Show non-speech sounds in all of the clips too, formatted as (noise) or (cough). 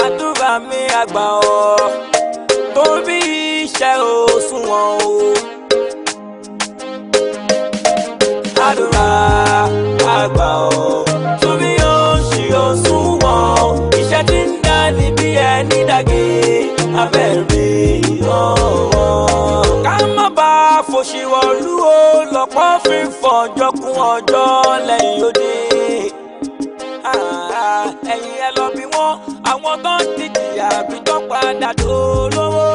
àdúrà mi àgbà ọ̀ torí iṣẹ́ òṣùwọ̀n o. àdúrà àgbà ọ̀ torí oṣù òṣùwọ̀n iṣẹ́ tí ń dá níbi ẹni dàgé abẹ́rẹ́ ọ̀ọ́. ká má bàa fòṣìwọ̀lú o lọ́pọ̀ fífọ̀ ọjọ́ kún ọjọ́ lẹ́yìn. ẹ̀yin ẹ lọ bí wọ́n àwọn tó ń ti jìyà bí tó padà tó lówó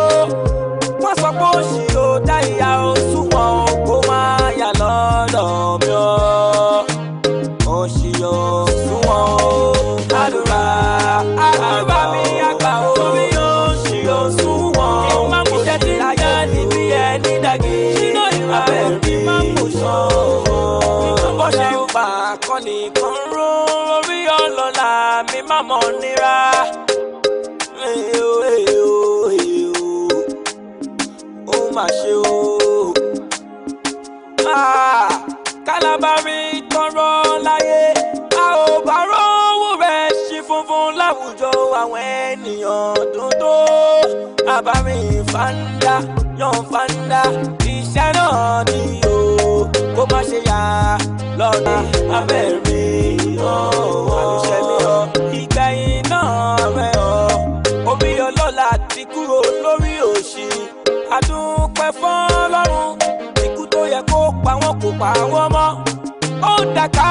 wọ́n sọ pé ó ṣì ó dá ìyá oṣù wọn kó má yà lọ́dọ̀ mi ọ́. mà ṣe o. Ah, kálábárí tọrọ láyé a ò bá rówó rẹ̀ ṣí funfun láwùjọ àwọn ènìyàn dúdú àbámi fanda yan fanda iṣẹ́ náà ni o kó má ṣe yà lọ́nà abẹ́rẹ́ ọ̀ọ́ àlùṣẹ́lẹ̀ ọ̀ ìgbẹ̀yìn náà rẹ̀ ọ̀ omi ọlọ́lá ti kúrò lórí òṣì adún. pa àwọn ọmọ ó dàka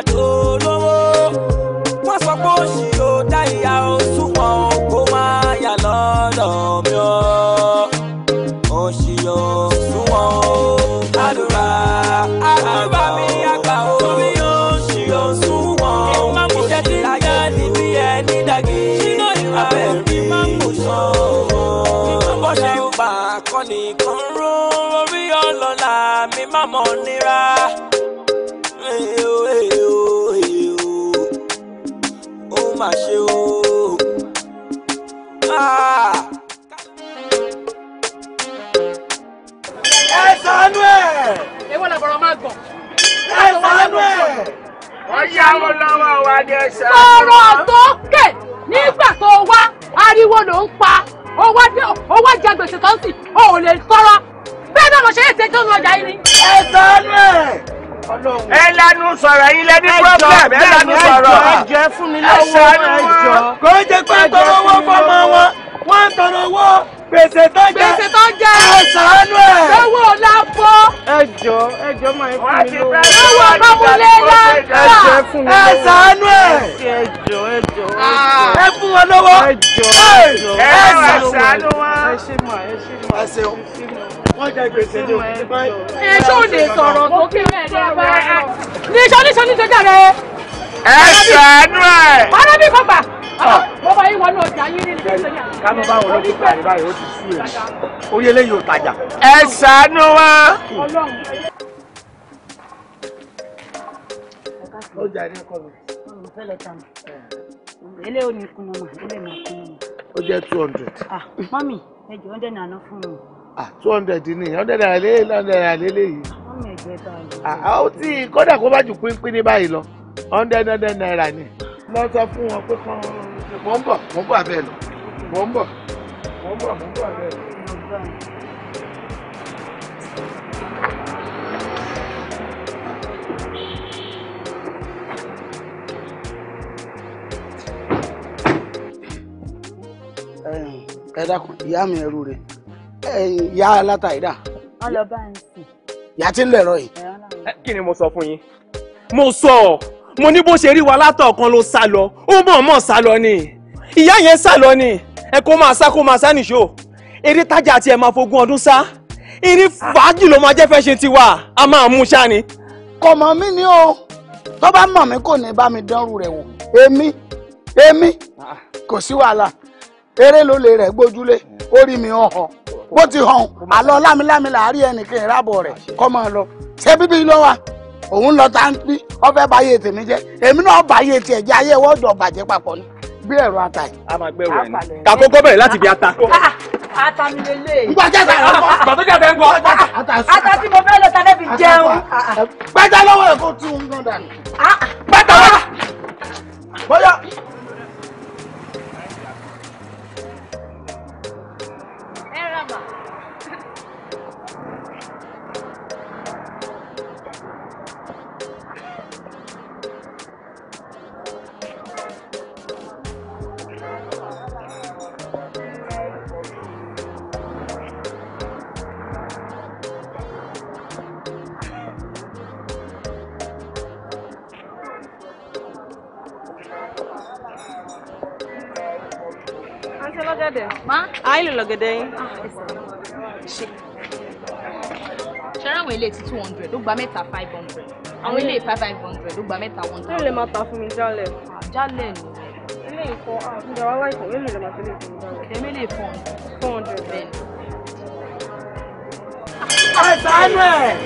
I jáwọ́ lọ́wọ́ wa ní ẹsẹ̀. sọ̀rọ̀ tó kẹ̀ nígbà tó wá ariwo ló ń pa owó jẹ gbèsè tó ń sìn o ò lè tọrọ bẹ́ẹ̀ náà mo ṣe é ṣe tó ń ọjà yìí ni. ẹ sọ́nù ẹ̀ ẹ lanu sọ̀rọ̀ yín lẹni problem ẹ lanu sọ̀rọ̀ ẹ jẹ́ fún mi lọ́wọ́ ẹ jọ kò jẹ́ pé tọrọ owó fọmọ wọn wọ́n tọrọ owó gbèsè tó jẹ gbèsè tó jẹ ẹ ṣàánú ẹ ẹwọ lápò ẹjọ ẹjọ máa ń fún mi lówó ẹwọ kọmúlé lápò ẹjọ ẹ fún mi lówó ẹ ṣàánú ẹ ẹjọ ẹjọ ẹ fún wọn lówó ẹjọ ẹ ṣàánú wa ẹ ṣe mà ẹ ṣe mà ẹ ṣe wọ́n jẹ gbèsè ní òkú báyìí. ẹ ṣó lè sọ̀rọ̀ tó kí ẹ dẹ́ bá a. níṣọ́ níṣọ́ níṣọ́ jàre. ẹ ṣàánú ẹ. ọlọ́bí kọ́gbà mo bá yín wọnú ọjà yín ní ilé ìsẹyà. kánú bá wọn ló ti báyìí ó ti sú ẹ ó yẹ lẹ́yìn òtajà. ẹ ṣàánú wa. ọjà ní ẹkọ mi. mo fẹ́ lọ ta mọ̀ ilé ò kunu mọ̀ ilé máa kunu mọ̀. ó jẹ́ two hundred. mọ́mì ẹ jẹ́ hundred naira fún mi. two hundred ni hundred naira lé hundred naira lé léyìí. mọ́mì ẹ jẹ́ bá àwọn tí kódà kó bá jù pínpín ní báyìí lọ hundred hundred naira ni lọ sọ fún wọn pé kán mo ń bọ̀ mo ń bọ̀ abẹ́ lọ mo ń bọ̀ mo ń bọ̀ mo ń bọ̀ abẹ́ lọ. ẹ dákun ìyá mi ẹrú rẹ ìyá aláta ìdá. ọlọ́ba ń sìn. ìyá tí ń lẹ̀rọ yìí. kí ni mo sọ fún yín mo sọ ọ mo ní bó ṣe rí wa látọ̀ọ̀kan ló sá lọ ó mọ̀ọ́mọ̀ sá lọ ni ìyá yẹn sá lọ ni ẹ kó máa sá kó máa sá nìṣó eré tájà àti ẹ máa fogún ọdún sá eré fàájì ló máa jẹ́ fẹ́ ṣe tiwa a máa mú ṣá ni. kò mọ̀ mí ni o tó bá mọ̀ mí kò ní bá mi dánrù rẹ̀ wò èmi èmi kò sí wàhálà eré ló lè rẹ̀ gbójúlé orí mi hàn hàn bó ti hàn àlọ́ lámilámi làárí ẹnìkan ìrábọ̀ rẹ̀ kọ́ máa lọ ṣé bíbí ló wà òun lọ tá ń pín ọfẹ báyé tèmi jẹ èmi náà báyé tiẹ̀ jẹ ayé wọdọ bàjẹ́ papọ̀ ni bí ẹ̀rọ ata yìí. a máa gbẹrù ẹ ní. bẹ̀rẹ̀ láti ah, bí ata. ata mi lè lè. n gbàjẹ́ ta ẹ̀rọ kọ́. bàtọ́jà bẹ́ẹ̀ ń kọ́. ata tí mo fẹ́ lọ ta lẹ́bi jẹun. pátá lọ́wọ́ ẹ̀ kó tún un gan dànù. pátá ah, ah. wá. lọ́gẹ̀dẹ̀ yín. ṣe ah, ṣẹ́rẹ́ àwọn ilé ti two hundred ló gba mẹ́ta five hundred àwọn ilé five five hundred ló gba mẹ́ta one thousand. ilé máa ta fún mi jálẹ̀. Ah, jálẹ̀ ni. ilé ìfọ àtúndà wa láìpẹ́ mélòó lè máa tẹ́lẹ̀ fún mi jálẹ̀. ẹ̀mí lè fọ́n. four hundred bẹ́ẹ̀ ni. àìsàn ẹ̀ ẹ̀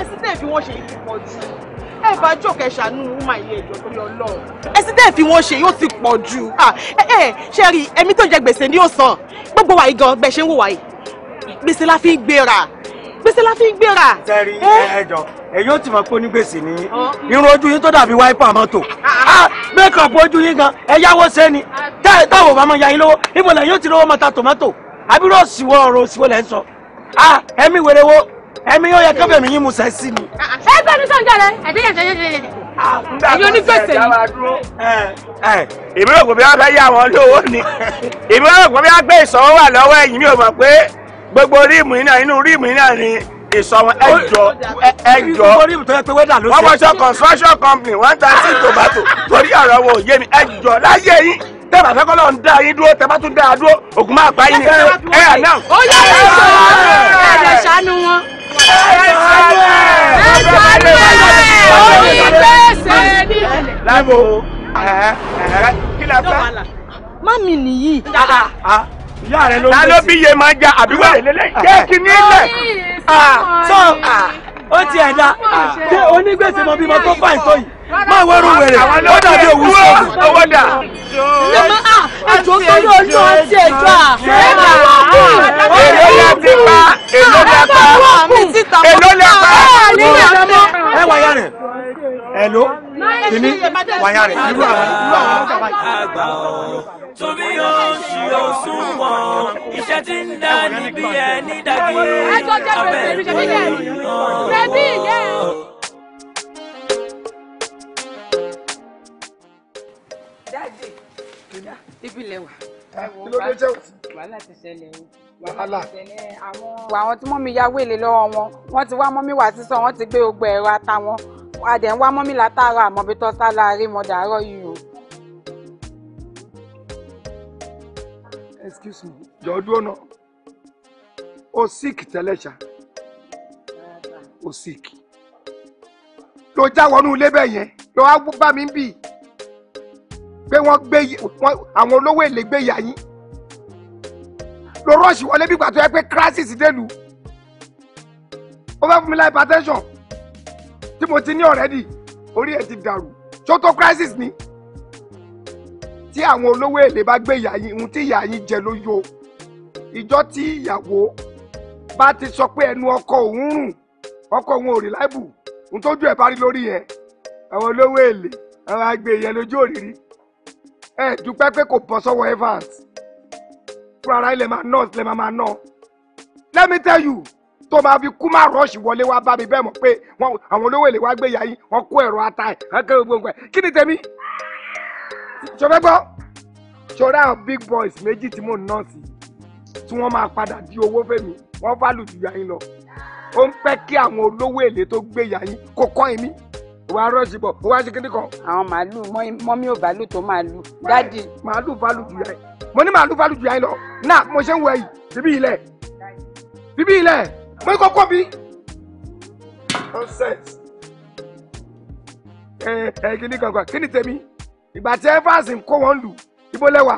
ẹ̀ sí tẹ̀ fi wọ́n ṣe é ti ẹ bá jòkè ṣàánú wúmà yìí ẹjọ torí Ọlọ́run. ẹsìn tẹ́ ẹ fi wọ́n ṣe yóò ti pọ̀ jù ẹ ṣe rí ẹ̀mí tó jẹ gbèsè ni yóò san gbogbo wàyí gan bẹ́ẹ̀ ṣe ń wò wàyí gbèsè la fi ń gbéra gbèsè la fi ń gbéra. sẹ́rí ẹjọ èyí ó ti mọ̀ pé ó ní gbèsè ní irun ojú yín tó dàbí wáìpà mọ́tò ah, ah, ah. mẹ́kàn pọ̀ ojú yín gan ẹ̀yáwó sẹ́ni táwọn bá máa ya yín lówó ibò lẹ́yìn ó ti lówó mọ́ta tòmátò àbúrò òsìwọ́ ọ̀rọ̀ òsìwọ́ lẹ́ ń sọ ẹ̀mí wèrè wo ẹ̀mí yóò yẹ kébè mi yín mu sẹ́sì ni. ẹ bẹ mi sọ̀njọ́ rẹ ẹ̀dẹ́ yẹn tẹ́lẹ̀ tẹ́lẹ̀ tẹ́lẹ̀. èyí onígbèsè ni. èmi rò pé wọ́n fẹ́ yá wọn lówó ni èmi rò pé wọ́n gbé ìsọ̀wọ́ wà lọ́wọ́ ẹ̀yìn mi ò mọ̀ pé gbogbo ríìmù iná inú ríìmù iná ni ìsọ̀wọ́n ẹ̀jọ̀ ẹ̀jọ̀ wọ́n wọ́ṣọ construction company one time six tomato torí ọ̀rọ̀ wo yé mi ẹ̀jọ̀ láyé yín tẹ́bà fẹ́ kọ́lọ́ ń dá yín dúró tẹ́bà tún dá a dúró ògùn máa pa yín ni ẹ̀yà náà. ó yẹ ẹ̀jọ̀ ẹ̀jọ̀ ṣàánú wọn ẹ̀sánú ẹ̀ orí ni. láìpẹ́ o kí la fẹ́. mami nìyí. Ah, ah, ìyá rẹ ló ń bẹ̀sẹ̀. ta ló bí iye máa ń ja àbíwá rẹ ti ẹ̀ da ah. ṣé onígbèsè mọ bí mo tó báyìí tó yìí máa wẹ́rù wẹ̀rẹ̀ ó dàbí òwú sọ́ọ̀bù owó dà. ẹjọ́ sọ́dọ̀ ọjọ́ àti ẹjọ́ à. èló la ti pa èló la pa èló la pa. ẹ wà yára ẹ̀ló kìíní wà yára irú àwọn irú àwọn ọlọ́kà báyìí. torí oṣù oṣùn wọn iṣẹ́ tí ń dá níbi ẹ̀ ní dàgbé abẹ́ ìlú jáde ibi wà. kí ló dé jẹ́ òsì. wàhálà ti ṣẹlẹ̀ o wàhálà àwọn tí mọ́mí ya wèlé lọ́wọ́ wọn wọ́n ti wá mọ́mí wá sísọ wọ́n ti gbé gbogbo ẹ̀rọ ata adẹ̀ ń wá mọ́mí látara àmọ́bí tó sá láàrin mọ́ dàárọ̀ yìí o. excuse me jọ dúró náà o sick tẹ́lẹ̀ ṣá o sick ló já wọnú ilé bẹ́ẹ̀ yẹn ló wá bá mi bì í pé wọ́n gbé àwọn olówó èlé gbé yà yín lọ rọ́ọ̀ṣì wọlé bí pàtó ẹ pé crisis délùú ó fẹ́ hypertension tí mo ti ní already orí ẹ̀ ti dàrú ṣótó crisis ni tí àwọn olówó èlé bá gbé ìyá yín ohun tí ìyá yín jẹ ló yọ ìjọ tí ìyàwó bá ti sọ pé ẹnu ọkọ òun rùn ọkọ òun ò rí láìbù ohun tójú ẹ̀ bá lórí ẹ̀ àwọn olówó èlé àwọn àgbè yẹn lójú òrìrí ẹ dúpẹ́ pé kò bọ́ sọ́wọ́ Evans fún ara ilẹ̀ máa nọ́ọ̀sì lẹ́ máa máa nọ́ let me tell you tó máa fi kú máa rọ́ọ̀ṣì wọlé wá bá mi bẹ́ẹ̀ mọ̀ pé àwọn olówó èlé wá gbé ìyá yín wọ́n kó ẹ̀rọ ata ẹ̀ wọ́n kéré gbogbo ẹ̀ kí ni tèmi ṣọfẹ́ gbọ́ ṣọdá àwọn big boys méjì tí mò ń nọ́ọ̀sì tí wọ́n máa padà di owó fèmí wọ́n bá lù jù yà yín lọ ó ń pẹ́ kí àwọn olówó èlé tó gbé ìyá yín kó kọ́ ẹ̀mí wà á rọ́ọ̀sì bọ̀ wà á ṣe kíndìn kan. àwọn màálù mọ́mí ò bàálù tó màálù dáàdì. màálù bàálù jù yá yìí mo ní màálù bàálù jù yá yìí lọ náà mo ṣe ń wẹ̀ yìí bíbí ilẹ̀ bíbí ilẹ̀ mo ní kọ́kọ́ bí. nonsense ẹ ẹ kíndìn kankan kíndìn tèmi ìgbà tí evans kó wọn lù ibo lẹ́wà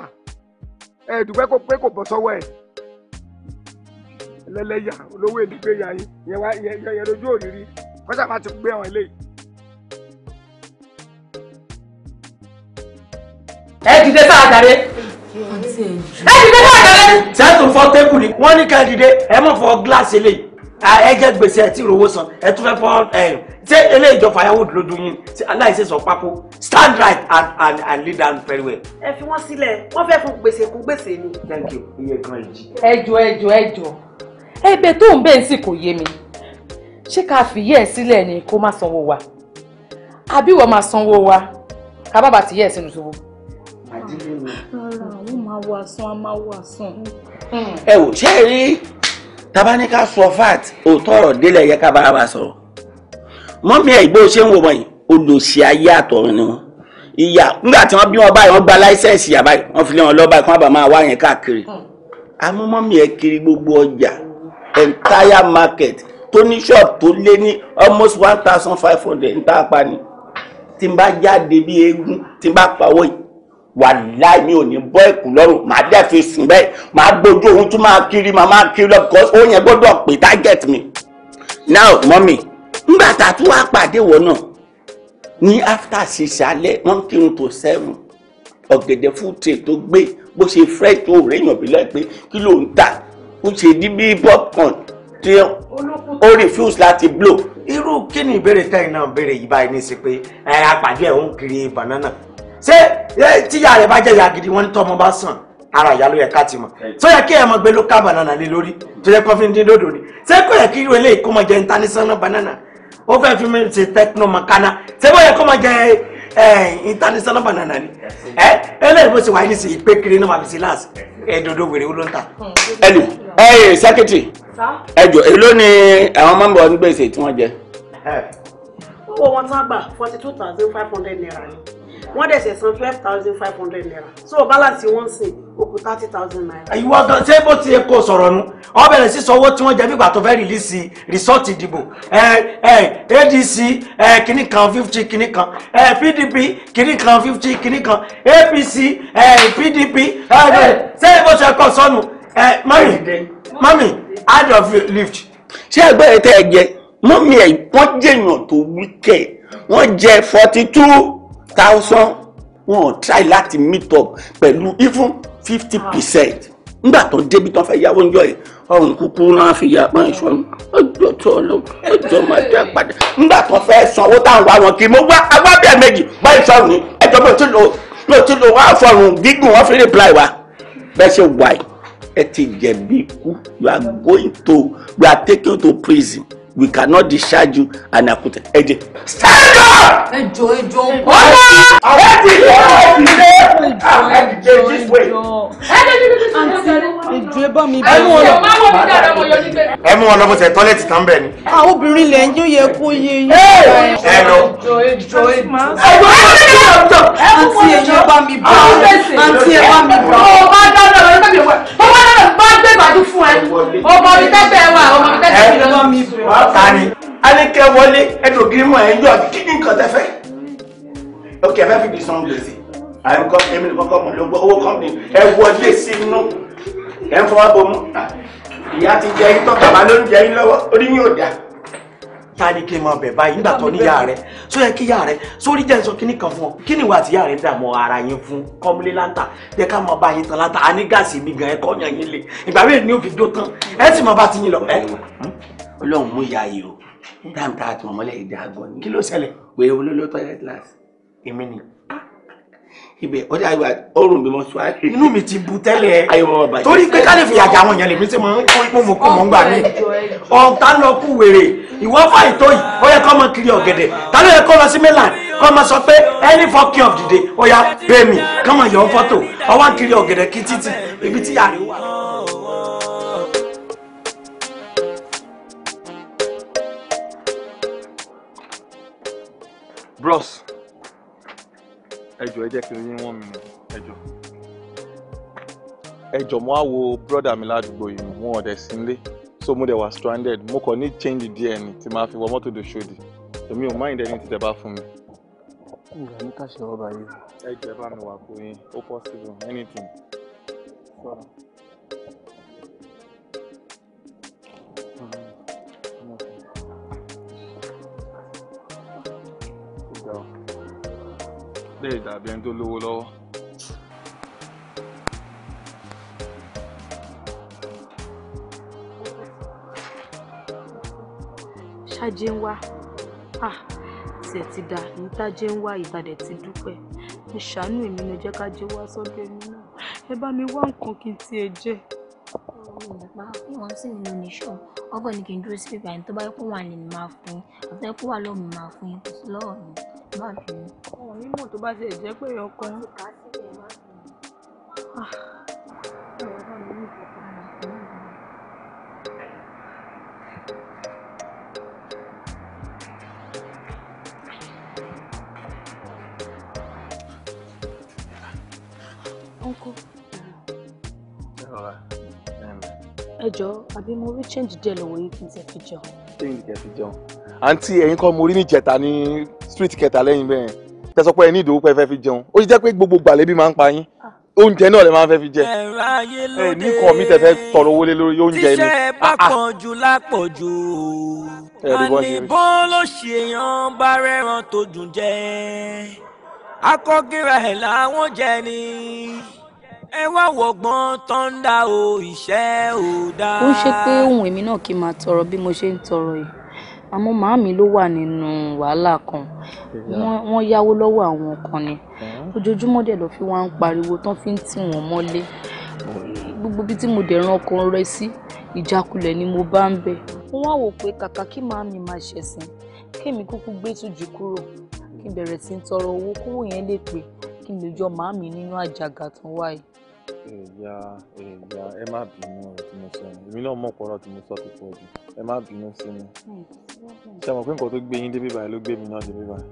ẹ dùpẹ́ kó pé kò bọ́ sọ́wọ́ ẹ̀ lẹ́lẹ́yà olówó èdè gbé yà yín yẹn lójú òrìrì wọ́n sábà ti gbé àwọn eléyìí. dìde sára jàre. ẹ dìde sára jàre. sẹ́tù fọ́ tébù ni wọ́n ní ká dìde ẹ mọ̀ fọ́ gíláàsì lè ẹ jẹ́ gbèsè ẹ ti rówó san ẹ tún fẹ́ fọ́ ẹ ṣé eléyìí jọ fàyàwó dúró dún yín aláìsè sọ pákó stand right and and and lead down very well. ẹ fi wọn sílẹ̀ wọn fẹẹ fún gbèsè kún gbèsè ni. thank you iye kan yìí. ẹjọ ẹjọ ẹjọ ẹ̀bẹ̀ tó ń bẹ ń sì kò yé mi ṣé ká fìyẹ ẹ sílẹ̀ ni kó má sanwó wa àbí wọn máa sanwó wa ká bàbá ti yẹ ẹ sínú ṣòwò lé mi. rárá àwọn máa wọ àsán a máa wọ àsán. ẹ ò ṣe é rí tabaníkà sọ fat òótọ́ ọ̀rọ̀ délẹ̀ yẹ ká bára bá sọ̀rọ̀ mọ́mí ẹ̀ ìgbó ṣé ń wò wọ́n yìí olùsí ayé àtọ̀run ni wọ́n ìyá nígbà tí wọ́n bí wọn báyìí wọ́n gba láísẹ̀nsì yà báyìí fi lé wọn lọ́ọ́ kí wọ́n bá máa wá yẹn káàkiri àmọ́ hmm. mọ́mí ẹ̀ kiri gbogbo ọjà entire market tó shop ṣọ́ọ̀bù tó lé ní almost one thousand five hundred ń tá a pa ni tí n bá jáde bí eégún tí n bá pawọ́ yìí wàláì mi ò ní bọ́ ẹ̀kún lọ́rùn màá dẹ́ fi sùn bẹ́ẹ̀ màá gbójú ohun tó máa kiri màá máa kiri lọ ó yẹn gbọ́dọ̀ pé target mi. now mọ́mì ńgbà tá a tún wá pàdé wọ náà ní after six alẹ́ wọ́n kírun tó seven ọ̀gẹ̀dẹ̀ full tray tó gbé bó ṣe fresh tó rẹ̀yàn bí lọ́ọ̀ pé kí ló ń tà ó ṣe dí bí popcorn tí ó refuse láti blow. irú kí ni ìbéèrè tẹ́yìn náà béèrè yìí báyìí ní í banana ṣé tíyà rẹ̀ bá jẹ́ ìyá gidi wọ́n ní tọ́mọ bá sàn ara ìyá ló yẹ ká ti mọ̀ tó yẹ kí ẹ mọ̀ gbé local banana lé lórí tó yẹ kó fi ń dín dòdò ni ṣé kò yẹ kí irú eléyìí kó máa jẹ international banana ó fẹ́ fi mi ṣe techno makana ṣé bó yẹ kó máa jẹ international banana ni ẹ eléyìí bó ṣe wáyé ní sí ìpé kiri náà máa fi ṣe láàṣì ẹ̀ẹ́dòdò wèrè ó ló ń tà. ẹlò ẹyẹ sẹkẹtì ẹjọ èló ni àwọn mọ́mbà ń gbèsè tí wọ́n jẹ. owó wọn tá gbà forty two thousand five hundred naira ni wọ́n dẹ̀sẹ̀ san twelve thousand five hundred naira so balance wọ́n sìn òkú thirty thousand naira. ìwọ gan ṣé bó ti kó sọ̀rọ̀ nu ọ bẹ̀rẹ̀ sí sọ owó tí wọ́n jẹ bí ìgbà tó fẹ́ rìlíìsì rìsọ́ọ̀tì ìdìbò adc kìnnì kan fifty kìnnì kan pdp kìnnì kan fifty kìnnì kan apc pdp ṣé bó ṣe kọ sọnù mami mami add of lift. ṣé ẹgbẹ́ ẹ tẹ́ ẹ jẹ mọ́mí ẹ̀ wọ́n jẹ̀yàn tó wíkẹ̀ wọ́n jẹ forty two thousand wọn try láti meet up pẹ̀lú even fifty ah. percent nígbà tó débi tó fẹ́ yàwó njọ́ yìí ọrùn kúkú náà fi yà pọ́n ìṣọ́ ọjọ́ tó lọ ẹjọ́ máa jẹ́ padà nígbà tó fẹ́ sanwó táwọn wá wọn kì í mo wá awábíà méjì bá ìṣọ́ ní ẹjọ́ bó ti lò ló ti lò wá fọrùn gígùn wọn fi reply wa bẹ́ẹ̀ ṣe wà ẹ ti jẹ̀bi ikú you are going to you are taking to prison we cannot discharge you and put ẹjẹ. stand up. ẹjọ ẹjọ ọlá ẹjọ ẹjọ ẹjọ ẹjọ ẹjọ ẹ bá mi bẹ wọn lọ. ẹ mú wọn lọ bó tẹ tọ́lẹ̀tì tán bẹ̀ ni. àwọn obìnrin lẹ̀ ń yóò yẹ kó yé yín. ẹ lọ. ẹjọ ẹjọ ẹjọ àǹtí ẹjọ bá mi bọ àǹtí ẹ bá mi bọ. ọba dáná lọ bá mi wá bá dáná bá gbé ìbàdí fún ẹ ọmọ mi tẹ́tẹ́ wà ọmọ mi tẹ́tẹ́ mi lọ ta ni anikẹ́ wọlé ẹ̀dùn gírímọ̀ ẹ̀ ń yọ kíni nǹkan tẹ́ fẹ́ ok ẹ fẹ́ fi bí san gbèsè àyùkọ èmi nìkan kọ́ mọ̀ ló gbọ́ owó kọ́mpì ẹ wọlé sí inú ẹ ń fọwọ́ bomú ìyá ti jẹ yín tọ́ bàbá ló ń jẹ yín lọ́wọ́ orí yín ò dáa ta ni kí n máa bẹ̀ báyìí nígbà tó níyà rẹ só yẹ kí yà rẹ sórí jẹ́ sọ kíní kan fún ọ kí ni ìwà àtìyà rẹ dààmú ara yín fún kọ́mílé láǹtà jẹ́ ká máa bá yín tan láǹtà a ní gáàsì mi gan ẹ̀kọ́ yàn yín lè ìgbà mẹ́rin ni ó fi jó tán ẹ sì máa bá ti yín lọ ọlọ́run mú ìyá yìí o táìmù tá a ti mọ̀mọ́lẹ̀ èdè àgọ́ ni kí ló ṣẹlẹ̀ wèrè wo ló lọ toilet last èmi ni ah! ibẹ̀ ọjà ìwà ọrùn bí mo sọ ayé. inú mi ti bu tẹ́lẹ̀ (laughs) torí pé ká lè fi àjà àwọn èèyàn lèmi ṣe máa ń kó ipò mọ̀ kó mọ̀ ń gbà mí. ọ̀tá lọ kú wèrè ìwọ fà ìtó yìí ó yẹ kó mọ kiri ọ̀gẹ̀dẹ̀ ta ló yẹ kó lọ sí mainland kó mọ sọ pé any fokin of the day ó yá bẹ́ẹ̀ mi kó mọ yọ̀ ọ́ fọ́tò ọwọ́ kiri ọ̀gẹ̀dẹ̀ kí títì ibi tí yàrá wà. bros ẹjọ ẹ jẹ́ kí n yín wọn mi nù ẹjọ ẹjọ mo á wo brọdà mi ládùúgbò yìí wọn ọdẹ sí nílé so mo dẹ̀ wà stranded mo kàn ní change díẹ̀ ni tí máa fi wọ mọ́tò dò ṣòdì èmi ò mind ẹni tí tẹ́ bá fún mi. ìgbà ní ká ṣe ọba yìí. ẹjọ ẹ bá mi wà kó yín ó possible anything. Sorry. lè dàbí ẹni tó lówó lọ́wọ́. ṣáájé ń wá ah, tiẹ̀ ti dà ní tájé ń wá ìtàdẹ̀ ti dúpẹ́ ẹ ṣàánú èmi ni jẹ́ kájé wá sọ́dọ̀ èmi náà ẹ bá mi wá nǹkan kí n tiẹ̀ jẹ. ìgbà fún wọn sì nínú oníṣọ ọgọ ni kì í dúró sí pípa ẹni tó bá yẹ kó wà ní máa fún yín àti ẹ kó wà lọ́ọ̀ mi máa fún yín kò sí lọ́ọ̀ mi má fi wọn onímọ̀ tó bá tiẹ̀ jẹ́ pé ọkọ ń kà á sí ẹ̀ má fi ọ̀rọ̀ bá Ẹ jọ̀ọ́, àbí mo rí change díẹ̀ lọ́wọ́ yìí kí n ṣe fi jẹun. Change kẹ́ fi jẹun àǹtí ẹ̀yin kọ́ mo rí ní ìjẹta ní street kẹta lẹ́yìn bẹ́ẹ̀ tẹ̀sọ́ pé ẹ ìdòwú pé ẹ fẹ́ fi jẹun ó sì jẹ́ pé gbogbo gbàlébí máa ń pa yín ah. oúnjẹ náà lè máa fẹ́ fi jẹ ẹ nìkan mi tẹ tọrọ owó lé lórí oúnjẹ ni. tíṣẹ́ bá ah, ah. pọ̀ jù lápọ̀ àníbọ́n ló ṣe èèyàn bá rẹ́ran tó dùn jẹ akọ́gíra ẹ̀ làwọn jẹ ni ẹ wá wọ̀gbọ́n tọ́ńdà o ìṣẹ́ ò dáa. ó ń ṣe pé ohun èmi náà kì í máa tọrọ bí mo ṣe ń tọrọ yìí àmọ́ màámi ló wà nínú wàhálà kan wọ́n yáwó lọ́wọ́ àwọn kan ni ojoojúmọ́ dẹ̀ ló fi wá ń pariwo tán fi ń tì wọ́n mọ́lé gbogbo bí tí mo dẹ̀ ran ọkàn rẹ sí ìjákulẹ̀ ni mo bá ń bẹ̀ wọ́n wá wò pé kàkà kí màámi máa ṣẹ̀sìn kémi kúkú gbé tùjú kúrò kí bẹ̀rẹ̀ sí ń tọrọ owó kówó yẹn lè pé kí n lè jọ màámi nínú àjàgà tó wáyé ìyá ìyá ẹ má bínú ọ̀rọ̀ tí mo sọ ni èmi náà mọ̀ pọ̀ ọ̀rọ̀ tí mo sọ ti pọ̀ jù ẹ má bínú sí mi ṣe mọ̀ pé nǹkan tó gbé yín débí báyìí ló gbé mi náà débí báyìí.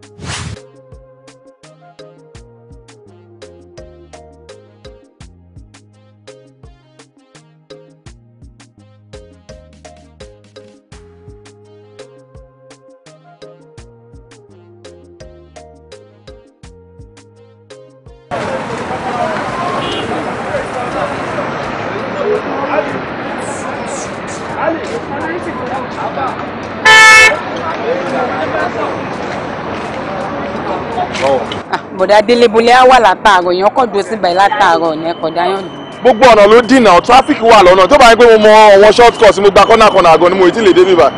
Ah, bọ̀dá délébólé á wà látàárọ̀ èèyàn kàn dúró síbẹ̀ látàárọ̀ ní ẹ̀kọ́ dáyọ̀ dùn. gbogbo ọ̀nà ló dìnà tráfíkì wà lọ́nà tó bá yẹ pé mo mọ ọ̀wọ́n short cut mo gba kọ́nà kọ́nà àgọ́ ni mo ti lè dé bíbá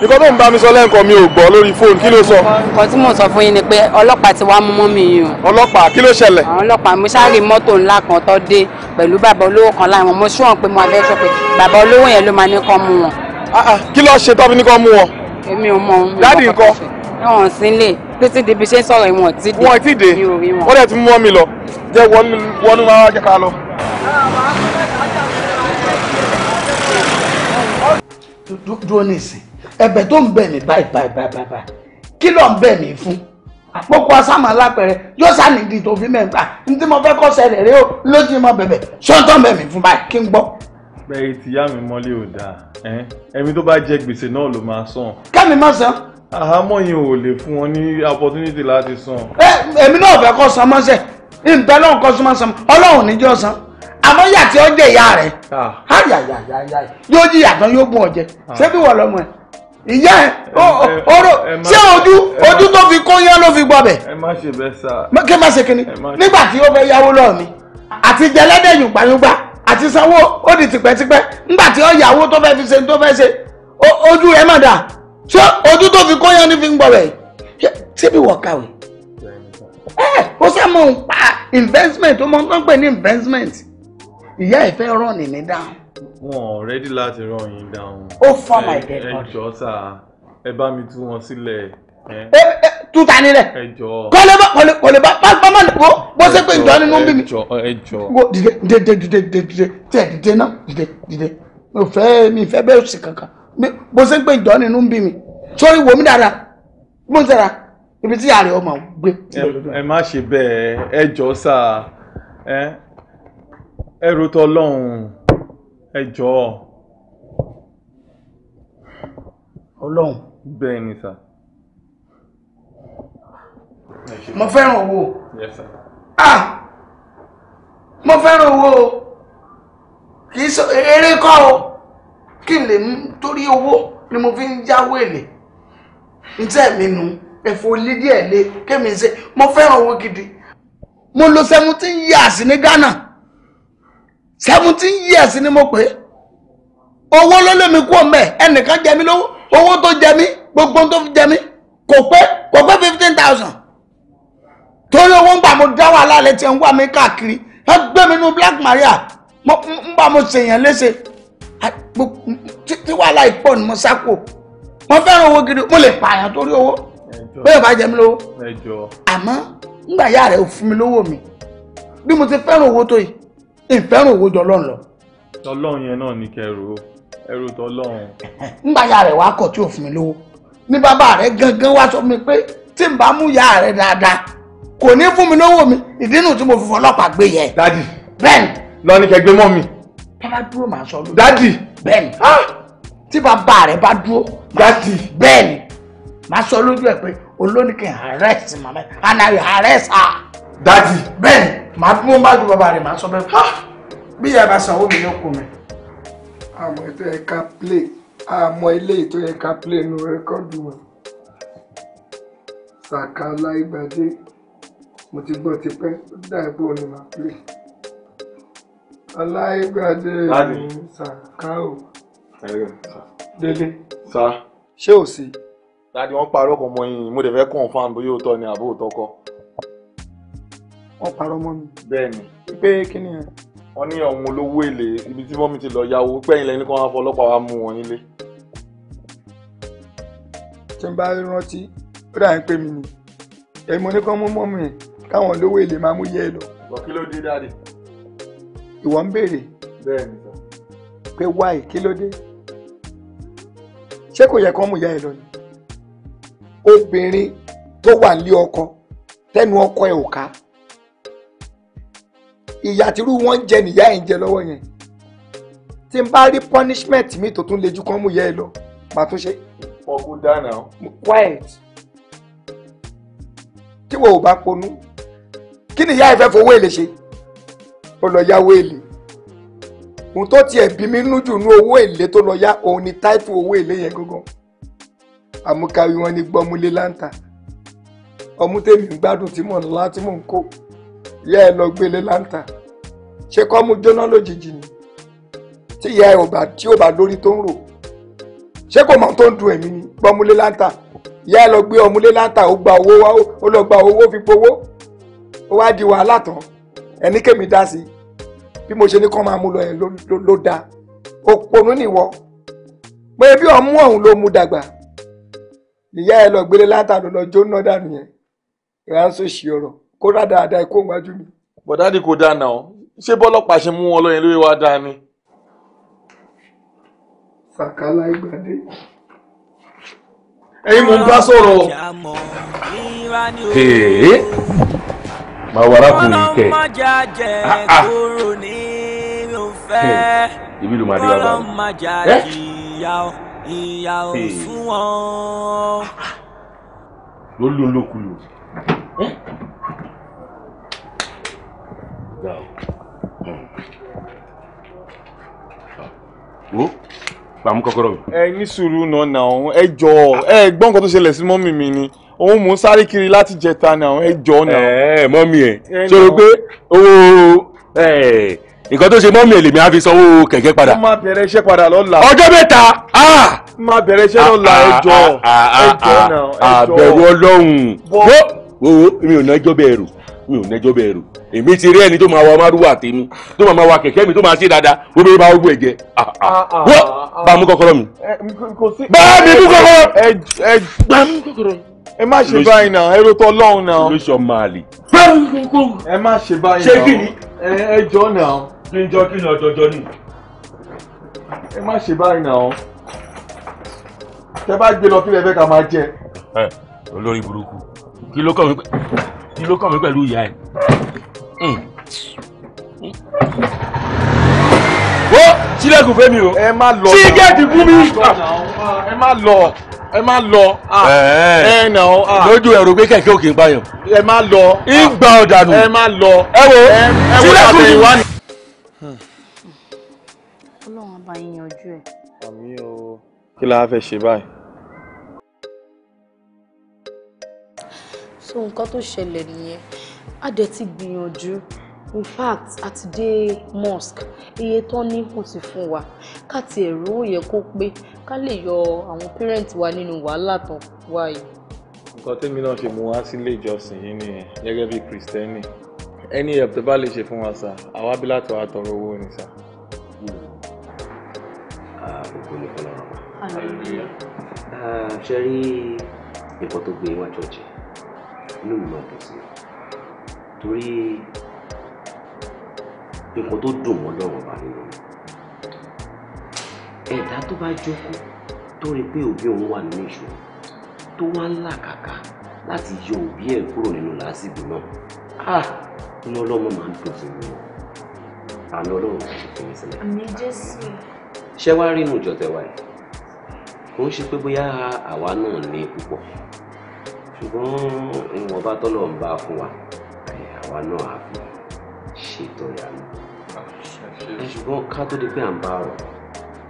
nǹkan tó ń bá mi sọ lẹ́ǹkan mi ò gbọ́ lórí fóònù kí ló sọ. nǹkan tí mò ń sọ fún yín ni pé ọlọ́pàá ti wá mú mọ́ mi yìí o. ọlọ́pàá kí ló ṣẹlẹ̀. àwọn ọlọ́pàá mo ṣáà rí mọ́tò ńlá kan tó dé pẹ̀lú bàbá olówó kan láwọn mo ṣùwọ̀n pé mo abẹ́ sọ pé bàbá olówó yẹn ló máa ní kó mú wọn. Ah, ah, kí ló ṣe tọ́bi ní kó mú wọn. èmi ò mọ ohun. dádì nǹkan. wọn ò títí débi ṣe ń sọ̀rọ̀ ìwọ̀n ti dé wọ́n ti dé wọ́n dẹ̀ ti mú mi lọ jẹ́ wọnú máa jẹ́ ká lọ. dúró nísìn ẹ̀bẹ̀ tó ń bẹ̀ mí báyìí báyìí báyìí báyìí kí ló ń bẹ̀ mí fún àpòkù asámà lápẹẹrẹ yóò sànìdì tó fi mẹ́ta ah, ní tí mo fẹ́ kọ́ sẹ́rẹ̀ rẹ lójú mọ́ bẹ̀bẹ̀ ṣọ́ńtọ́ bẹ̀ mí fún báyìí kí n gbọ́ bẹ́ẹ̀ tí yá mi mọ́lé ò dáa ẹ̀mí tó bá jẹ gbèsè náà ló máa san. kẹ́mi má san àhámọ́ yẹn ò lè fún wọn ní opportunity láti san. ẹ èmi náà fẹ́ kọ́ san mọ́sẹ̀ nbẹ lọ́hùn kọ́ súnmọ́ san ọlọ́hùn níjọ́ san àmọ́ yà tí ó jẹ ìyá rẹ̀ yóò jìyà tán yóò gún ọ jẹ ṣé bí wọ́n lọ́mọ ẹ̀ ìyá ẹ̀ ọ̀rọ̀ ṣé ojú ojú tó fi kó yán ló fi gbọ́ bẹ̀. ẹ má ṣe bẹ́ẹ̀ sá. kí n má ṣe kí ni nígbà tí ó fẹ́ yáwó lọ́ọ̀ mi àti jẹlẹ́dẹ̀ yùgbàyùgbà àti sanwó ó di tìpẹ́tìpẹ́ nígbà tí ó yáwó tó fẹ́ fi ṣe tó fẹ́ ṣe ojú rẹ̀ má dáa ṣé ojú tó fi kóyán ní fi ń gbọ́ rẹ̀ síbi wọ̀ kàwé ẹ ó sàmọ̀ ń pa investment ó mọ tán pè ní investment ìyá ẹ̀ fẹ́ rán nìní dáhùn. wọn ò rẹ́dí láti rán yín dáhùn. ó fọ́ my dead body. ẹ jọ sà ẹ bá mi tú wọn sílẹ̀. ẹ ẹ tuta nílẹ̀. ẹ jọ. kọ́lé bá kọ́lé kọ́lé bá pápá má lè wo bó ṣe pé ìjọ nínú bí mi. ẹ jọ ẹ jọ. wo dìde dìde dìde dìde dìde tẹ dìde náà dìde dìde mi ò fẹ́ mi ò fẹ́ bẹ́ẹ̀ sì kankan bó ṣe ń pè ìdán nínú ń bí mi sórí wò mí dáadáa bó ń sẹ́ra ibi tí ààrẹ ọmọ gbé. ẹ má ṣe bẹ́ẹ̀ ẹ jọ sá ẹ ro tọlọ́hún ẹ jọ. ọlọ́hún. bẹ́ẹ̀ ni sá. mo fẹ́ràn owó. Yes sir. ah mo fẹ́ràn owó kì í sọ eré kọ́ o kí n lè torí owó ni mo fi ń yáwó èlé ntẹ́ mi nu ẹ̀fọ́ lídìí ẹ̀ lé kémi ṣe mo fẹ́ràn owó gidi mo lò seventeen years ní Ghana seventeen years ni mo pè é owó ló lé mi kú ọmọ ẹ ẹnìkan jẹ mí lówó owó tó jẹ mí gbogbo tó jẹ mí kò pé kò pé fifteen thousand torí owó ń gbà mo dá wàhálà lẹ́tì ẹ̀ ń wà mí káàkiri ẹ gbé mi nu Black Maria ń bá mo ṣèyàn léṣe tí wàhálà ìpọ̀ ni mo sáko mo fẹ́ràn owó gidi mo lè pààyàn torí owó bóyá bá jẹ mí lówó àmọ́ ngbà yá rẹ̀ ò fún mi lówó mi bí mo ti fẹ́ràn owó tó yìí ìfẹ́ràn owó jọ lọ́n lọ. tọlọ́run yẹn náà ni kẹrù o ẹrù tọlọ́run. ngbà (laughs) yá rẹ̀ wá kọ̀ tí ò fún mi lówó ní bàbá rẹ̀ gangan wá sọ mi pé tí n bá mú yá rẹ̀ dáadáa kò ní fún mi lówó mi ìdí nù tí mo fi fọlọ́pàá gbé yẹn. dadi bẹ́ẹ̀ni. lọ ní kẹgbẹ́ mọ́ mi tó bá dúró màá sọ lórí. dádì. bẹ́ẹ̀ni ah! tí bàbá rẹ bá dúró. dádì. bẹ́ẹ̀ni màá sọ lójú ẹ pé olóníkè arrest mama and I arrest her. dádì. bẹ́ẹ̀ni màá dúró bá ju bàbá rẹ màá sọ bẹ́ẹ̀ ah! bí ìyá bá sanwó mi yóò kú mi. àmọ́ ètò ẹ̀ka play àmọ́ ilé ètò ẹ̀ka play nu rẹ́kọ́dù wọn. sàkà láìgbàdé mo ti gbọ́ tipẹ́ ó ni màá play aláìgbàdé ṣàkáò délé. ṣé ò sí. láti wọ́n parọ́ ọkọ̀ mọ́ yín mo dẹ̀ fẹ́ confirm bóyá òótọ́ ni àbó òótọ́ kọ́. wọ́n parọ́ mọ́ mi. bẹ́ẹ̀ni. pé kí ni ẹ. wọ́n ní ọ̀hún olówó èlé ibi tí mọ́mí ti lọ yáwó pẹ́yìn lẹ́ni kan wá fọ ọlọ́pàá wa mú wọn nílé. tí n bá rántí ó dà ń pè mí ni èmi mo ní kán mú mọ́mí káwọn olówó èlé máa mú yẹ́ ẹ lọ. bọ̀ ló dé dáadé ìwọ ń béèrè pé wáì kí ló dé ṣé kò yẹ kán mú ìyá ẹ lọ ni obìnrin tó wà nílé ọkọ tẹnu ọkọ ẹ ò ká ìyà tírú wọn jẹ nìyá ẹ ń jẹ lọ́wọ́ yẹn tí n bá rí punishment mi tó tún lejú kán mú ìyá ẹ lọ màá tún ṣe. ọkọ dáná. quiet tí wọn ò bá ponú kí ni ìyá ẹ fẹ́ fowó èlé ṣe ó lọ yáwó èlé ohun tó tiẹ̀ bí mi nú jù nú owó èlé tó lọ yá òun ni táìpù owó èlé yẹn gangan àmúkàwé wọn ni gbọmúlé láǹtà ọmú tèmi ń gbádùn tí mò ń lá tí mò ń kó ìyá ẹ lọ gbélé láǹtà ṣé kọ́ mú jóná lójijì ni tí ìyá ẹ ò bá tí ò bá lórí tó ń rò ṣé kò mọ tó ń dun ẹ̀mí ni láǹtà ìyá ẹ lọ gbé ọmúlé láǹtà ó gba owó wá ó lọ gba owó fi powó ó wá di wàhálà tán ẹni dá sí i bí mo ṣe ní kán máa mú lọ yẹn ló dáa òpònú nìwọ pé bí ọmú ọ̀hún ló mú dàgbà ìyá ẹ lọ gbélé látàdó lọ jóná dànù yẹn ìránṣẹ́ ṣì ọ̀rọ̀ kó rádaràda ẹ kó wájú mi. bọ̀dádì kò dáa náà ṣé bọ́lọ́pàá ṣe mú wọn lọ yẹn lórí wa dáa ni. sàkálà ìgbàdé ẹ̀yin mò ń bá sọ̀rọ̀ máa wọ arákùnrin kẹ ibi ló máa dé bàbá mi. ìyàwó fún wọn. ló ló lókulù. wo pàmò mi. ẹ ní sùúrù náà náà ẹ jọ ẹ gbọ́ nǹkan tó ṣẹlẹ̀ sí mọ́mì mi ni òun mò ń sáré kiri láti jẹta náà ẹ jọ náà. ẹ ẹ mọ́mí ẹ sọ̀rọ̀ pé owó ẹ nǹkan tó ṣe mọ́mí ẹ lèmi á fi sanwó kẹ̀kẹ́ padà. ó máa bẹ̀rẹ̀ iṣẹ́ padà lọ́la. ọjọ́ mẹ́ta á. máa bẹ̀rẹ̀ iṣẹ́ lọ́la ẹ jọ ẹ jọ náà ẹ jọ. àbẹ̀rù ọlọ́run wo wo mi ò nájọ́ bẹ́ẹ̀ rò mi ò nẹjọ́ bẹ́ẹ̀ rò èmi ti rí ẹni tó máa wa márùwà tèmi tó máa wa kẹ̀kẹ́ mi tó máa ṣe dáadáa ó bẹ́ẹ̀ bá ogun ẹ̀ jẹ wọ́n bá mú kọ́kọ́rọ́ mi. bá mi mú kọ́kọ́rọ́. bá ẹ má ṣe báyìí náà ẹrú tó lọ́hùn náà. lóṣọ máa lè. ẹ má ṣe báyìí náà ṣé kí ni. ẹ jọ náà. kí n jọ kí ni ọjọjọ ni. ẹ má ṣe báyìí náà. tẹ bá gbé lọ kí lè fẹ́ ká máa jẹ. ẹ olórí burúkú kí ló kàn mí pẹ̀lú ìyá ẹ. ó hmm. sílẹ̀kùn fẹ́mi o. ẹ má lọ. sí gẹ̀ẹ́dì fún mi. ẹ má lọ. Ah ẹ má lọ ẹ nà ọ. lójú ẹ̀rọ pé kẹ̀kẹ́ òkè ń báyọ̀. ẹ má lọ ń gba ọ̀dà nù. Ah. ẹ má lọ ẹ wo ẹ wo àtẹ̀yìnwá ni. ọlọ́run á bá yín yanjú ẹ̀. àmì o kí la fẹ́ ṣe báyìí. so nǹkan tó ṣẹlẹ̀ nìyẹn a dẹ̀ ti gbìyànjú in fact a ti dé mosque iye tó ní kò ti fún wa ká tiẹ̀ rówó yẹ kó pé ká lè yọ àwọn parent wa nínú wàhálà tán wá yìí. nǹkan tẹ́mi náà ṣe mú wá sílé ìjọsìn yìí nìyẹn gẹ́gẹ́ bí kìrìsìtẹ́nì ẹni help tó bá lè ṣe fún wa sà àwa bí láti wàá tọrọ owó ni sà. àkókò ní fọlọ́run ṣe rí nǹkan tó gbé wá ṣọ́ọ̀ṣì inú mi máa dùn sí i torí nǹkan tó dùn mọ́ lọ́wọ́ bá nínú mi ẹ̀dá tó bá jókòó tó rí pé òbí òun wà nínú ìṣòro tó wá ń làkàkà láti yọ òbí ẹ̀ kúrò nínú làásìgbò náà inú ọlọ́mọ máa ń dùn sí mi o àmì ọlọ́run kò sì fún mi sílẹ̀. àmì jésù. ṣé wàá rí inú ìjọ tẹwa ẹ kò ń ṣe pé bóyá àwa náà ní púpọ̀ ṣùgbọ́n ìwọ̀nba tọ́lọ̀ ń bá a fún wa àwa náà á fi ṣètò ìyàlú. ṣùgbọ́n ká tó di pé à ń bá a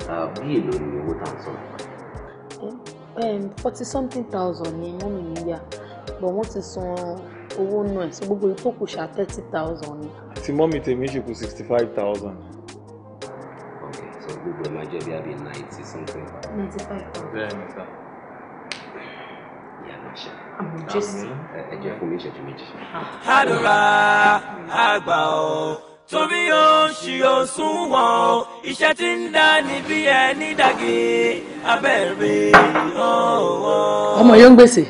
bí um, èlò ni owó tá à ń sọ̀rọ̀ um, forty something thousand ni mọ́mì mi yá but wọ́n ti san owó nù ẹ̀ sí gbogbo ìtókù ṣá thirty thousand ni. àti mọ́mì tèmi ṣe kù sixty five thousand. ok so gbogbo ẹ̀ máa jẹ́ bí ninety something. ninety five thousand. bẹ́ẹ̀ ni sá ẹ jẹ́ fún mi ìṣẹ́jú méjì. Ah. àdúrà àgbà o torí ó ṣì ó sunwọ̀n iṣẹ́ tí ń dá níbi ẹni dàgé abẹ́rẹ́ ọ̀wọ́n. ọmọ yóò ń gbèsè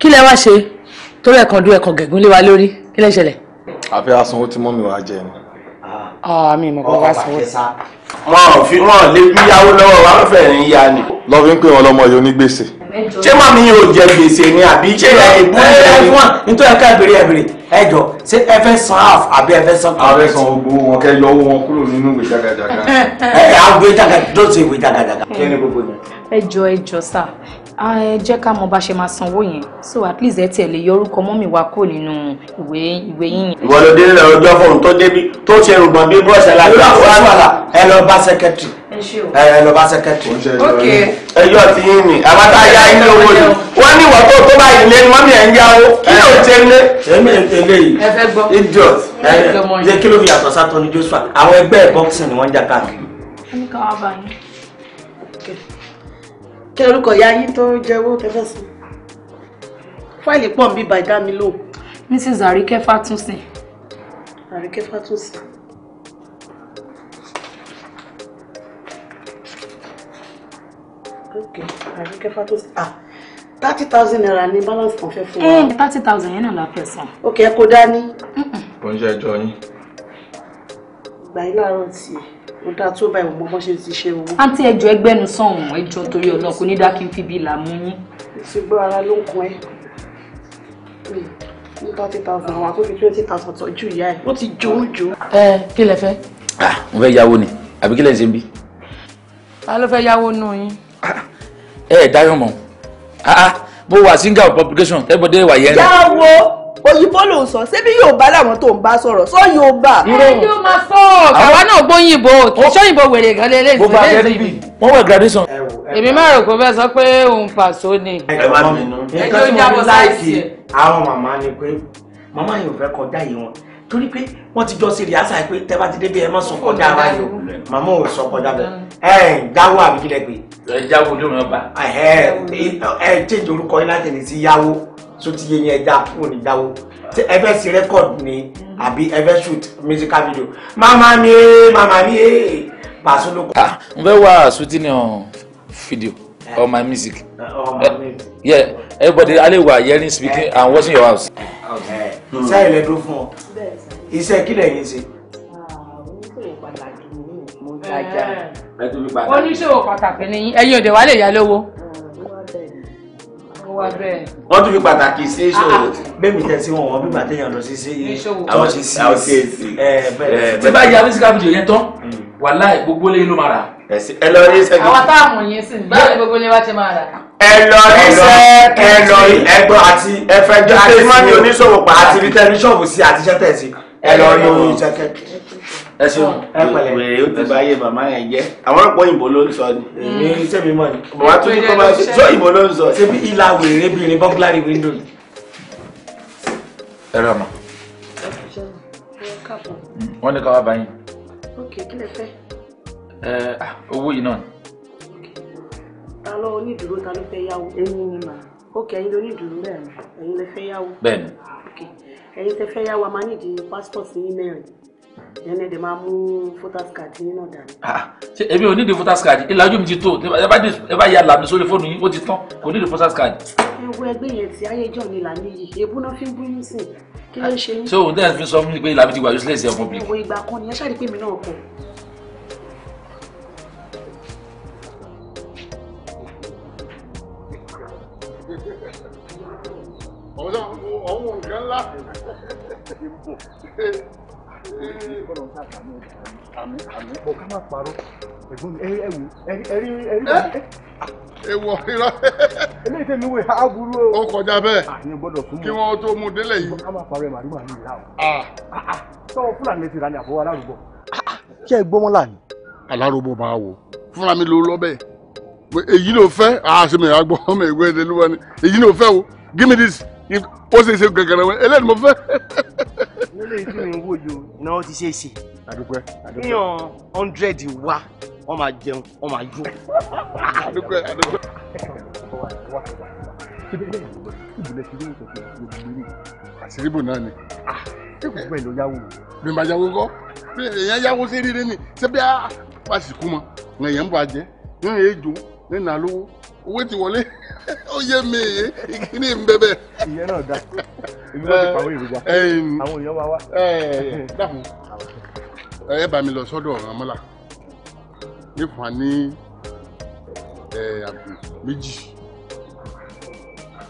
kí lẹ wá ṣe torí ẹ̀kan dún ẹ̀kan gẹ̀gún lé wa lórí kí lẹ ṣẹlẹ̀. àfi asanwó tí mọ́mí wa jẹ ni. àmì ìmọ̀ kan wá sanwó. wọn ò fi wọn lè gbéyàwó lọ́wọ́ wa fẹ́ẹ̀ ń ya ni. lọ́ọ́ fi ń pè wọn lọ́mọ yóò ní gbèsè ṣé màmí yóò jẹ gbèsè ni àbí ṣé ẹ ìbú ẹ fún wa nítorí ẹ ká ìbéèrè ìbéèrè ẹ jọ ṣé ẹ fẹ́ san half àbí ẹ fẹ́ san. àbẹ san gbogbo wọn kẹ yọ wọn kúrò nínú ìwé jagajaga. (laughs) ẹ ẹ àwọn jagajaga tó ṣe ìwé jagajaga. kí ni gbogbo yẹn. ẹ jọ ẹ jọ sáà ẹ jẹ́ ká mọ bá ṣe máa sanwó yẹn so at least ẹ tiẹ̀ lè yọ orúkọ mọ́mì wa kó nínú ìwé ìwé yín. ìwọ ló dé lọ ọjọ́ fóun tó débi tó ṣe rògbòn bí bros alágbèbá wàhálà ẹ lọ bá sẹkẹtì ẹ lọ bá sẹkẹtì ẹ yọ ti yín ni àbátá ya ilé owó ni wọn ní ìwọ tó tó báyìí lé mọ́mì ẹ̀ ń yáwó kí ló ṣe ń lé. èmi yìí idiot ẹ jẹ́ kí ló fi yàtọ̀ sátọ́ ní Joshua àwọn ẹgbẹ́ boxing ni wọ́n ń kí lorúkọ ìyá yín tó jẹ́wọ́ kẹfẹ́ sí fáìlì pọ̀ ń bí bàí dá mi lò. Mrs. Àríkẹ́ Fátúnsìn. Àríkẹ́ Fátúnsìn. ok Àríkẹ́ Fátúnsìn ah thirty thousand naira ni balance kan fẹ́ fún wa. ẹ eh, thirty thousand yẹn náà la fẹ́ san. ok ẹ kò dání. kò ń yín. gbàyìn láàárọ̀ tiẹ̀ ó dáa tó báyìí mo mọ ṣe ti ṣe owó. àǹtí ẹjọ́ ẹgbẹ́nu sọ̀hún ẹjọ́ torí ọlọ́kùn ní dákí ń fi bí làmú yín. ìṣègbè ara ló ń kan ẹ́ ní thirty thousand àwọn àtúntò twenty thousand tọ́jú ìyá ẹ̀ ó ti jó jó. ẹ kí lẹ fẹ́. mo fẹ́ yáwó ni àbí kí lẹ ń ṣe ń bí. ta ló fẹ́ yáwó nù yín. ẹ ẹ dáyọ̀ mọ́ bó wà single publication everybody wà yẹn. yáwó òyìnbó ló ń sọ ṣébí yorùbá làwọn tó ń bá sọ̀rọ̀ sọ yorùbá. ẹni yóò máa sọ àwa náà gbóyìnbó kì í sọyìnbó wèrè gan lé lẹ́sìn lẹ́sìn. wọ́n wẹ̀ graduation. èmi máa rò kó fẹ́ sọ pé òun pàṣọ ni. ẹ má bínú ẹjọ́ ìjábọ̀ láìsí ẹ̀. àwọn màmá ni pé màmá yìí ò fẹ́ kọjá yìí wọn torí pé wọ́n ti jọ ṣe rìásà pé tẹ́ bá ti débi ẹ má sọ kọjá ara yìí o màmá ò sọ kọjá bẹ́ẹ̀ mm. ẹ jáwó àbí kílẹ̀ pé. ẹ jáwó ló ń bá. ẹ ẹ change orúkọ yín láti ní sí yáwó tó ti yé yẹn dá wọn ní dáwó tí ẹ fẹ́ sí rẹ́kọ̀d ni àbí ẹ fẹ́ shoot musical video mama mi ee mama mi ee pàṣẹ ló kọ́. n fẹ́ wá shooting eh. on video yeah. or my music uh, my eh, yeah everybody alẹ́ wà hearing speaking and watching your house. sáyẹn lè dúró fún ọ iṣẹ́ kí lẹ́yìn ṣe. Ah, oníṣòwò pàtàkì ni ẹ̀yin òde wa lè yá lówó wọ́n tún fi pàtàkì sí ah, ìṣòro. Ah. bẹ́ẹ̀ mi tẹ̀ sí wọn wọ́n bí bàtẹ́yàn lọ sí sí àwọn sí sí àwọn tí bá yà mísíkà fídíò yẹn tán hmm. wàláì gbogbo lẹ́yìn ló máa rà. ẹ lọ rí sẹ́kì. àwọn táàmù yẹn sì ní báyìí gbogbo lẹ́yìn wá ti máa rà. ẹ lọ rí sẹ́kì ẹ lọ rí ẹgbọ́n àti ẹfẹjọ́ àti mọ́ni oníṣòwò pa àti rí tẹlifíṣọ̀bù sí àti iṣẹ́ tẹ̀sí ẹ lọ rí sẹ́kì ẹ ṣeun wèrè ó ti bá yé màmá yẹn jẹ àwọn ọ̀pọ̀ òyìnbó ló ń sọ ni. èmi iṣẹ́ mi mọ̀ ni. bàbá tó ní kọ́ bá ṣe tó òyìnbó ló ń sọ. ṣé bí ìlà wèrè bìnrin bọ́ńgláàrí wíńdò ni. ẹ rà mọ. wọ́n ní ká wá báyìí. ok kí lè fẹ́. ẹ owó yìí náà. ta ló onídùúró ta ló fẹ́ yáwó. èmi ni màá ok ẹ̀yin ló onídùúró bẹ́ẹ̀ ni ẹ̀yin lè fẹ́ yáwó. bẹ́ẹ̀ ni. ok tẹ fẹ́ yáwó a máa nídìí ìyẹn ni o dẹ̀ máa mú photos card yín náà dání. Ah, ṣé èmi ò nídìí photos card ìlàjú mi ti tó ẹ bá ya làmì sórí fóònù yín ó ti tán kò nídìí photos card. ewu ẹgbẹ́ yẹn ti ayéjọ́ ni làmì yìí èbú náà fi ń bú yín sìn kí ló ń ṣe yín. so òun náà fi sọ fún mi pé làmì ti wà useless ọmọbìnrin. ìwọ ìgbà kan ni ẹ ṣáà rí pé mi náà kọ ọ̀hún nǹkan ńlá ìbò kọ́lọ̀ ń ẹ ẹ ẹ ó kọjá bẹ́ẹ̀ kí wọ́n tó mú délẹ̀ yìí. sọ fúlàní ti ra ni àbọ̀wọ́ alárùbọ̀. kí ẹ gbọ́ mọ́ lànà. alárùbọ máa wò fúnra mi ló lọ bẹ́ẹ̀ èyí ló fẹ́ àṣemẹ̀yà gbọ́ ọmọ ìwé ẹ̀dẹ̀ ló wà ní èyí ló fẹ́ o give ó ṣe é ṣe gangan náà mo fẹ́. eléyìí tí mi wò yìí náà ti ṣe é ṣe. àdúpẹ́ àdúpẹ́. kíyàn hundred wá wọ́n máa jẹun wọ́n máa yó. àdúpẹ́ àdúpẹ́. àṣírí bò náà ni. ṣé bẹ́ẹ̀ lọ yáwó. bí n yáwó kọ́ èèyàn yáwó sí rírẹ́ ni ṣé bí a bá kú mọ́ èèyàn bá jẹ́ èèyàn èèjò ní nàlówó owó ti wọlé ó yé mi èyí ìkíní ń bẹ bẹ́ẹ̀. ìyẹn náà dá èmi wọ́n ti pàwọ́ èròjà eh, àwọn èèyàn wá wá. Eh, dàpọ̀ ẹ bá mi lọ sọ́dọ̀ ọ̀ràn mọ́là nípa ní eh, àgbò méjì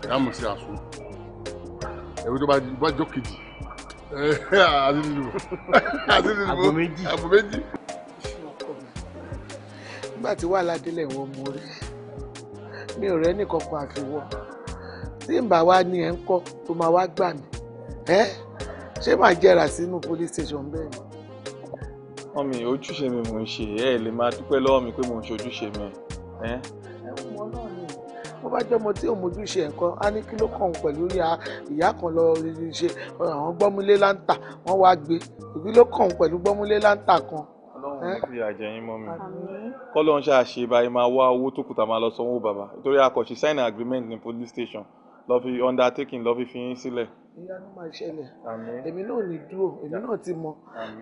ìyá mọ̀ sí àṣọ ẹ̀rọ tó bá jọ kejì àdídìbò àdídìbò àbò méjì. nígbà tí wàhálà délẹ̀ wọ́n mú orí mi ò rẹ́ nìkankan àfiwọ́ tí n bá wá ní ẹ̀ ń kọ́ tó máa wá gbà mí ẹ́ ṣé màá jẹ́ra sínú police station bẹ́ẹ̀ ni. wọ́n mi ojúṣe mi mò ń ṣe ẹ lè máa dúpẹ́ lọ́wọ́ mi pé mò ń ṣe ojúṣe mi. mo bá jẹ́ ọmọ tí ò mójúṣe ẹ̀kan á ní kí ló kàn ń pẹ̀lú ìyá kan lọ ṣe àwọn gbọ́múlé láǹtà wọ́n wá gbé ìbí ló kàn ń pẹ̀lú gbọ́múlé láǹtà kan ọlọ́run ti àjẹ yín mọ́ mi kọ́lọ́n ṣe àṣebà ẹ máa wá owó tó kù máa lọ sanwó bàbá nítorí akọ̀ṣe sign agreement ní police station lọ fi undertaking lọ fi fi yín sílẹ̀. ìyá ló máa ṣẹlẹ̀ èmi náà ní dúró èmi náà ti mọ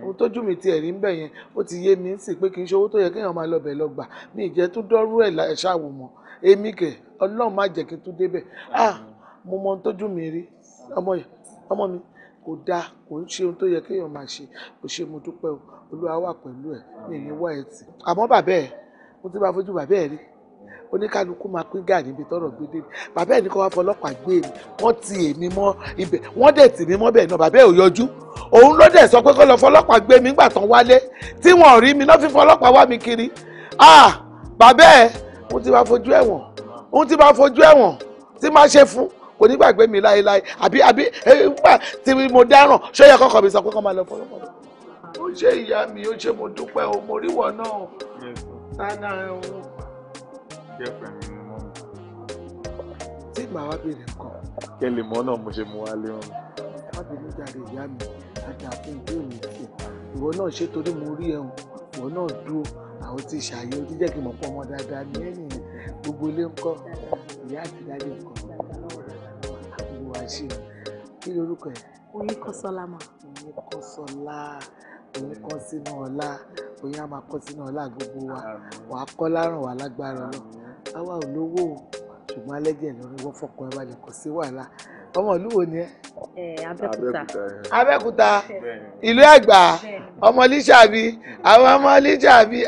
ohun tójú mi ti ẹ̀rí ń bẹ̀ yẹn ó ti yé mi ń sì pé kì í ṣe owó tó yẹ kéèyàn máa lọ bẹ̀ lọ gbà ní ìjẹ́ tó dọ́rú ẹ̀ ṣàwò mọ́ èmi kẹ ọlọ́run má jẹ́ kí n tún débẹ̀ ah mo mọ ohun tójú mi rí ọmọ mi kò dáa kò ń ṣe ohun tó yẹ kéèyàn máa ṣe kò ṣe mo dúpẹ́ o olúwa wà pẹ̀lú ẹ̀ mi ní wọ́ àmọ́ bàbá ẹ̀ mo ti máa fojú bàbá ẹ̀ rí oníkálukú máa pín gà níbi tọrọ gbédè bàbá ẹ̀ ní kó wá fọlọ́pàá gbé mi wọ́n ti èmi mọ́ ibẹ̀ wọ́n dẹ̀ tì mí mọ́ bẹ́ẹ̀ náà bàbá ẹ̀ ò yọjú òun ló dẹ̀ sọ pé kó lọ fọlọ́pàá gbé mi nígbà tán wálé tí wọ́n rí mi náà fi fọlọ́pàá wá mi kiri ah bàbá ẹ̀ mo ti máa fojú ẹ̀wọ̀n mo ti máa fojú ẹ̀wọ̀n tí máa ṣe fún kò ní gbàgbé mi láéláé àbí àbí nígbà tí mo dáràn ṣó kọ́kọ́ mi sọ pé kọ́ máa lọ fọlọ́pàá ó ṣe ìyá mi ó ṣe mo dúpẹ́ o mo ríwọ náà sáná ẹ̀wọ̀n. tí màá wá bèrè nǹkan. kẹ́ lè mọ̀ náà mo ṣe mú wálé wọn. má bínú jáde ìyá mi àti àfihàn tí ò ní kí ìwọ náà ṣe torí mo rí ẹ̀hún ìwọ náà dúró àwọn ti ṣàyẹ̀ ó ti kí n mọ̀ ọmọ dáadáa ní ẹ̀yìn gbogbo ilé ńkọ́ ìyá àti dáadé ńkọ́ àbúrò wa ṣe kí lorúkọ ẹ̀. Oyinkansola ma. Oyinkansola òun kọ́ sínú ọlá òun á máa kọ́ sínú ọlá gbogbo wa wà á kọ́ lárùn wà lágbára lọ àwa ò lówó o ṣùgbọ́n alẹ́jẹ̀ lórí wọ́n fọkàn ẹ balẹ̀ kò sí wàhálà ọmọ ìlú wo ni ẹ. Abẹ́òkúta Abẹ́òkúta ìlú Ẹ̀gbá ọmọ Lísàbí àwọn ọmọ Lísàbí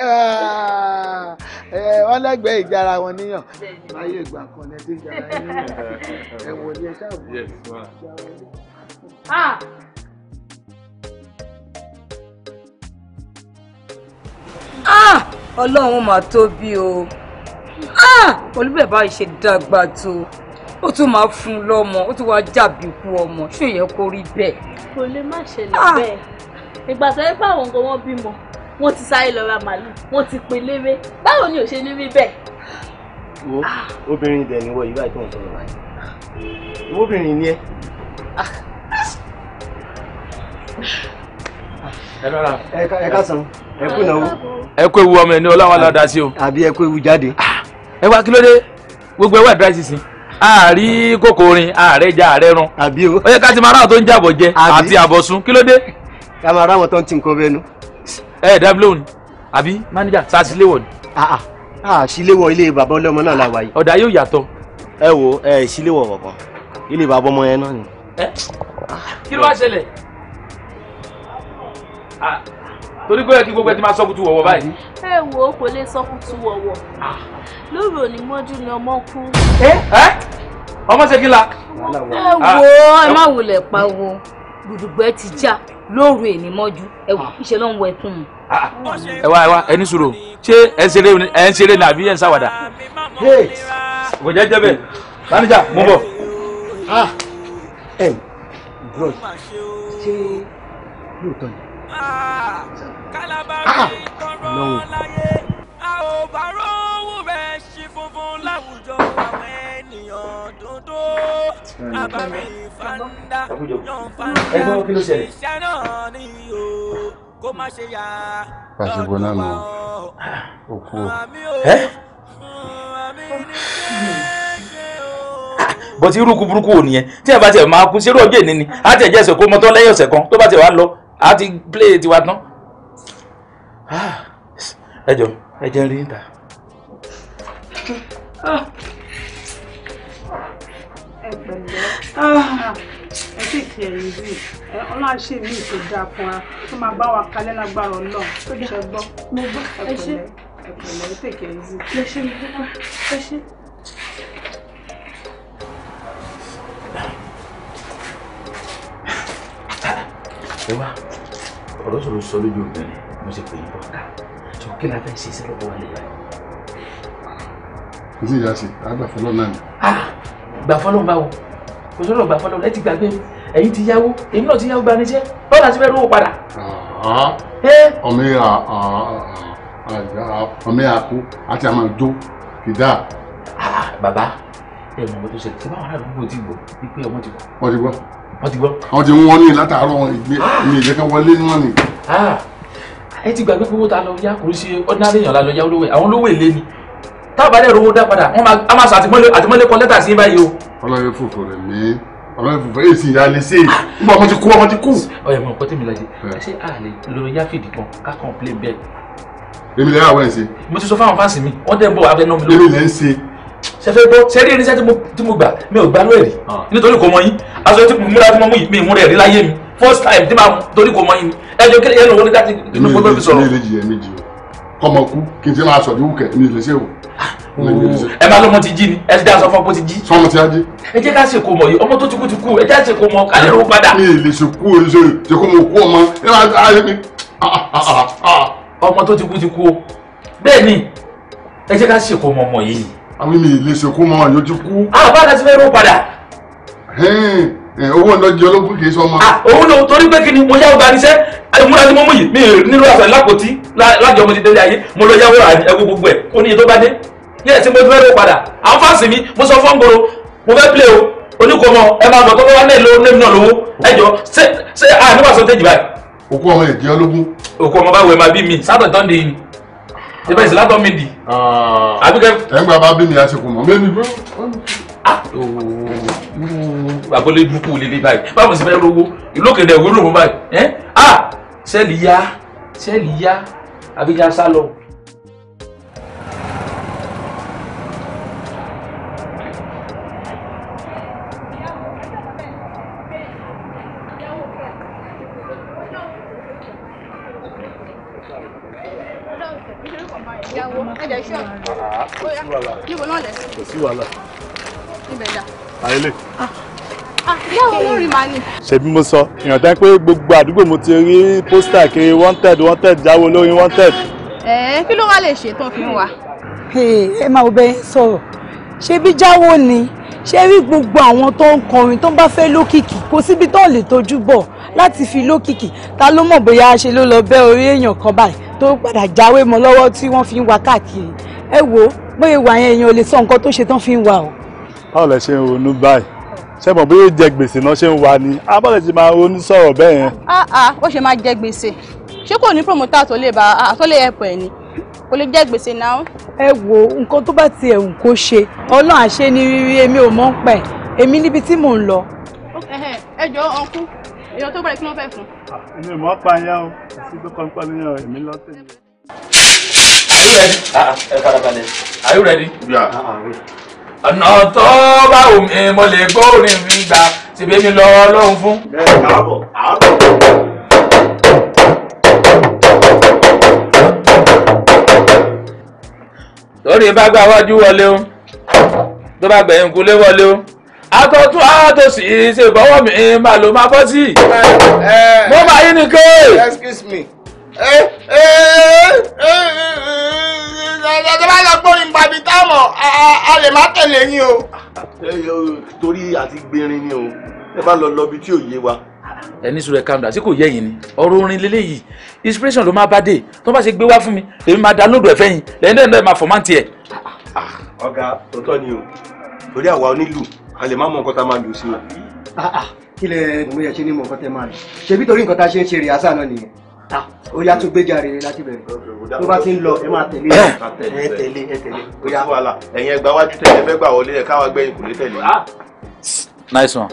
wọn lẹ́gbẹ̀ẹ́ ìjara wọn níyàn láyé ìgbà kan lẹ́dí ìjara yín (laughs) ẹ̀wọ̀n ni ẹ káàbọ̀. Ah! ọlọ́run mà tóbi o ah! olúbẹ̀bá ṣe dàgbà tó ó tún máa fún un lọ́mọ ó tún wá jàbí ikú ọmọ ṣó yẹ kó rí bẹ́ẹ̀. kò lè má ṣẹlẹ̀ ah! bẹ́ẹ̀ ìgbà tó yẹ pé àwọn nǹkan wọn bímọ wọn ti sáré lọ ra màálù wọn ti pè léwé báwo ni ò ṣe ní rí bẹ́ẹ̀. wo obìnrin ibẹ̀ ni wọ́n yìí báyìí tó ń sọ̀rọ̀ báyìí ni ẹ́ ẹ káàsán ẹ kú náà. ẹ kú ewu ọmọ ẹni ọlọ́wọ́ lọ́dà sí o. àbí ẹ kú ewu jáde. Ah, ẹ wá kí ló dé gbogbo ẹwà dry season àárí kòkò rin ààrẹ ja ààrẹ run. àbí o. ó yẹ ká ti máa ráwọn tó ń jàbọ̀ jẹ àti àbọ̀sùn kí ló dé. ká máa ráwọn tó ń ti nǹkan bẹnu. ẹ ẹ dábìlóhùn àbí máníjà sásíléwọ̀ ni. àṣìléwọ̀ ah, ah. ilé bàbá ọlọ́mọ náà la wà yìí. ọ̀dà yóò yàtọ̀. ẹ wo ẹ ìṣíléwọ̀ kọ̀ọ̀kan ilé bàbá ọmọ yẹn náà ni. kí ló wá ṣẹlẹ̀ Ah, torí pé kí gbogbo ẹ ti máa sọ́kùtù wọ̀wọ̀ báyìí. ẹ wo kò lè sọ́kùtù wọ̀wọ̀ ah. lórí òní mọ́jú ni ọmọ kú. ọmọ ṣe kí la. ẹ wo ah. ẹ má wulẹ̀ pariwo gbùdùgbẹ́ ti já lóru èní mọ́jú ẹ wò ìṣe ló ń wọ ẹkún mu. ẹ wá ẹ wá ẹni sùúrù ṣé ẹ ń ṣeré ní àbí ẹ ń ṣàwàdà. kò jẹ́ jẹ́ bẹ́ẹ̀ manager mo bọ̀. ẹ ẹ gbọ́dọ̀ ṣé lóòótọ́ ni Ah! Ah! kálábàbí náà ni ah, o kó má bọ́tí irú kúburúkú ò nìyẹn tí ẹ bá tiẹ̀ máa kú sí irú ọjọ́ ìní ni á tẹ̀ jẹ́ ẹsẹ̀ kó mọ́tọ́ lẹ́yìn ọ̀sẹ̀ kan tó bá tiẹ̀ wá lọ a ti play tiwa tán ah, ẹ jọ ẹ jẹ rí níta. Ah. ẹ pẹ̀lẹ́ ah. ẹ sì kí ẹ yìí bí ẹ ọlọ́run ṣe mí tó dáa fún wa tó máa bá wa kalẹ̀ lágbára ọlọ́run tó jẹ gbọ́ ẹ pẹ̀lẹ́ ẹ pẹ̀lẹ́ ẹ tèkẹ́ ẹ yìí. ẹ ṣe mi ẹ ṣe. ẹ wá ọ̀rọ̀ sọ̀rọ̀ sọ lójú obìnrin mo sì pè é bọ̀ ká ah, sọ kí la fẹ́ ṣe sí lọ́wọ́ wa lè báyìí. kò sí ìyá sí àgbà fọlọ́ náà ni. Ah, gbà fọlọ́ ń bá wo kò sọ̀rọ̀ gbà fọlọ́ ẹ ti gbàgbé ẹ̀yin ti yáwó èmi náà ti yáwó gba níṣẹ́ báwo la ti fẹ́ rówó padà. ọmọ ìyá ọmọ ìyá kú àti àmọ́ ìjó ìdá. Ah, bàbá ẹ mọ̀ mọ́ ṣe tí báwọn ará àdúgbò ti gbọ́ wípé ọmọ ti gbọ́ wọ́n ti gbọ́. wọ́n ti mú wọn ní látàárọ̀ wọn ìgbé ní ah! ìjẹ́ kan wọlé ní wọn ni. Ah! ẹ ti gbàgbé pé owó ta lọ yá kò ṣe ordinary èèyàn la lọ yá olówó ẹ àwọn olówó èlé ni táàbà dẹ̀ rówó dá padà wọ́n máa sọ àtìmọ́lé kọ lẹ́tà sí báyìí o. ọlọ́run fòfò rẹ̀ mí ọlọ́run fòfò rẹ̀ sì yà lè ṣe é nígbà ọmọ ti kú ọmọ ti kú. ọyọ mi ò kọ́ tèmi lajẹ ṣé a lè lọ yá fìdí kan ká complain bẹ́ẹ̀. èmi lè yà wọ́n ẹ̀ ṣe. mo ti sọ fáwọn fáǹsì mi wọ́n dẹ̀ bọ̀ abẹ́nú mi lórí. èmi lè ń ṣe ṣẹfẹ gbọ́ sẹrí irinṣẹ́ tí mo gbà mi ò gbà lóye rí nítorí kò mọ yín aṣọ tí mo múra tí mo mú yìí mi ìmúra ẹ̀rí láyé mi first time tí màá torí kò mọ yín ẹjọ́ kí ẹnu wọlé láti inú gbọ́dọ̀ fi sọ̀rọ̀. èmi ìrèjì èmi jì kọmọ kú kí n ti máa sọ ní mi ìrèsè o. Ah, ẹ máa lọmọ ti jí ni ẹ ti dá sọfọ bó ti jí. sọmọ ti á jí. ẹ jẹ́ ká ṣe kó mọ̀ yìí ọmọ tó ti kú ti kú ẹ jẹ́ ṣe kó mọ̀ kálẹ̀ ló padà. mi ì lè ṣe kú oríṣi ṣe kó mo kú ọmọ ẹ máa ayé mi. ọmọ tó ti kú ti kú o bẹ́ẹ̀ ni ẹ jẹ́ ká ṣe kó mọ̀ ọmọ yìí àwọn mi lè ṣe kó mọ àyọjú kú. àbá la ti fẹ́ ró padà. owó ìlọjì ológun kì í sọmọ. òun lòun torí pé kí ni mo yáwó gbanisẹ́ múra ni mo mú yìí mi nílò àṣà lápòtí lájọ mo ti délé ayé mo lọ yáwó ẹgbẹ́ gbogbo ẹ̀ kó ní iye tó bá dé. yẹ́n tí mo fẹ́ ró padà àwọn fáǹsì mi mo sọ fún gbòòrò mo fẹ́ play o oníkòmọ ẹ máa lọ tó bá wà ní ìlú onímù náà lówó ẹ jọ ṣé ṣé àníwàsó tẹ̀jú báyìí. òkú ọmọ ìjẹ́ ológun. òkú ọmọ báwo ẹ máa bí mi sátọ̀ tán dé yìí ṣe bẹ́ẹ̀ sì látọ̀ mi dì. Ah. ẹ gba bá bí mi àṣekù mọ́ mẹ́bí. àbọ̀lé burúkú lélẹ́ báyìí báwo sì fẹ́ rówó ìlú òkèdè ìwé rògbò báyìí sẹ́ẹ̀lì ah, yá sẹ́ẹ̀lì yá àbíjà sálọ. wàhálà. ibẹ̀ dà. àyẹlẹ. Ah, ah, mo sọ èèyàn tán pé gbogbo àdúgbò mo ti rí pósítà kiri wanted wanted jáwọ́ lórí wanted. ẹ kí ló wá lè ṣètò fún wa. ẹ máa bẹ sọ̀rọ̀ ṣebí jáwọ́ ni ṣé rí gbogbo àwọn tó ń kọrin tó bá fẹ́ lókìkí kò síbi tó lè tójú bọ̀ láti fi lókìkí ta ló mọ̀ bóyá ṣe ló lọ bẹ́ orí èèyàn kan báyìí tó padà jáwé mọ́ lọ́wọ́ tí wọ́n fi ń wa káàkiri ẹ wo bóyá ìwà yẹn èèyàn ò lè sọ nǹkan tó ṣe tán fi ń wà o. báwo lẹ ṣe ń ronú báyìí ṣé mọ̀ bóyá jẹ gbèsè náà ṣe ń wà ni abọ́lẹ̀ ah, ṣe máa ronú sọ̀rọ̀ bẹ́ẹ̀ yẹn. àà ah, ah, ó ṣe máa jẹ gbèsè ṣé kò ní promoter tó lè bá tó lè help ẹ̀ ni kò lè jẹ gbèsè náà. ẹ wo nǹkan tó bá ti ẹ̀wù kó ṣe ọlọ́run àṣẹ ni rírí èmi ò mọ̀ ń pẹ̀ èmi níbi tí mò ń lọ. ẹ jọ ọkú èèyàn tó bẹ̀rẹ̀ kí wọ́n fẹ́ fún. èmi ò mọ̀ pa yẹn o èsì tó kọ́ you ready? Ah, ah, ẹ fara balẹ̀. are you ah, ready? ọ̀nà tó bá wù mí mo lè gbóòórìn mi gbà tìbí mi lọ lóhun fún. bẹ́ẹ̀ káàbọ̀ káàbọ̀. lórí bá gbà wájú wọlé o tó bá gbẹ̀yìn kulé wọlé o atọ́tún àtòsí ṣe ìbọ̀wọ́ mi máa ló máa bọ́ sí i eh, eh. mo máa yí ni ké. excuse me. Eh, eh, eh, eh, eh. eh ẹ bá lọ gbórin gbàbí táwọn a lè má tẹ̀lé yín o. torí àti gbérin ni o ẹ bá lọ lọ bí tí ò yé wa. ẹni sùrẹ̀ kàndà sí kò yẹ yín ni ọ̀rọ̀ orin lélẹ́yìí inspiration ló máa bá dé tó bá ṣe gbé wá fún mi èmi máa download ẹ̀fẹ́ yín lẹ́yìn náà ẹ̀ máa ah, fọ̀ máa ń tiẹ̀. ọ̀gá tòótọ́ ni o torí àwa onílù a lè má mọ nǹkan tá a máa lù sí o. Ah, ah, kí lẹ ẹ̀dùnmọ́ yẹn ṣe ní mọ̀ nǹkan tẹ́ máa lù ṣebí torí nǹkan tá a ṣe ń ṣe rìhásà náà nìyẹn ta ó yá tó gbéjà rere láti bẹ̀rẹ̀ tó bá ti ń lọ ẹ máa tẹ̀lé ẹ tẹ̀lé ẹ tẹ̀lé ó yá. ẹ̀yin ẹgbà wájú tẹ̀lé ẹ fẹ́ gbà wọlé ẹ káwá gbẹ̀yìn kò lè tẹ̀lé. Ah. nice one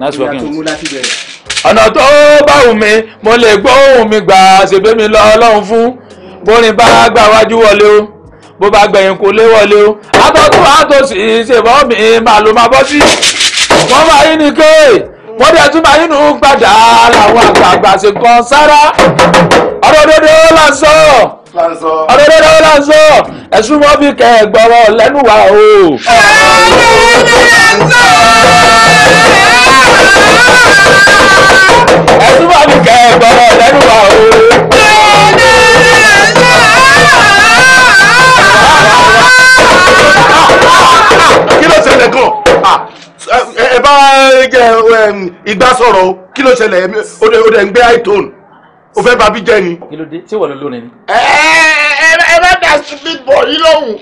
nice working. ìyá tó ọ̀nà tó bá wù mí mo lè gbóhùn mi gbà ṣègbè mi lọ ọlọ́run fún bórin bá gbà wájú wọlé o bó bá gbẹ̀yìn kò lè wọlé o àtọ́tún àtòsí ṣèbọ́ mi màlúmọ́ bọ́ sí wọ́n máa yí ni kéè wọ́n dẹ̀ tún bá yín nù ń gbàdá làwọn àgbààgbà ṣe kan sára ọ̀rọ̀ òdodo là ń sọ ọ̀rọ̀ òdodo là ń sọ ẹ̀sùn wọn fi kẹ́ ẹ̀ gbọ́rọ̀ lẹ́nu wa o. ẹ̀sùn wọn fi kẹ́ ẹ̀ gbọ́rọ̀ lẹ́nu wa o. kí ló ṣẹlẹ̀ gan-an. Ah, ẹ bá igba sọ̀rọ̀ o kí ló ṣẹlẹ̀ o dẹ̀ ń gbé àìtón o fẹ́ babi jẹ́ ni. kí ló dé tí wọ́n lò lónìí. ẹ ẹ ẹ bá da sí bí bọ̀ yìí lóhùn.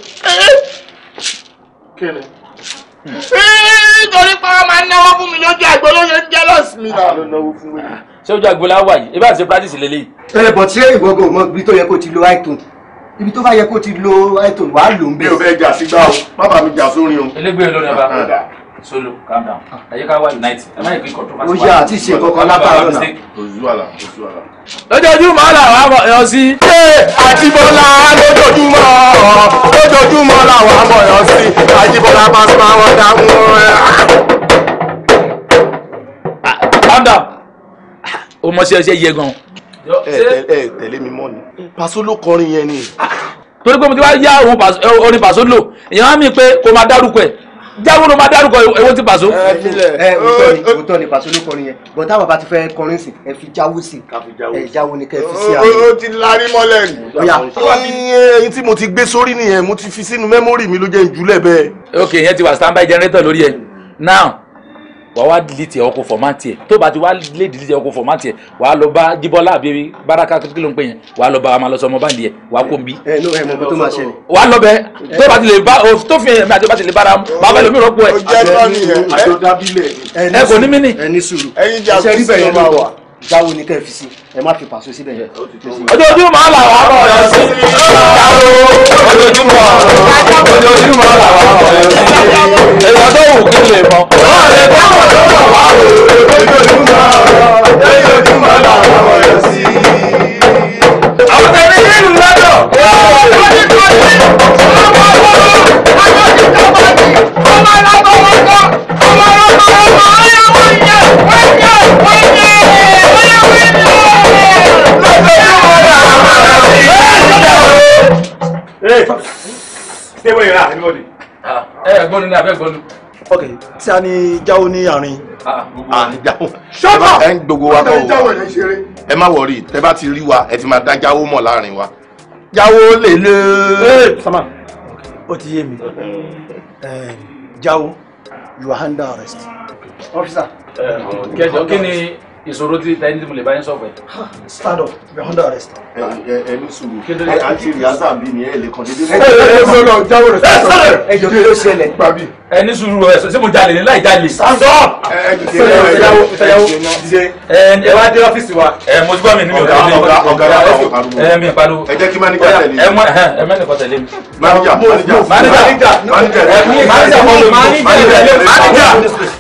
kí ni nítorí pé wọ́n máa ń náwó fún mi lójú àgbo ló ṣe ń jealous mi. ló náwó fún mi. ṣé ojú àgbo la wà yìí ibà ṣe practice lélẹ́yìí. ẹ bọ̀ tí ìwọ gan mọ ibi tó yẹ kó ti lo itone ibi tó bá yẹ kó ti lo itone wàá lò ń bẹ̀. mi ò fẹ́ jà sígbà o má bàa mi jà sórin o. elégbé ló ní ọba solo calm down ẹ jẹ́ ká wá unite ẹ má yẹ kí controversy wáyé. ó yà àti ṣe kankan látàárọ̀ náà. òzúwàlà òzúwàlà. lójoojúmọ́ làwọn àbọ̀yọ̀ sí. ṣé àjibọ́lá lójoojúmọ́ lójoojúmọ́ làwọn àbọ̀yọ̀ sí àjibọ́lá pàṣípà wọn dààmú ẹ. Ah, calm down ah, o mọ̀ sí ọṣẹ yẹ gan. ẹ tẹ̀lé mi mọ́ ni pàṣọ ló kọrin yẹn ni. torí pé mo ti wá yá orin pàṣọ lò èèyàn á mì pé kó máa dárúkọ ẹ̀ jáwó ló máa dárúkọ èwo ti pàṣọ. ẹ òótọ́ ni òótọ́ ni pàṣọ ló kọrin yẹn bọ̀ táwọn bá ti fẹ́ kọrin sí ẹ fi jáwó sí ẹ jáwó ni kẹ́ ẹ fi sí àwọn. o ti larí mọ́lẹ̀ ni. èyí tí mo ti gbé sórí nìyẹn mo ti fi sínú mẹ́mórì mi ló jẹ́ ìjúlẹ̀ bẹ́ẹ̀. ok yẹn ti wà standby generator lórí ẹ now wà wá delete ẹ̀ ọkọ̀ fọ̀mátì ẹ̀ tó bá ti wá lé delete ẹ̀ ọkọ̀ fọ̀mátì wà á lọ bá jíbọ́lá àbí baraka kí ló ń pè yẹn wà á lọ bá amalọ́sọ ọmọ báyìí ẹ̀ wà á kó nbí. ẹ ló ẹ mọ tó máa ṣẹlẹ̀. wà á lọ bẹ tó bá ti lè bá o tó fi ẹ̀mí àti bá ti lè bára bàbá ẹlòmíràn rọ́pò ẹ̀. ẹ kò ní mí ni. ẹ ní sùúrù ẹ ní sùúrù jáwó ni kẹ́ẹ̀ fi sí ẹ má fi pàṣẹ síbẹ̀ yẹn. ojoojúmọ́ làwọn ọmọ rẹ̀ sí jáwó ojoojúmọ́ ojoojúmọ́ làwọn ọmọ rẹ̀ sí èèyàn tó wù kí lè mọ. ọ̀rẹ́ táwọn ojoojúmọ́. ní abẹ́gbọ́dún. ok tí a ní jáwó ní àárín. Ah, a ah, ní jáwó. ṣọ́bà ẹ ń gbogbo wa kọ́ wa ẹ má wọrí tẹ bá ti rí wa ẹ ti máa dá jáwó mọ̀ láàrin wa jáwó lè lè. sama ó ti yé mi jáwó you are under arrest. officer kẹjọ kí ni ìṣòro tí tẹ́ni tí mo lè bá stand up you are under arrest. ẹ ẹ ní sùúrù àti rìhásà bíi ni ẹ lè kàn déédéé. ẹ ẹ ẹ lọ jáwé rẹ sọ̀rọ̀ ẹ jọ kí ló ṣẹlẹ̀ gbà bí. ẹ ní sùúrù ẹ sọ sí mo jalè ní láì jalè. stand up. ẹ ìtẹ̀yàwó ìtẹ̀yàwó ẹ wá dé ọ́fíìsì wa. ẹ mo ti gbọ́ mi ní mi ò tẹ̀lé mi. ọ̀gá ọ̀gá ẹ mi ì pariwo. ẹ jẹ́ kí máníjà tẹ̀lé. ẹ mẹ́rin kọ́ tẹ̀lé mi. máníjà máníjà máníjà máníjà máníjà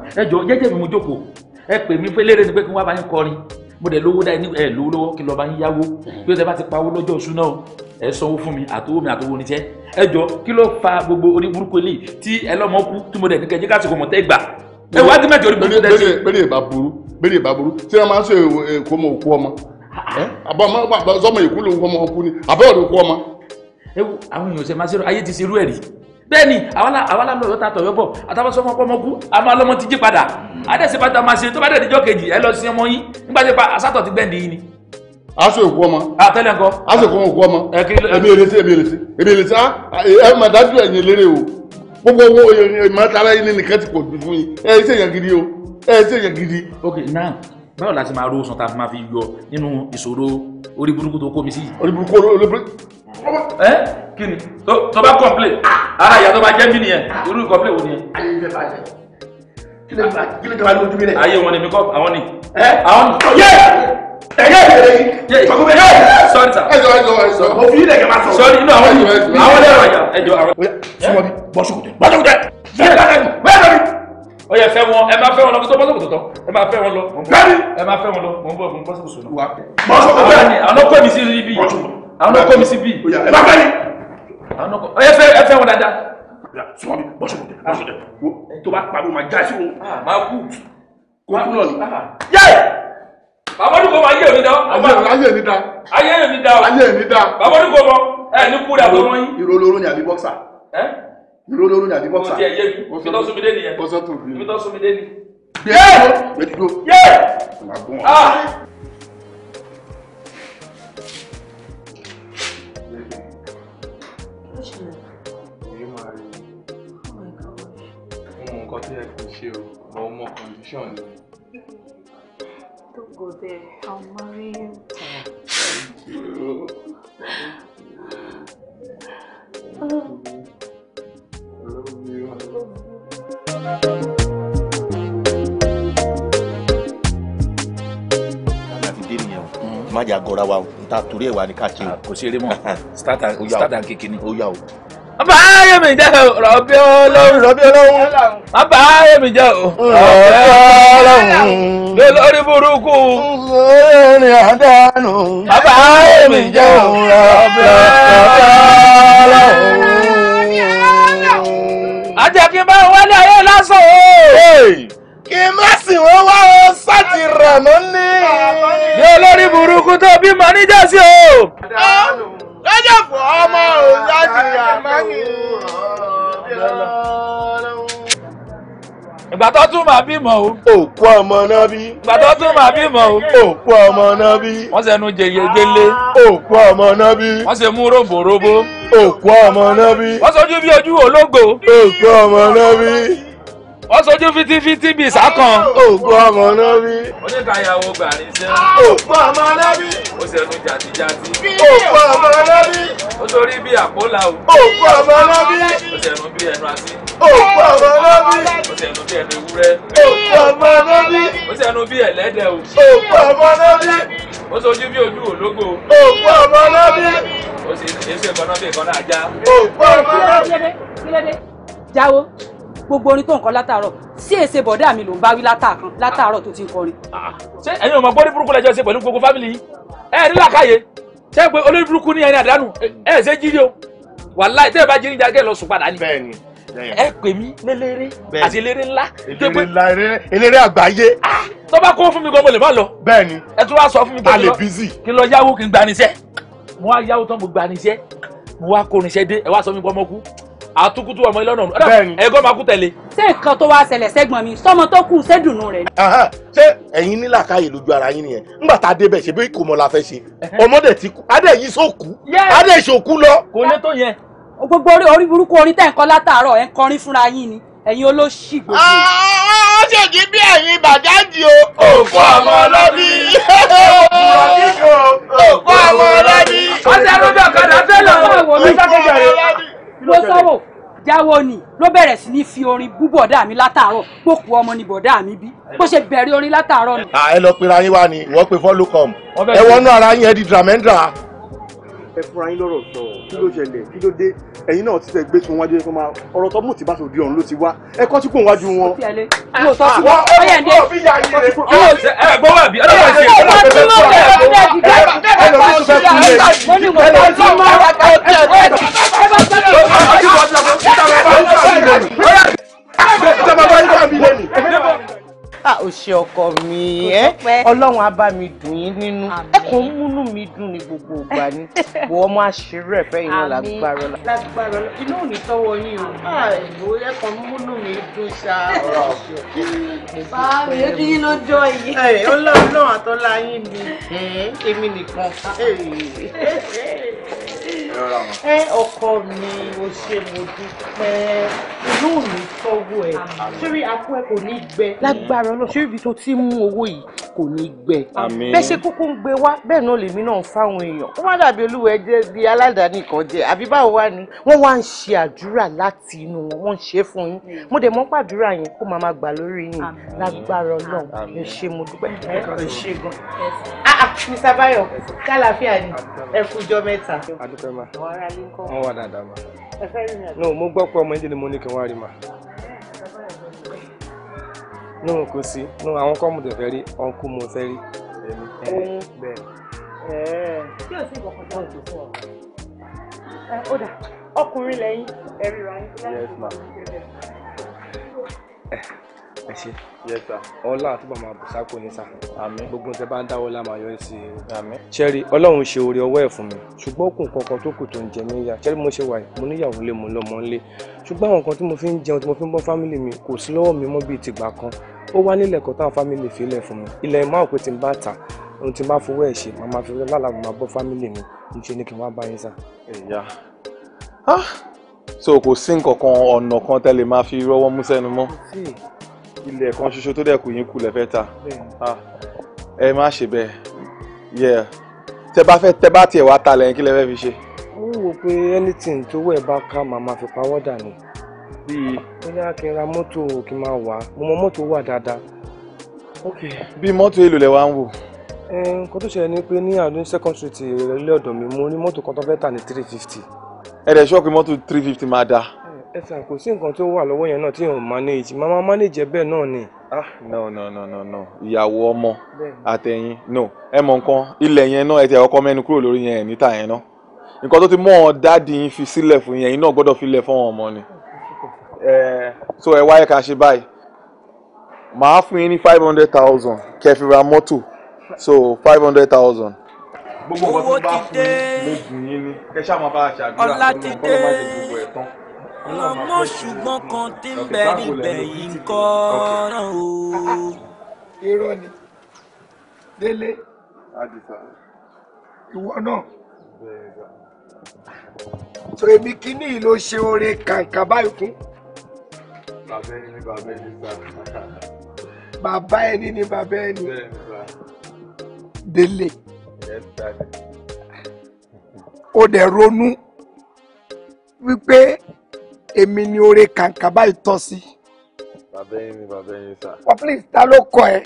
ẹ jọ jẹ́jẹ́ mi mo jókòó ẹ pè mí pé léèrè ni pé kí wọ́n bá yín kọrin mo dẹ̀ lówó dáa ẹ lówó lọ́wọ́ kí lọ́ọ́ bá yín yáwó bí ó tẹ bá ti pawó lọ́jọ́ oṣù náà ẹ sanwó fún mi àtowó mi àtowó oníṣẹ́ ẹ jọ kí ló fa gbogbo oníburúkú eléyìí tí ẹ lọ́mọ kú tí mo dẹ̀ ní kẹjẹ káṣíkò mọ̀tẹ́ gbà ẹ wá dí mẹ́jọ oníburúkú tẹ́sí. bẹ́ẹ̀ bá burú bẹ́ẹ̀ bá burú tí wọ́n máa ń ṣe èkó mọ òkú ọmọ àbọ̀ sọmọ èkó ló ń kọ́ ọmọ ọkú ni àbẹ́ ọ̀dọ̀ òkú ọmọ. ẹ wo àwọn èèyàn ṣe bẹ́ẹ̀ni àwa làmọ yọta tọyọ bọ àtàwọn sọmọ pọmọkú àmọ alọmọ ti jí padà adẹsẹ bàtà máa ṣe tó bá kejì ẹ lọ sí ọmọ yín nígbà tí pa ti gbẹǹdì yín ni. aṣọ òkú ọmọ àtẹlẹ ńkọ aṣọ òkú ọmọ èmi èlèsí èmi èlèsí èmi èlèsí ẹ dájú o gbogbo owó ẹ báwo la ti máa ro sàn tá a fi máa fi yọ nínú ìṣòro orí burúkú tó kó mi sí yìí. orí burúkú orí burúkú. ẹ kí ni tó bá kọ̀m̀plé ara ìyá tó bá jẹ́ mí nìyẹn irú kọ̀m̀plé wo nìyẹn. ayé ìfẹ́ bàjẹ́ kí ló dé wá lójú mi rẹ̀. ayé wọn ni mi kọ́ àwọn ni. ẹ àwọn ni. yé ẹ̀yẹ́ ìbẹ̀rẹ̀ yìí. sọ̀kú bẹ̀rẹ̀ yìí. sọ̀rì sà. ẹ jọ ẹ jọ ẹ jọ. òfin yìí lẹ̀kẹ̀ máa sọ. sọ̀rì inú àwọn yìí àwọn lẹ́rọ̀ ẹ̀jọ̀ àwọn. sọmọbi bọ́sùkùtẹ̀ bọ́sùkùtẹ̀. bẹ́ẹ̀ lọ́dẹ̀ mi bẹ́ẹ̀ lọ́dẹ̀ mi ó yẹ fẹ́ wọn ẹ máa fẹ́ wọn lọ kó tó bọ́ sókòtò tọ́ ẹ máa fẹ́ wọn lọ bẹ́ẹ̀ni ẹ máa fẹ́ wọn lọ mò ń bọ̀ mò ń bọ́ sókòtò náà. mọ sókòtò bẹ́ẹ̀ àwọn ọkọ mi sí ibi àwọn ọkọ mi sí ibi ẹ máa fẹ́ ni. ó yẹ fẹ́ ẹ fẹ́ wọn dáadáa. sọmọ mi bọ́ sókòtò bọ́ sókòtò tó bá pariwo máa já sí o. Ah, máa kú kó kú lọ ni. Ah. bàbá dùgbò máa yé mi dá. ayé mi dá. ayé mi dá. ayé mi dá. bàbá dùgbò mọ ẹ ní kúrẹ́ àbọ̀ wọ́n yín. ìrolóró ni àbí bọ́ksà. ẹ ìró lórí àbí bọ́ksà. mo ti ẹ̀ yé mi mi tó sún mi dé yé oh mo mọ condition ni. Don't go there. I'll marry you. Thank you. Oh má jà gọra wa nta torí ẹ wà ní káàkiri. Ah, kò sí eré mọ sítátà kékeré. ó yà o. bàbá ayé mi jẹ́ rọ̀bí olóhùn. rọ̀bí olóhùn. bàbá ayé mi jẹ́ rọ̀bí olóhùn. lórí burúkú. lórí àdánù. bàbá ayé mi jẹ́ rọ̀bí olóhùn tẹ̀ kí n bá wọlé ayé lásán o kí n má sì wọ́n wá ọ sáti ràmọ́ ní. ní olórí burúkú tó bímọ níjà sí o. lọ́jọ́ fún ọmọ òun láti ràmọ́ ìgbà tó tún máa bímọ o. òkú ọmọ náà bí. ìgbà tó tún máa bímọ o. òkú ọmọ náà bí. wọ́n sẹ́nu jẹ̀yẹ̀gẹ́lé. òkú ọmọ náà bí. wọ́n ṣe mú ròbòròbó. òkú ọmọ náà bí. wọ́n sojú bí ojú ológo. òkú ọmọ náà bí. wọ́n sojú fitifiti bíi sákan. òkú ọmọ náà bí. oníkàyàwó gbàrin sẹ́. òkú ọmọ náà bí. ó sẹ́nu jàtijàti. òkú ọmọ náà bí. ó torí bí àpólà òkú ọmọ lọ́bí. ó sẹ́nu bí ẹnu ewúrẹ́. òkú ọmọ lọ́bí. ó sẹ́nu bí ẹlẹ́dẹ̀ o. òkú ọmọ lọ́bí. ó sojú bí ojú ológo. òkú ọmọ lọ́bí. ó sì èso ìkànnà bí ìkànnà ajá. òkú ọmọ lọ́bí. jáwó gbogbo orin tó ń kọ látàárọ̀ sí èsè bọ̀dá mi ló ń bá wí látàkan látàárọ̀ tó ti ń kọrin. ṣé ẹ̀yin ò mọ bọ́dí burúkú lẹ́jọ́ ṣe pẹ̀lú gbogbo fámìlì yìí ẹ̀ ẹ̀ nílà káyé ṣé pé olórí burúkú ní ẹni àdánù ẹ̀ ẹ̀ ṣe jírí o wàláì tẹ́ ẹ bá jírí jágẹ́ lọ sùn padà ni. bẹ́ẹ̀ni ẹ pè mí lélẹ́rẹ́ àti eléré ńlá. eléré ńlá eléré àgbáyé. Ah, tó bá kó fún mi gan mo lè má lọ. bẹ́ẹ̀ni ẹ tún wá sọ fún mi pé kí lọ yáwó kí n gbanisẹ́ mo wá yáwó tán mo gbanisẹ́ mo wá kórinṣẹ́ dé ẹ wá sọ mi pé ọmọ kú àtúkútú ọmọ ilé ọ̀nà ọ̀dọ̀ ẹ̀gọ́ máa kú tẹ̀lé. ṣé nǹkan tó wá ṣẹlẹ̀ sẹ́gbọ̀n mi sọmọ tó kù ṣẹ́dùnú rẹ̀. ṣé ẹ̀yin ní làákàyè lójú ara yín nìyẹn nígbà tá a débẹ̀ ṣe bí kò mọ̀ la fẹ́ ṣe ọmọdé ti kú adé yìí sókú adé ìṣòkú lọ. kò lè tó yẹn gbogbo orí orí burúkú orin tẹ̀ ń kọ́ látàárọ̀ ẹ̀ ń kọrin fúnra yín ni ẹ̀yin olóṣì gbogbo. ó ah, ah, ah, ṣèjì bí ẹ̀yin bàjáde o. òkú ọmọ ọlọ́bí. òkú ọmọ ọlọ́bí. ọtí arúgbó ọ̀kadà fẹ́ lọ. ló sọ́wọ́ jáwọ́ ni ló bẹ̀rẹ̀ sí ní fi orin bú bọ̀dá mi látàárọ̀ gbòkú ọmọ ni bọ̀dá mi bí bó ṣe bẹ̀rẹ̀ orin látàárọ̀ ni. ẹ lọ pera yín wá ni ìwọ pé fọ́lùkọ̀m ẹ wọnú ara yín ẹ di dramẹ́ndra ẹ fúnra yín lọ́rọ̀ sọ kí ló ṣẹlẹ̀ kí ló dé ẹ̀yin náà ti tẹ̀ gbé sun wájú ẹ̀ fún ma ọ̀rọ̀ tó mú ti bá sòdì ọ̀run ló ti wá ẹ kọ́ tí wájú wọn. ẹ gbọ́ bá tí bá tẹ́lẹ̀ ẹ bá ó (laughs) ah, ṣe ọkọ mi ẹ ọlọ́run á bá mi dùn yín nínú ẹ kò ń múnú mi dùn ní gbogbo ìgbà ni (laughs) bò ọmọ àṣírí ẹ fẹ́ iná lágbára la. lágbára la inú ò ní tọwọ́ yín o àìbò ẹ kò ń múnú mi dùn ṣá. (laughs) báàmì ojú yín ló jọ yìí. ọlọ́run àtọ́lá yín ni èmi nìkan ẹ ọkọ mi ò ṣe mo dúpẹ́ inú mi tọ́wọ́ ẹ̀ sórí akú ẹ kò ní gbẹ. lágbára ọlọ́run sórí ibi tó ti ń mú owó yìí kò ní gbẹ. bẹ́ẹ̀ ṣe kúkú ń gbé wá bẹ́ẹ̀ náà lèmi náà ń fáwọn èèyàn ó má dàbí olúwa ẹ jẹ́ bí aládàáni kan jẹ àbí báwo wá ni wọ́n wá ń ṣe àdúrà láti inú wọn wọ́n ń ṣe fún yín mo dẹ̀ mọ́ pàdúrà yẹn kó máa máa gbà lórí yín lágbára ọlọ́run ẹ ṣe mo dúpẹ́ ẹ ṣe gan. Ah, ah, mr bayo kálàfíà ni ẹ kú jọ mẹ́ta. adúpẹ́ má ma. àwọn ará ló ń kọ́. wọ́n wà dáadáa ma. ẹ fẹ́ rí mi àbí. no mo gbọ́ pé ọmọ ẹ̀jẹ̀ ni mo ní kí n wá rí ma. no kò sí no àwọn kọ́ mo tẹ̀ fẹ́ rí ọ̀nkú mo fẹ́ rí. o sì bọ̀ kọ́ tó ọkùnrin lẹ́yìn ẹ̀rí ra yín. yes ma pẹ́ ṣe ọlá àti bàmà bùsákò ní sà gbogbo tẹ bá ń dáwọ́ lá máa yọrí sí i. ṣẹ́rí ọlọ́run ṣe oore ọwọ́ ẹ̀ fún mi ṣùgbọ́n kùn kankan tó kù tó ń jẹ mí yá ṣẹ́rí mo ṣe wà yìí mo níyàwó lé mo lọ́mọ ńlé ṣùgbọ́n àwọn nǹkan tí mo fi ń jẹun tí mo fi ń bọ́ fámìlì mi kò sí lọ́wọ́ mi mọ́ bíi tìgbà kan ó wá nílẹ̀ kan táwọn fámìlì fi lẹ̀ fún mi ilẹ̀ ìmọ̀ àpò tí ń bá ta ohun tí ń bá fowó ẹ̀ ṣe màmá fi lálàá màmá bọ́ fámìlì mi ń ṣe ni kí n wá bá yín sà. ẹ̀yà ah! so kò sí nǹkan kan ọ̀nà kan tẹ́lẹ̀ máa fi rọ́wọ́ mú sẹ́nu mọ́ ilẹ̀ kan ṣoṣo tó dẹ̀ kù yín kù lẹ́fẹ́ ta ah. ẹ má ṣe bẹ́ẹ̀ yẹ tẹ bá fẹ́ tẹ bá tiẹ̀ wá ta lẹ́yìn kí lẹ fẹ́ fi ṣe. ó wò pé anything tó wẹ̀ bá ká màmá fi pawọ́ dà ní. bíi. bóyá kí n ra mọ́tò kí n máa wà mo mọ mọ́tò wà dáadáa. ok bí mọ́tò èlò lẹ wá ń wò. nǹkan tó ṣẹlẹ̀ ni pé ní àdún second street ilé ọ̀dọ̀ mi mo rí mọ́tò kan tó fẹ́ tà ní three fifty. ẹ dẹ̀ ṣọ́ọ̀kì mọ́tò three fifty máa dáa ẹ sàn kò sí nǹkan tó wà lọ́wọ́ yẹn náà tí yẹn ò manage màmá manage ẹ bẹ́ẹ̀ náà ni. ah no no no no no ìyàwó ọmọ àtẹ̀yìn no ẹ mọ nǹkan ilẹ̀ yẹn náà ẹ ti ọkọ mẹ́nu kúrò lórí yẹn níta yẹn náà nǹkan tó ti mọ́ ọ dáàdì yín fi sílẹ̀ fún yẹn yín náà gbọ́dọ̀ fi lẹ̀ fún ọmọ ni so ẹ wáyé ká ṣe báyìí màá fún yín ní five hundred thousand kẹ́ fi mọ́tò so five hundred thousand gbogbo nǹkan tó bá fún mi mo yín ni kẹ ṣáà máa bá a ṣàdúrà fún mi má ṣe gbogbo ẹ̀ tán ọmọ ṣùgbọ́n kan tí ń bẹ níbẹ̀ yìí ń kọ́ náà o. irọ́ ni délé ìwọ náà so èmi kíní ló ṣe oore kàǹkà báyìí fún. bàbá ẹni ni bàbá ẹni gbà. bàbá ẹni ni bàbá ẹni. délé. o dẹ̀ ronú wípé èmi ni oore kàǹkà báyìí tọ́ sí. bàbá yín ni bàbá yín sà. wọ́n please ta ló kọ ẹ.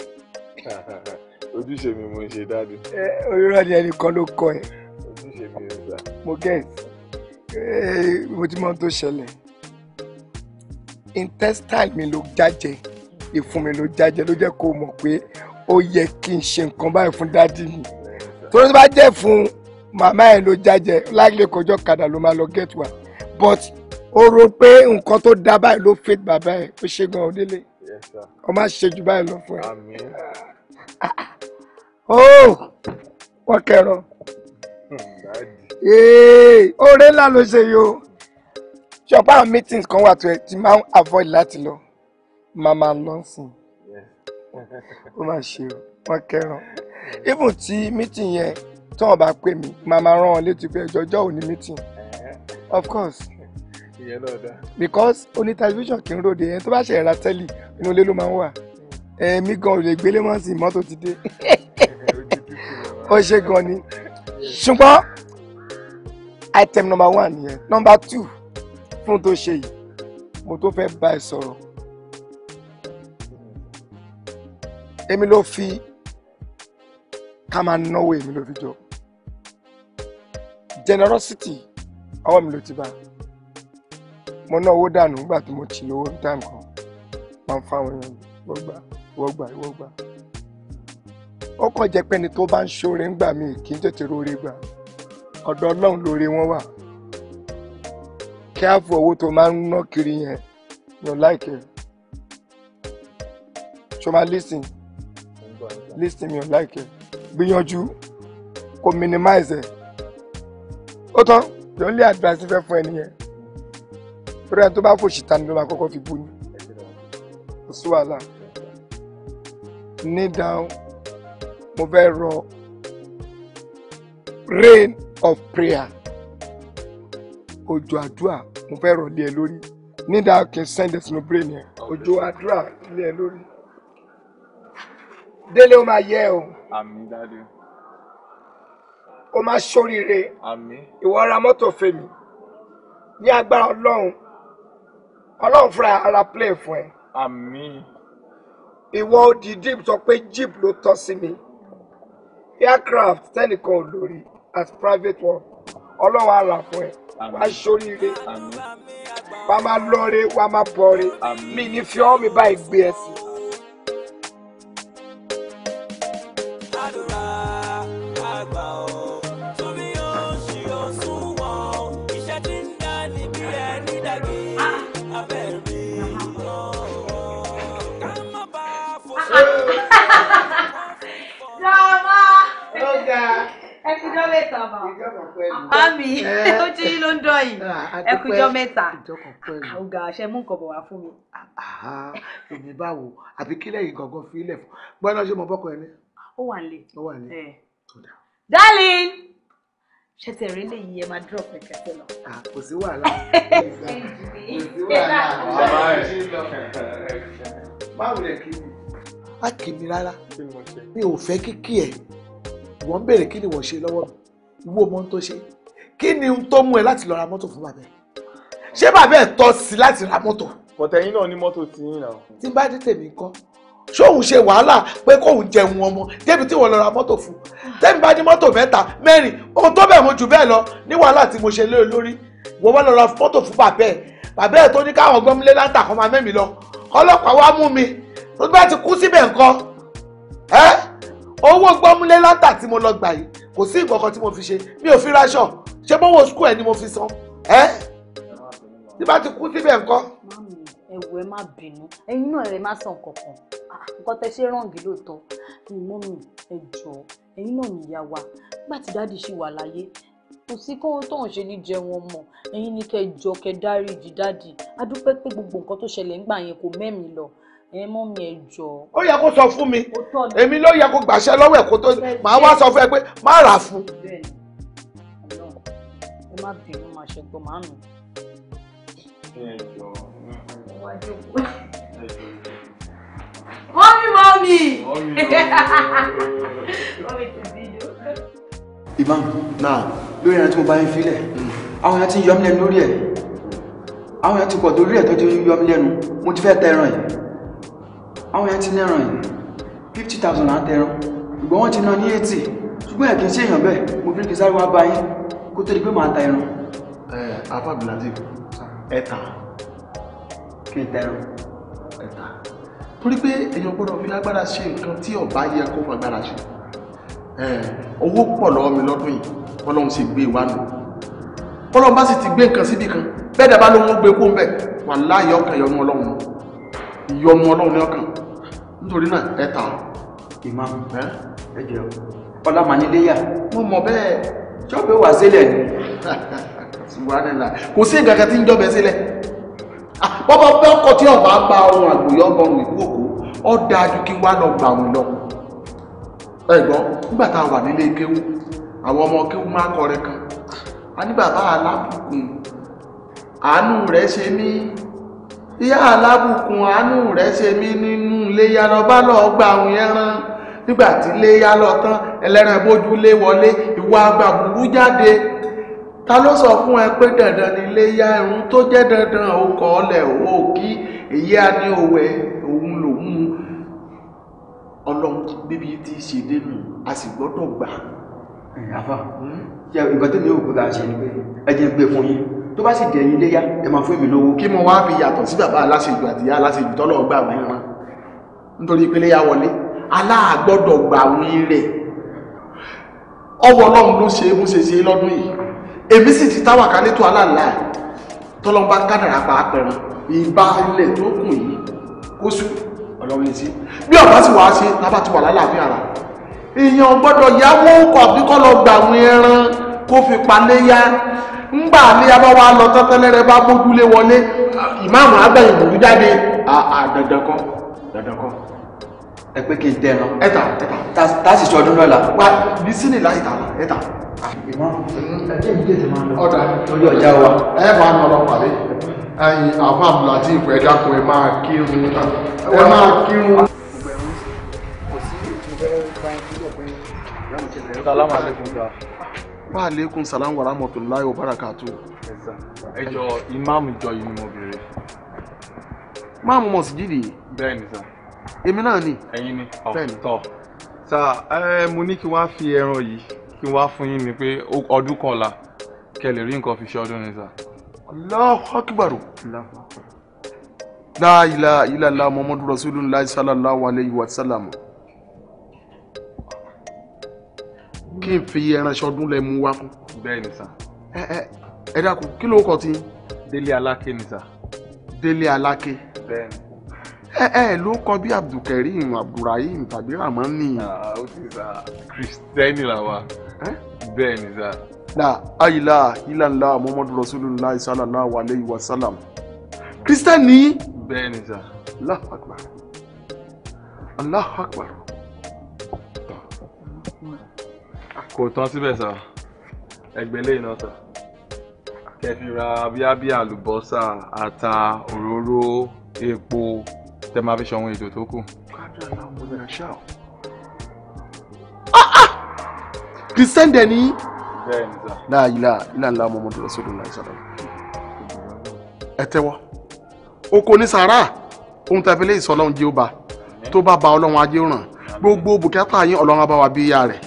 (laughs) ojúṣe mi mo ṣe dáàbì. ẹ oríran ni ẹnìkan ló kọ ẹ. ojúṣe mi ò gbà. mo get mo ti mọ ohun tó ṣẹlẹ̀ intestine mi ló jájẹ ìfun mi ló jájẹ ló jẹ́ kó mọ̀ pé ó yẹ kí n ṣe nǹkan báyìí fún dáàdì mi torí tó bá jẹ́ fún màmá ẹ̀ ló jájẹ láìlè kọjọ́ kadà ló máa lọ get one but ó rò pé nǹkan tó da báyìí ló fẹ́ bàbá ẹ̀ ó ṣe gan onílé ọ má ṣe jù báyìí lọ fún ẹ. ó wọ́n kẹrọ hmm, oore ńlá ló ṣe yìí o ṣọ̀pá àwọn meetings kan wà tó ẹ ti máa ń avoid láti lọ màmá lọ́sìn ó má ṣe o wọ́n kẹrọ even tí meeting yẹn tí wọ́n bá pè mí màmá rán ọ létí pé ẹjọ́ ọjọ́ òní meeting of course ìyẹn náà dá. because oní tẹlifíṣàn kì í ròde yẹn tó bá ṣe ra tẹ́lì inú ilé ló máa ń wà èmi gan ò lè gbélé mọ́ sí mọ́tò ti dé (laughs) ó ṣe gan ni ṣùgbọ́n item number one nìyẹn number two fún tó ṣe yìí mo tó fẹ́ bá ẹ sọ̀rọ̀ èmi ló fi ká máa náwó èmi ló fi jọ generosity ọwọ́ mi ló ti bá a. mo ná owó dànù nígbà tí mo ti owó time kan ma fáwọn èèyàn wọ́n gbà wọ́n gbà wọ́n gbà ó kàn jẹ́ pé ẹni tó bá ń ṣoore ń mí kì í tètè róore gbà ọ̀dọ̀ ọlọ́run lóore wọn wà kí á kiri yẹn láìkẹ́ láìkẹ́ gbìyànjú kò minimize ẹ̀ ó tán yóò lé advice torí ẹni tó bá fòṣì ta ni ló máa kọ́kọ́ fi bú ni kò sí wàhálà ní dáhùn mo fẹ́ rọ rain of prayer òjò àdúrà mo fẹ́ rọ̀ lé ẹ lórí ní dáhùn kí n send it sínú brain yẹn òjò àdúrà lé ẹ lórí délé ó máa yẹ o. àmín dáadé. ó máa ṣoríire. àmín. ìwọ ra mọ́tò fèmí ní agbára ọlọ́run ọlọ́run fúnra ara play fún ẹ. àmín. ìwọ odi jeep sọ pé jeep ló tọ́ sí mi aircraft tẹ́nìkan ò lórí as private one ọlọ́run ara fún ẹ wá sóríire wá máa lọ́ọ́re wá máa bọ́ọ́re mi ní fi ọ́ mi báyìí gbé ẹ sí mẹ́ta bá àmì (laughs) eh, (laughs) ó ti yí ló ń dọ̀ yìí ah, ẹ kú ìjọ mẹ́ta àwùgà ah, àṣẹ mú nǹkan bọ̀ wá fún mi. èmi báwo àbí kí lẹ́yìn gangan fi ilẹ̀ fún gbọ́dọ̀ ṣe mọ bọ́kọ ẹni. ó wà nílé ó wà nílé eh. darling ṣe tẹ̀ rí lè yí ẹ máa drop ẹ̀kẹ́ tó lọ. kò sí wàhálà kò sí wàhálà (laughs) bàbá rẹ̀ báwo lè kí mi. má kí mi rárá mi ò fẹ́ kíkí ẹ̀ wọ́n ń bèrè kí ni wọ́n ṣe lọ́wọ́ mi wo mọ tó ṣe kí ni tó mú ẹ láti lọ ra mọ́tò fún bàbá ẹ ṣé bàbá ẹ tọ́ sí láti ra mọ́tò. bọ̀tẹ̀yìn náà ní mọ́tò ti yín náà. tí n bá dé tèmi kọ́ ṣóun ṣe wàhálà pé kóun jẹun ọmọ débi tí wọ́n lọ ra mọ́tò fún tèmi bá ní mọ́tò mẹ́ta mẹ́rin ohun tó bẹ̀ mo jù bẹ́ẹ̀ lọ ní wàhálà tí mo ṣe lé lórí wọ́n wá lọ ra mọ́tò fún bàbá ẹ̀ bàbá ẹ̀ tó ní káwọn gbọ́mílé láńtà kan máa mẹ́mi lọ ọlọ́pàá wá mú mi tó bá ti kú síbẹ̀ nǹkan ẹ́ owó gbọ́múlé látà tí mo lọ gbà yìí kò sí ìgbọ̀kan tí mo fi ṣe mi ò fi raṣọ ṣé bówó skul ẹ̀ ni mo fi san ẹ́ tí bá ti kú síbẹ̀ ńkọ́. mami ẹ̀wù ẹ má bínú ẹ̀yin náà ẹ má san kankan ah, nǹkan tẹ ṣe rọǹgì lóòótọ́ mọ́mì ẹ jọ ẹ̀yin náà nìyá wa nígbà tí dáàdì ṣì wà láyé kò sí kóhun tóun ṣe ní jẹun ọmọ ẹ̀yin ni kẹ́ jọ kẹ́ dáríjì dáàdì adúpẹ́ pé gbogbo nǹkan tó ṣẹlẹ̀ ńgbà yẹn kò mẹ́mìí lọ ẹ mọ mi ẹ jọ. ó yẹ kó sọ fún mi èmi ló yẹ kó gbàṣẹ lọ́wọ́ ẹ̀ kó tó màá wá sọ fún ẹ pé má rà fún. bẹ́ẹ̀ni Ọlọ́run ẹ má bínú máa ṣe gbọ màá nù. mọ́mí mọ́mí. (laughs) imam náà lórí ẹran tí mo bá yín filẹ̀ àwọn yẹn ti yọ mí lẹ́nu lórí ẹ̀ àwọn yẹn ti pọ̀ tó lórí ẹ̀ tó ti yọ mí lẹ́nu mo ti fẹ́ tẹ ẹran yìí àwọn yẹn ti nẹ́ran yìí fifty thousand àtẹran ṣùgbọ́n wọ́n ti ná ní eighty ṣùgbọ́n ẹ̀ kì í ṣe èèyàn bẹ́ẹ̀ mo fi kì í sáré wá bá yín kó tó di pé màá ta ẹran. ẹ afa bilazi ẹ ta kí n ta ẹran. ẹ ta torí pé èèyàn gbọ́dọ̀ fi agbára ṣe nǹkan tí ọba yẹ kó fagbára ṣe owó pọ̀ lọ́wọ́ mi lọ́dún yìí ọlọ́run sì gbé wa nù ọlọ́run bá sì ti gbé nǹkan síbì kan bẹ́ẹ̀ dàbá ló ń gbé kó ń bẹ̀ wà láàyè ọkàn yọnu ọlọ́run ìyọ ọmọ ọlọ́run ní ọkàn nítorí náà ẹ ta imam ma jẹ ọlámaniléyà mo mọ bẹ́ẹ̀ jọbẹ wà sílẹ̀ ni (laughs) kò sí nǹkan tí ń jọbẹ sílẹ̀ ah, bọ́bá bẹ́ẹ̀ ọkọ̀ tí ọba gba ohun àgbòyọ́ ọgbọ̀n ìlú òkú kí wá lọ gbà wọn lọ nígbà tá a wà nílé kéwú àwọn ọmọ kéwú kan a ní bàbá alábùkún àánú ìyá alábùkún àánú rẹ̀ ṣe mí nínú iléyà lọ́ba lọ́ọ́ gba àwọn ẹran nígbà tí iléyà lọ tán ẹlẹ́ran bójú lé wọlé ìwà àgbà burú jáde ta ló sọ fún ẹ pé dandan ni iléyà irun tó jẹ́ dandan ó kọ́ ọlẹ̀ owó kí èyí á ní òwe òun lòun ọlọ́run bíbí ti ṣe dénú a sì gbọ́dọ̀ gbà. àfa ìgbà tó ní òkúta ṣe ni pé ẹ jẹ́ gbé fún yín tó bá sì jẹ́ yín léyá ẹ máa fún mi lówó kí mo wá fi yàtọ̀ sí bàbá aláṣejù àti ìyá aláṣejù tọ́lọ̀ gbà wọ́n wọn nítorí ìpínlẹ̀ yà wọlé aláàgbọ́dọ̀ gbà wọ́n rẹ̀ ọwọ́ ọlọ́run ló ṣe é mú ṣe ṣe lọ́dún yìí èmi sì ti táwà ká létò aláàlá tọ́lọ́mbà kádàrà pa apẹ̀rẹ̀ ìbá ilẹ̀ tó kù yìí kó sùn ọlọ́run lè sí bí ọ̀bá sì wàá ṣe tábà ti wà lálàáfíà rà èèyàn gbọ́dọ̀ yáwó kọ̀ọ̀bí kọ́ lọ gbà àwọn ẹran kó fi paléyà ńgbà ní abáwá lọ tọ́tẹ́lẹ́rẹ́ bá gbójúlé wọlé ìmáàmù agbẹ̀yìn kò jáde dandan kan dandan kan kí n ẹta ẹta tá a sì wá ní sílẹ̀ láì ẹta. ìmáàmù ma jẹ́ ìdíje máa lọ ọ̀dà ọjọ́ ìjà wa. máa lọ pàdé àwọn wa aleykum salam wa rahmatulahi wa barakatu. ẹ jọ ìmáàmù ìjọ yìí ni mo béèrè. máàmù mọ̀sídìdì. bẹ́ẹ̀ni sà. èmi náà ni. ẹ̀yin ni ọ̀tọ̀ sà ẹ mo ní kí wọ́n á fi ẹran yìí kí wọ́n á fún yín ni pé ọdún kan la kẹ́ lè rí nǹkan fi ṣe ọdún ni sà. Allahu akbar. la ilaha illallah muhammadu rasulullah sallallahu alayhi wa sallam. kí n fi ẹranṣẹ ọdún lẹ mú wá fún. bẹ́ẹ̀ ni sà. ẹ ẹ ẹ dákun kí ló ń kọ ti. délé aláké ni sà. délé aláké. bẹ́ẹ̀ ni. ẹ ẹ ló kọ bí abdulkareem abdulrahim tàbí rahman ni. ó ti sà kristẹni làwà. bẹ́ẹ̀ ni sà. la ayila ilanla muhammadu rasulillah sallallahu alayhi wa sallam. kristẹni. bẹ́ẹ̀ ni sà. Allah akbar. Allah akbar kò tán síbẹ̀ sá ẹgbẹ́ lẹ́yìn náà sá kẹfì ra bíá bíi àlùbọ́sà ata òróró epo tẹ máa fi ṣọ̀wọ́n ètò tó kù. kristian ah, ah! dẹ ni. bẹ́ẹ̀ni sá. náà yìí la ilà ńlá ọmọ ọmọdé lọ sódò náà ìsàlẹ̀. ẹ tẹ́wọ́ oko ní sàrà ohun tàbí lè sọ ọlọ́run jẹ́ ó bá tó bá ba ọlọ́run ajé ràn. gbogbo bùkátà yín ọlọ́run abá bí ìyá rẹ̀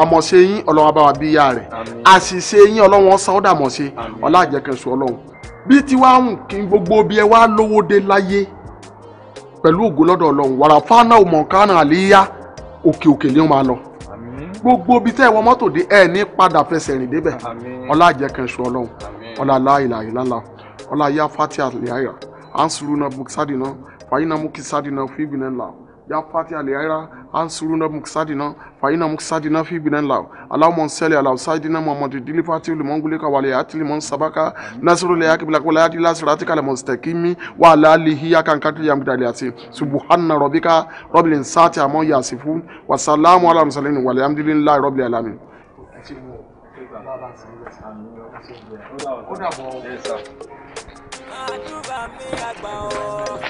àmọ̀ṣe yín ọlọ́run abá bí ìyá rẹ̀ àṣìṣe yín ọlọ́run ọ̀sán ọ̀dà àmọ̀ṣe ọlájẹkẹsùn ọlọ́run bí ti wàá hùn kí gbogbo bí ẹ wá lówó dé láyé pẹ̀lú ògo lọ́dọ̀ ọlọ́run wàrà fáná àlíyá òkè òkè ni wọ́n máa lọ gbogbo bí tẹ́ ẹ يا فاتي الهيرة أنصرنا مقصدنا فإن مقصدنا في بنا الله اللهم صل على سيدنا محمد دلفاتي لمنغلك وليات لمن سبك نصر لك بلك ولا دي صراطك المستقيم وعلى آله كان كتر يا مدلياتي سبحان ربك رب الإنسان عما يصفون والسلام على المرسلين والحمد لله رب العالمين ó dàbọ̀ ọ́ àdúrà mi àgbà ọ̀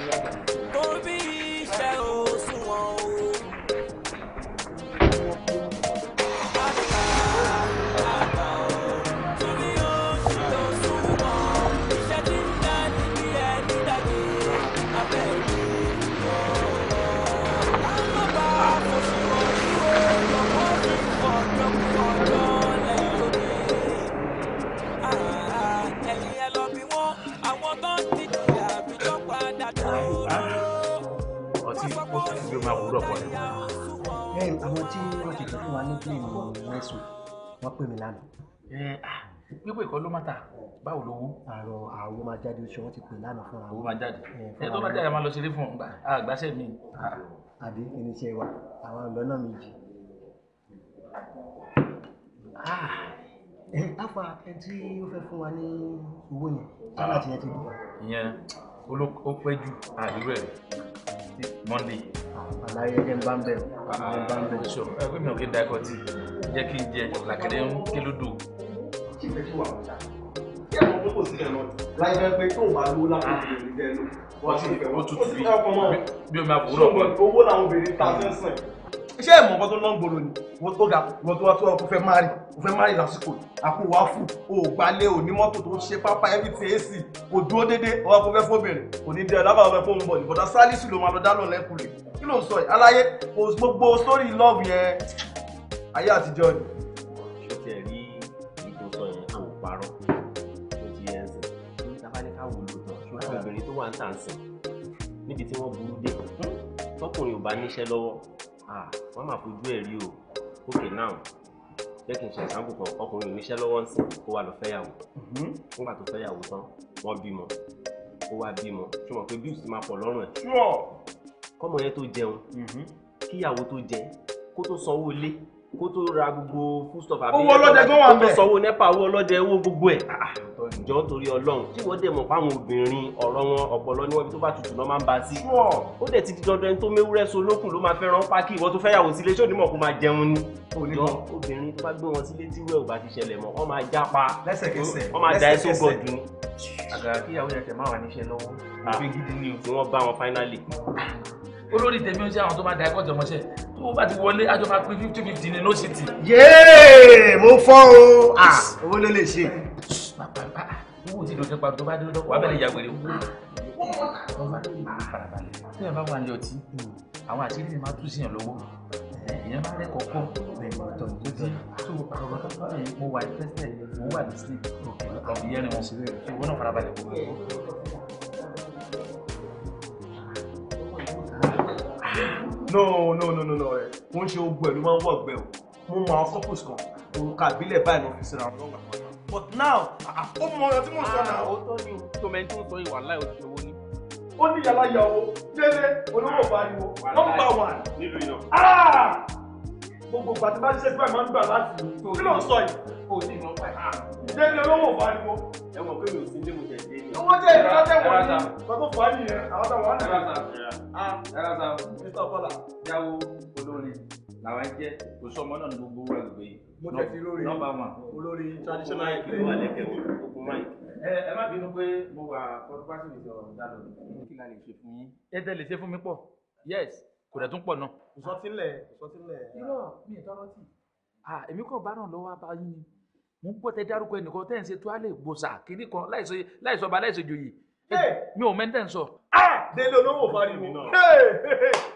kò rí iṣẹ́ òṣùwọ̀n o. wa ní plane mẹ́sùn wọ́n pè mí lánàá. ẹ ah pípé ìkọ́ ló má ta báwo ló wú. àrò àwọn máa jáde oṣù wọn ti pè lánàá fúnra wọn. owó máa jáde ẹ tó bá jáde máa lọ ṣeré fún ọgbà àgbàṣe mi. àbí irinṣẹ́ wa àwọn lọ́nà méjì. ẹ afa ẹ o ó fẹ́ fún wa ní owó yẹn sálà tiẹ̀ ti dùn. ìyẹn ó pẹ́ jù àdúrà ẹ̀ monday àlàyé ẹ̀jẹ̀ ń bá ń bẹ̀ ẹ̀ ń bá ń bẹ̀. ṣọ ẹgbẹ́ mi ò kí dákọ̀ tí jẹ́ kí n jẹ làkẹ́dẹ́ ń kí ló dùn. ṣíṣe tó wà wọ́n kí àwọn tó kò sí ẹ̀ lọ láì fẹ́ pé tó bá lówó lápò ìrìn jẹ́ lò wọ́n ti fẹ́ wọ́n tutù bí bí omi àbúrò ọ̀pọ̀. owó làwọn obìnrin ta sẹ́sẹ̀. iṣẹ́ ìmọ̀ nǹkan tó lọ́ngbòrò ni wọ́n tó ga wọ́n tó wá tó wá kó fẹ́ máa rìn kó fẹ́ máa rìn lásìkò àpò wá fù o ò gbalẹ̀ o ní mọ́tò tó ṣe pápá ẹbí ti ac kò dúró déédéé ọwọ́ fẹ́ fóbìnrin kò ní dẹ́ ọ lábàá fẹ́ fóun bọ̀ ní bọ̀dá sálísù ló máa lọ dá lọ́ọ̀lẹ́kùnrin kí ló ń sọ yìí aláyé kò gbogbo sórí love yẹn ayé àtijọ́ ni. ṣé o tiẹ̀ rí ìdùn sọ yẹn àwọn parọ́ tó di ẹsẹ̀ ní tabalẹ́ká wò ló tán ṣùgbọ́n obìnrin tó wà ń tà ń sìn níbi tí wọ́n burú dé tọkùnrin ò bá níṣẹ́ lọ́wọ́ wọ́n máa fojú ẹ̀ rí o okay now jẹ́ kí n ṣe ìsáǹkù kan ọkùnrin oníṣẹ́ lọ́wọ́ ń sìn kó wá lọ fẹ́yàwó mm-hmm. nígbà tó fẹ́yàwó tán wọ́n bímọ ó wá bímọ ṣùgbọ́n pé bills ti máa pọ̀ lọ́rùn ẹ̀ kọ́mọ yẹn tó jẹun mm-hmm. kíyàwó tó jẹ kó tó sanwó ilé kó tó ra gbogbo foodstuff àbí owó ọlọ́dẹ gan wà ń bẹ̀ kó tó sanwó nepa owó ọlọ́dẹ owó gbogbo ẹ̀ ah, jọ torí ọlọ́run tí wọ́n dẹ̀ mọ̀ fáwọn obìnrin ọ̀rọ̀ wọn ọ̀pọ̀lọ́ níwọ̀n bí tó bá tutù náà máa ń ba sí. ó dẹ̀ ti di dandan ẹni tó méwúrẹ́ so lókùn ló máa fẹ́ràn pákí ìwọ tó fẹ́yàwó sílé ṣé onímọ̀ kó máa jẹun ni. òjò obìnrin tó bá gbé wọn sílé tí wẹ́ẹ̀ ò bá ti ṣẹlẹ̀ mọ́ wọ́n máa jápa lẹ́sẹ̀kẹsẹ̀ wọ́n máa da ẹ̀sùn gbọ̀dù ni. àgàrà kíyàwó yẹn tẹ̀ máa wà níṣẹ́ lọ́wọ́ ah olórí tèmi ń ṣe àwọn tó máa da ẹ̀kọ́ jọmọṣẹ́ tó bá ti wọlé àjọ máa pín fifty fifty ní lóṣìtì. yéè mo fọ́ o owó ló lè ṣe. owó tí lóde pa tó bá dé lọ́kọ̀ wà bẹ́ẹ̀ yàgbére wò. tí ẹ bá wà ní ọtí àwọn àṣírí ni máa tú síyàn lọ́wọ́ ìyẹn máa rẹ kọ̀ọ̀kọ́ mo wà ní pẹ́sẹ̀ mo wà ní sleep ọ̀bìyẹn ni wọ́n ṣe wọ́n náà farabalẹ̀ kó no no no no no ẹ mo ń ṣe ogun ẹ ló máa ń wọ ọgbẹ o mo mọ àwọn couples kan òun kà bílẹ̀ báyìí ló fi sinra wọn but now ó mọ ọ̀rọ̀ tí mo sọ náà. Ah, ó tó ní tòmẹ́ntì ń sọ ìwà láì òṣìṣẹ́ owó ní. ó ní yàrá ìyàwó délé olówó bariwo number one nílùú iná gbogbo pàtó bá ṣiṣẹ́ fún ẹ̀ máa ń gbà láti lò kí ló ń sọ yìí. kò sí ìmọ̀ pẹ̀lú. Ah, ìdẹ́ni olówó fariwo. ẹ mọ̀ pé mi ò sí ilé mo jẹ̀ dé ni. owó jẹ́ ìlú láti ẹ̀wọ̀n ni. bàbá fà á nìyẹn àwọn táwọn á nìyẹn. ẹ̀rọ sàm mr kọ́lá yàwó olórin làwọn ń jẹ́ kò sọ ọmọ náà ní gbogbo wẹ̀ gbé mo tẹ̀ sí lórí nọ́mbà wọn olórí traditional ìpínlẹ̀ wà lẹ́kẹ̀ẹ́ òkú mike. ẹ ẹ má bínú pé mo wà kọ́ńtàpásì ìjọ ìdálò kí la lè ṣe fún yín. ẹ tẹ lè ṣe fún mi pọ̀ yes kò dẹ̀ tún pọ̀ náà. ìsọtílẹ̀ ìsọtílẹ̀. irọ́ mi ì tọrọ tì. èmi kàn bá ràn lọ́wọ́ abá yín ni mo ń gbọ́ tẹ dárúkọ ẹnìkan tẹ́ ẹ̀ ń ṣe tuálẹ̀ gbòòsà kiri kan láìsọ ọba láìsọ ìjòyè mi ò mẹ́ńtẹ́ ń sọ. délé olówó fari mi náà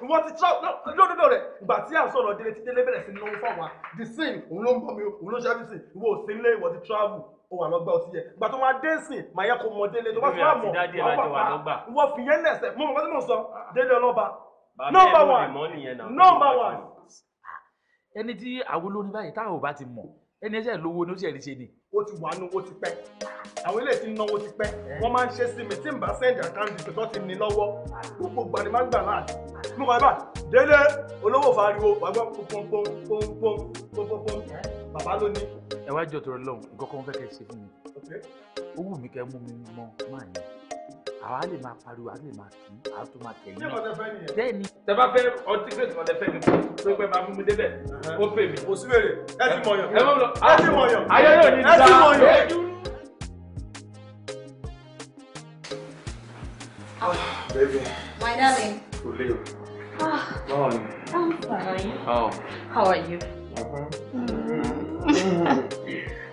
wọ́n ti tọ́ lódodo rẹ̀ ìgbà tí à ń sọ̀rọ̀ délé tí délé bẹ̀rẹ̀ sí náwó fáwọn the same òun ló ń bọ́ mi òun ló ń ṣẹ́fíìsì ìwọ ò o nílé ìwọ ti travel ó wà lọ́gbà ọtí yẹ gbà tó máa dé sìn máa yẹ kó mọ délé tó bá fún àmọ̀ wọ́n fi yẹn lẹ̀sẹ̀ mo mọ̀ pé mo sọ ah. délé ọlọ́ba number one number one. ẹni tí àwọn olórin báyìí táwọn ò bá ti mọ̀ ẹni ẹsẹ̀ lówó ní ó sì ẹ̀rí ṣe ni. ó ti wà ní owó ti pẹ́ àwọn ilé tí ń náwó ti pẹ́ wọ́n máa ń ṣe sí mi tí n bá sẹ́ndì àkáǹtì tó tọ́ ti ní lọ́wọ́ gbogbo gbani máa ń gbà láàdì. mo kọ́ ibà délé olówó fariwo wàgbọ́ pọ́npọ́npọ́npọ́npọ́n bàbá ló ní. ẹ wá jọ tọrọ lọhùn nǹkan kan fẹ́ kẹ́ ṣe fún mi ó wù mí mú mi mọ máa yẹn àwa lè máa pariwo àwa lè máa kí àwa tó máa tẹ̀lé náà bẹ́ẹ̀ fẹ́ ọtí grace kan fẹ́ kí n pé máa mú débẹ̀ ó pè mí. kò sí ẹ ti mọ̀yàn ẹ ti ah, mọ̀yàn ayé yóò ní dáa. Oh, baby. My darling. Julio. Ah, How are you? I'm fine. Oh. How are you? Mm-hmm. Mm-hmm. (laughs)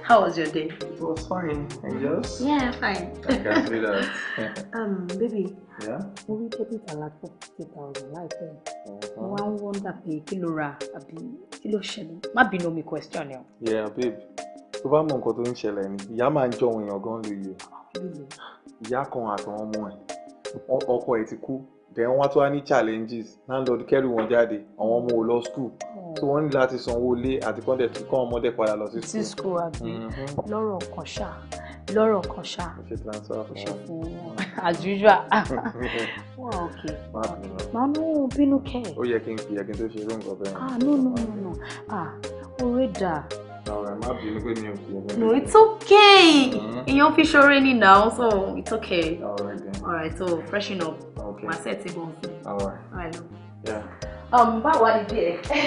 How was your day? It was fine. And yours? Yeah, fine. I can see that. um, baby. Yeah. Movie rí debit alert for fifty thousand láìpẹ́. Mo wá ń wonder pé kí ló ra àbí kí ló ṣẹlẹ̀? Má question ẹ̀. Yeah, babe. Tó bá mọ nǹkan tó ń ṣẹlẹ̀ ni, ìyá máa ń jọ òun èèyàn gan lóye. Ìyá kan àtàwọn ọmọ ẹ̀, ọkọ ẹ̀ ti kú then wọ́n tún wá ní challenges landlord kẹ́rù wọn jáde àwọn ọmọ ò lọ school so wọ́n ní láti sanwó lé àti kọ́ńdẹ̀ tó kọ́ ọmọdé padà lọ sí school. sí school àbí mhm. lọ́rọ̀ kan ṣá lọ́rọ̀ kan ṣá ṣe transfer fún wọn as usual wọn òkè màmú bínú kẹ́ ẹ̀. ó yẹ kí n fi ẹ̀gbin tó ṣe irú nǹkan bẹ́ẹ̀. ah no no no no ah oore dáa. No, it's okay. Èèyàn fi ṣoore ni now, so it's okay. Alright then. Alright, so freshen up. Okay. My set it on. Alright. Alright lọ. Yeah. Um, but what is it? ẹ?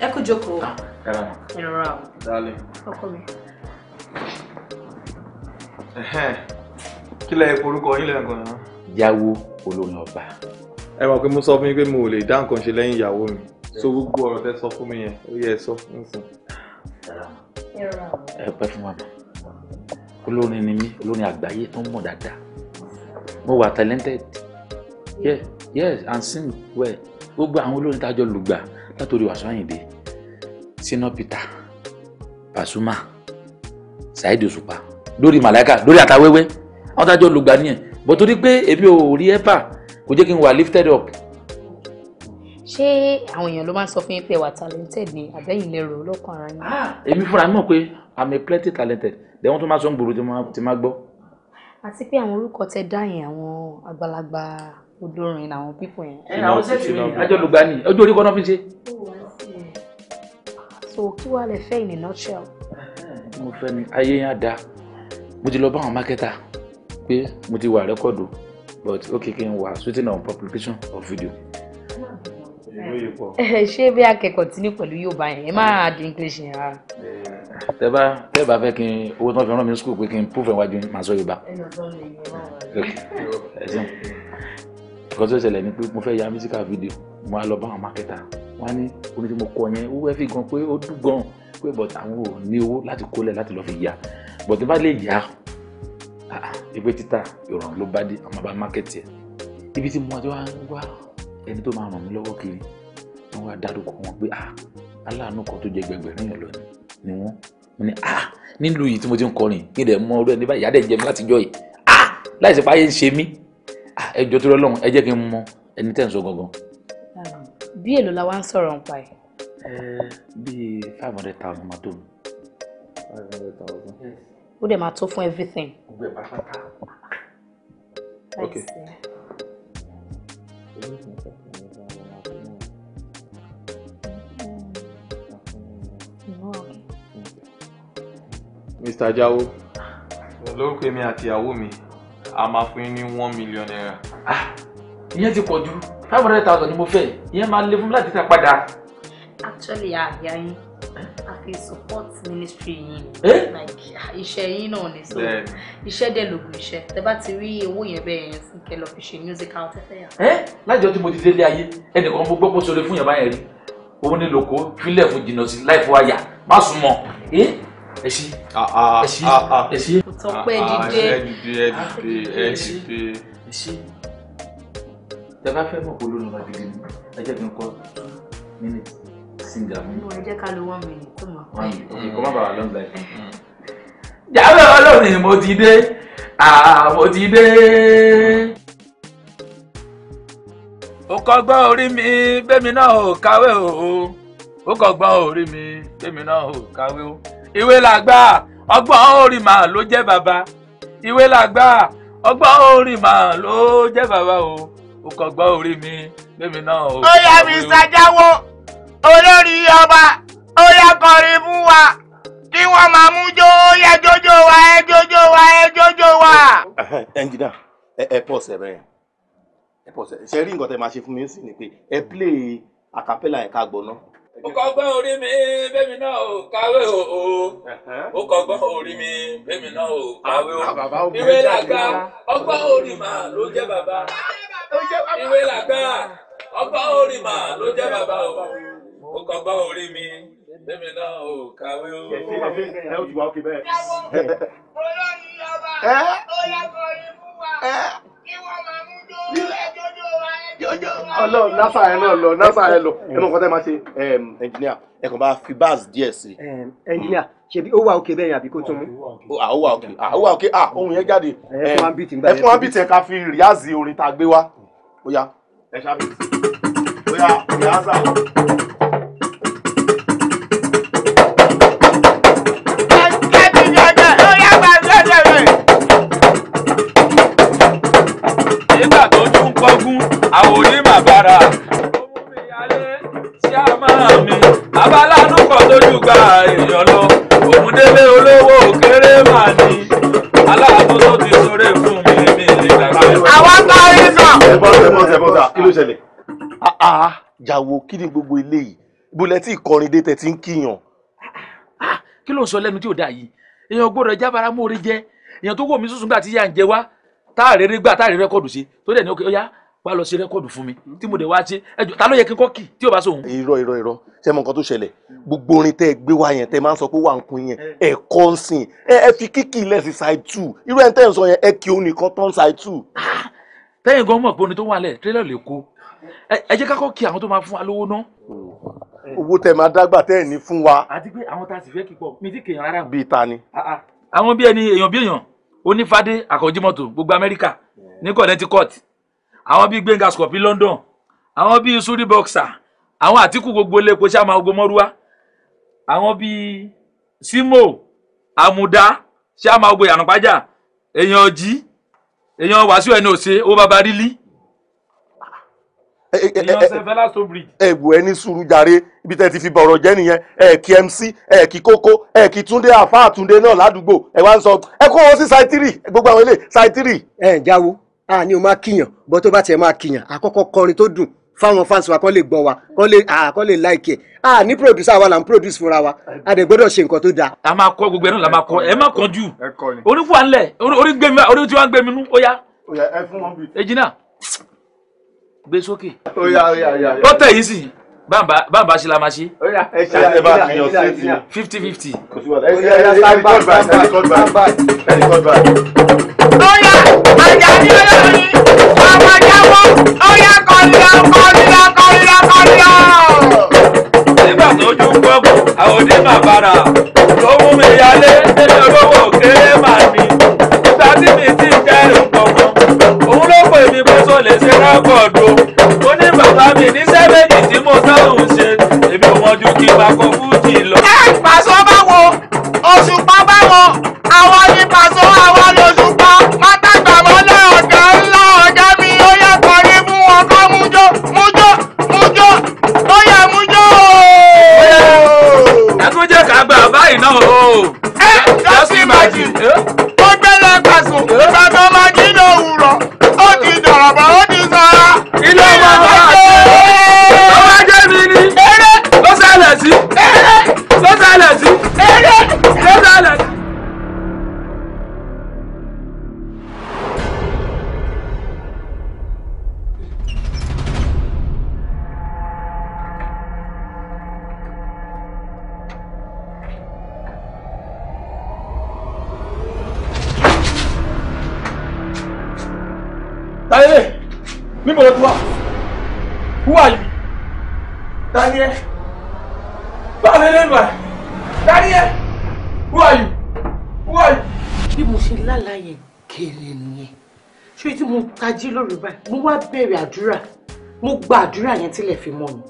Joko. kú jókòó. Ẹ̀rọ. Ẹ̀rọ ra. Dálé. Come mi. Kí lẹ̀ ẹ̀ forúkọ yín yáwó olórin ọba. ẹ mọ̀ pé mo sọ fún yín pé mo ò lè dá nǹkan ṣe lẹ́yìn ìyàwó mi so hmm. gbogbo ọ̀rọ̀ tẹ́ sọ fún mi yẹn ó yẹ ẹ sọ nísìn. ẹ pẹ́ fún màmá olórin ni mí olórin àgbáyé tó ń mọ̀ dáadáa mo wà talented yeah yes and sing well gbogbo àwọn olórin tájọ lùgbà látòrí Wasiu Ayinde Shina Peter Pasuma Saheed Òṣùpá lórí màláìka lórí àtàwẹ́wẹ́ àwọn tájọ lùgbà nìyẹn bó torí pé èmi ò rí ẹ́pà kò jẹ́ kí n wà lifted up. ṣé àwọn èèyàn ló máa ń sọ fún yín pé ẹ wà talented ni àbẹ́yìn lẹ́rù lọ́kàn ara yín. Ah, èmi fúnra mi mọ̀ pé i'm a plenty talented then wọ́n tún máa sọ ń gbòòrò tí máa gbọ́. àti pé àwọn orúkọ tẹ dá yẹn àwọn àgbàlagbà olórin àwọn pípọ̀ yẹn. ẹ àwọn sẹ́ẹ̀tì mi ajọ́lùgbà ni ojú orí kọ́nà fi ṣe. so kí wàá lè fẹ́ in a nutshell. Eh, mo fẹ́ ni ayé yẹn á dáa mo ti lọ bá àwọn mákẹ́tà pé mo ti wà rẹ́kọ̀dù but ó kì í kí n wà sweating on publication of video. ṣé bí akẹ́kọ̀ọ́ tí ní pẹ̀lú Yorùbá yẹn ẹ máa di English yẹn rárá. tẹ́ bá tẹ́ bá fẹ́ kí n owó tí wọ́n fi rán mi ní pé kí n prove ẹ̀wájú màá sọ Yorùbá. nǹkan tó ṣẹlẹ̀ ni pé mo fẹ́ ya musical video mo á lọ bá àwọn mákẹ́tà wọ́n á ní orin tí mo kọ yẹn ó wẹ́ fi gan pé ó dùn gan pé but àwọn ò ní owó láti kólẹ̀ láti lọ́ọ́ fi ya but tí bá lè yá Ah, ah, ìwé títà ìrọ̀rùn ló bá dé àwọn bá mákẹ́tì ẹ̀ ibi tí mo ti wá ń wá ẹni tó máa ràn mí lọ́wọ́ kiri wọ́n wá dárúkọ wọn pé ah, aláàánú kan tó jẹ gbẹgbẹ̀rún yẹn lọ ni wọ́n mo ní nílùú yìí tí mo ti ń kọrin kí lè mọ ọ̀rẹ́ ní báyìí ìyá dẹ̀ jẹ mi láti jọ yìí láìsí pé ayé ń ṣe mí ẹ jọ̀ọ́ tó rọ lọ́hùn ẹ jẹ́ kí n mọ ẹni tẹ́ ń sọ gangan. bí èlò la wá ń sọ̀rọ̀ nípa ẹ̀. bíi five hundred thousand máa tó mi. five hundred thousand. Who they matter for everything. Okay. ẹ̀ pátápátá. ok. Mr. Hmm. Jawo lórúkọ èmi àti ìyàwó mi a máa fún yín ní one million naira. Ah, ìyẹn ti pọ̀ jù five hundred thousand ni mo fẹ́ ìyẹn máa lé fún mi láti ta padà. actually àyà yeah àfi support ministry yìí eh? like iṣẹ́ yìí náà ni so iṣẹ́ dẹ̀ lògùn iṣẹ́ tẹ bá ti rí owó yẹn bẹ́ẹ̀ yẹn sí kẹlọ fi ṣe music out ẹ fẹ́ eh? yà. lájọ tí mo ti délé ayé ẹnìkan mo gbọ́ pé sọ̀rọ̀ fún yàrá yẹn rí owó ní lóko fílẹ̀ fún jìnnà sí láì fún àyà má sùn mọ́ eh? ẹsí ah, ah, ẹsí ah, ẹsí. tọpẹ dìde ẹdìde ẹdìde ẹsí. tẹ bá fẹ́ mọ̀ pé olórin bá dìde ni ẹ jẹ́ kí n kọ́ two minutes single. nínú ẹ jẹ́ mm. ọlọ́run mo ti dé mo ti dé. ó kọ́gbọ́n orí mi bẹ́mi náà ò kàwé o ó kọ́gbọ́n orí mi bẹ́mi náà ò kàwé o ìwé làgbà ọgbọ́n orí màá ló jẹ́ bàbá ìwé làgbà ọgbọ́n orí màá ló jẹ́ bàbá o ó kọ́gbọ́n orí mi bẹ́mi náà ò kàwé o. ó yá mi ṣàjáwó olórí ọba ó yá kọrin fún wa kí wọ́n máa mú jó yẹ jójó wa ẹ jójó wa ẹ jójó wa. ẹnjìnà ẹ ẹ pọ̀ sẹ́rẹ̀ ẹ pọ̀ sẹ́rẹ̀ ṣe rí nǹkan tẹ máa ṣe fún mi sí ni pé ẹ play acapella ẹ̀ ká gbọ́ náà ó kọ́gbọ́n orí mi bẹ́mi náà ò kàwé o o ó kọ́gbọ́n orí mi bẹ́mi náà o kàwé o ah, ìwé làgbà ọgbọ́n orí mà ló jẹ́ bàbá ìwé làgbà ọgbọ́n orí mà ló jẹ́ bàbá o ó kọ bá orí mi lèmi náà ò kàwé o. ẹ ó ti wá òkè bẹ́ẹ̀. olórí ọba ó yẹ kó rí fún wa kí wọ́n máa mú dó ẹjọ́jọ́ wa ẹjọ́jọ́ wa. ọlọ́run nasa ẹ náà lọ nasa ẹ lọ ẹ mọ̀ nǹkan tẹ́ máa ṣe ẹnjìníà ẹ kàn bá fi báàsì díẹ̀ sí. ẹnjìníà ṣebí ó wà òkè bẹ́ẹ̀ àbí kó tún mú. Ah, ó wà òkè ah, ó wà òkè ah ohun yẹn jáde. ẹ fún wa bìtì ẹ fún wa bìtì ẹ ká fi rìáàzì orin tá a gbé wá. ó yá ẹ ṣáà bìtì ó yá rìáàzà o. jàwó kí ni gbogbo eléyìí ibo lẹ ti kọrin dé tẹ ti ń kíyàn. Ah, kí ló ń sọ lẹ́nu tí ò dáa yìí èèyàn gbọ́dọ̀ jábára mú orí jẹ èèyàn tó wò mí sùsùn gbà tí yà ń jẹ wá tá a rere gbà tá a rere rẹ́kọ̀dù sí tó dẹ̀ ní ó yá wá lọ sí rẹ́kọ̀dù fún mi tí mo dẹ̀ wá ṣe ẹjọ́ ta ló yẹ kí n kọ́ kì tí ò bá sóhun. irọ́ irọ́ irọ́ ṣé mo nǹkan tó ṣẹlẹ̀ gbogbo orin tẹ́ ẹ gbé wá yẹn tẹ́ máa ń sọ pé wà ń kun yẹn ẹ kọ́ ń sìn ẹ fi kíkì ilẹ̀ sí side two irú ẹ̀ ń tẹ́ ń sọ yẹn ẹ kí òun nìkan tán side two. Ah, tẹ́yìn gan mọ̀ pé orin tó wà lẹ̀ tírélọ̀ lè kó ẹ jẹ́ kákọ́ kí àwọn tó máa fún wa lówó náà. owó tẹ máa dágbà tẹ́ ẹ̀ ní fún wa. àti pé àwọn tá a sì fẹ́ kíkọ mi ti kèèyàn rárá. bíi ta ni. Ah, ah. àwọn bí ẹni èèyàn bí èèyàn onífádé àkànjímọ̀tò gbogbo amẹ́ríkà ní connecticut àwọn bíi gbẹ̀ngà scorpi london àwọn bíi suri boxer àwọn àtìkù gbogbo lẹ́kọ̀ọ́ sàmà ogomọ́rúwá àwọn bíi simo àmùdá sàmà ogo yànnàpájà èèyàn ọjí èèyàn wàásù ẹni òsè ó bàbá rílí Eh, eh, eh, ẹ̀gbọ́ ẹ ní sùúrù jàre ibi tẹ́ ti fi bọ̀rọ̀ jẹ́ nìyẹn ẹ kí MC ẹ kí Koko ẹ kí Túndé àfáà Túndé náà ládùúgbò ẹ wá ń sọ ẹ kó wọn sí saitiri gbogbo àwọn ilé saitiri. ẹ jáwo a ní o máa kíyàn bó tó bá tiẹ̀ máa kíyàn àkọ́kọ́ kọrin tó dùn fáwọn fans wa kọ́ lè gbọ́ wa kọ́ lè à kọ́ lè like ẹ̀ à ní producer wa là ń produce fúnra wa a dẹ̀ gbọ́dọ̀ ṣe nǹkan tó dáa. a máa kọ gbogbo ẹ̀ náà la máa kọ ẹ má kàn jù orí fún wa ńlẹ̀ orí tí wọ́n ń gbé mi nú ó yá. ẹ fún wọn bí. ejina gbé sókè. ó yá ó yá ó yá. ó tẹ̀ yìí sí bàbá bàbá ṣe la máa ṣe. ẹ ṣe àti bá fi yan séètì. fifty fifty. kò sí wàhálà ẹ ṣe ẹ ṣe record by record by record by. ọ̀yà Àjàní olórí ọmọ jáwọ́ ọ̀yà kọ́ńdà kọ́ńdà kọ́ńdà kọ́ńdà. nígbà tó ju gbọ́bù àwòdì bàbàrà tó mú mi yálé nínú olówó kéré màá mi nígbà tí mi ti kẹrù gbọ̀ngàn òun ló pè mí bó so lè ṣe rákọ̀dù. béèrè àdúrà mo gba àdúrà yẹn tílẹ̀ fi mọ́ mi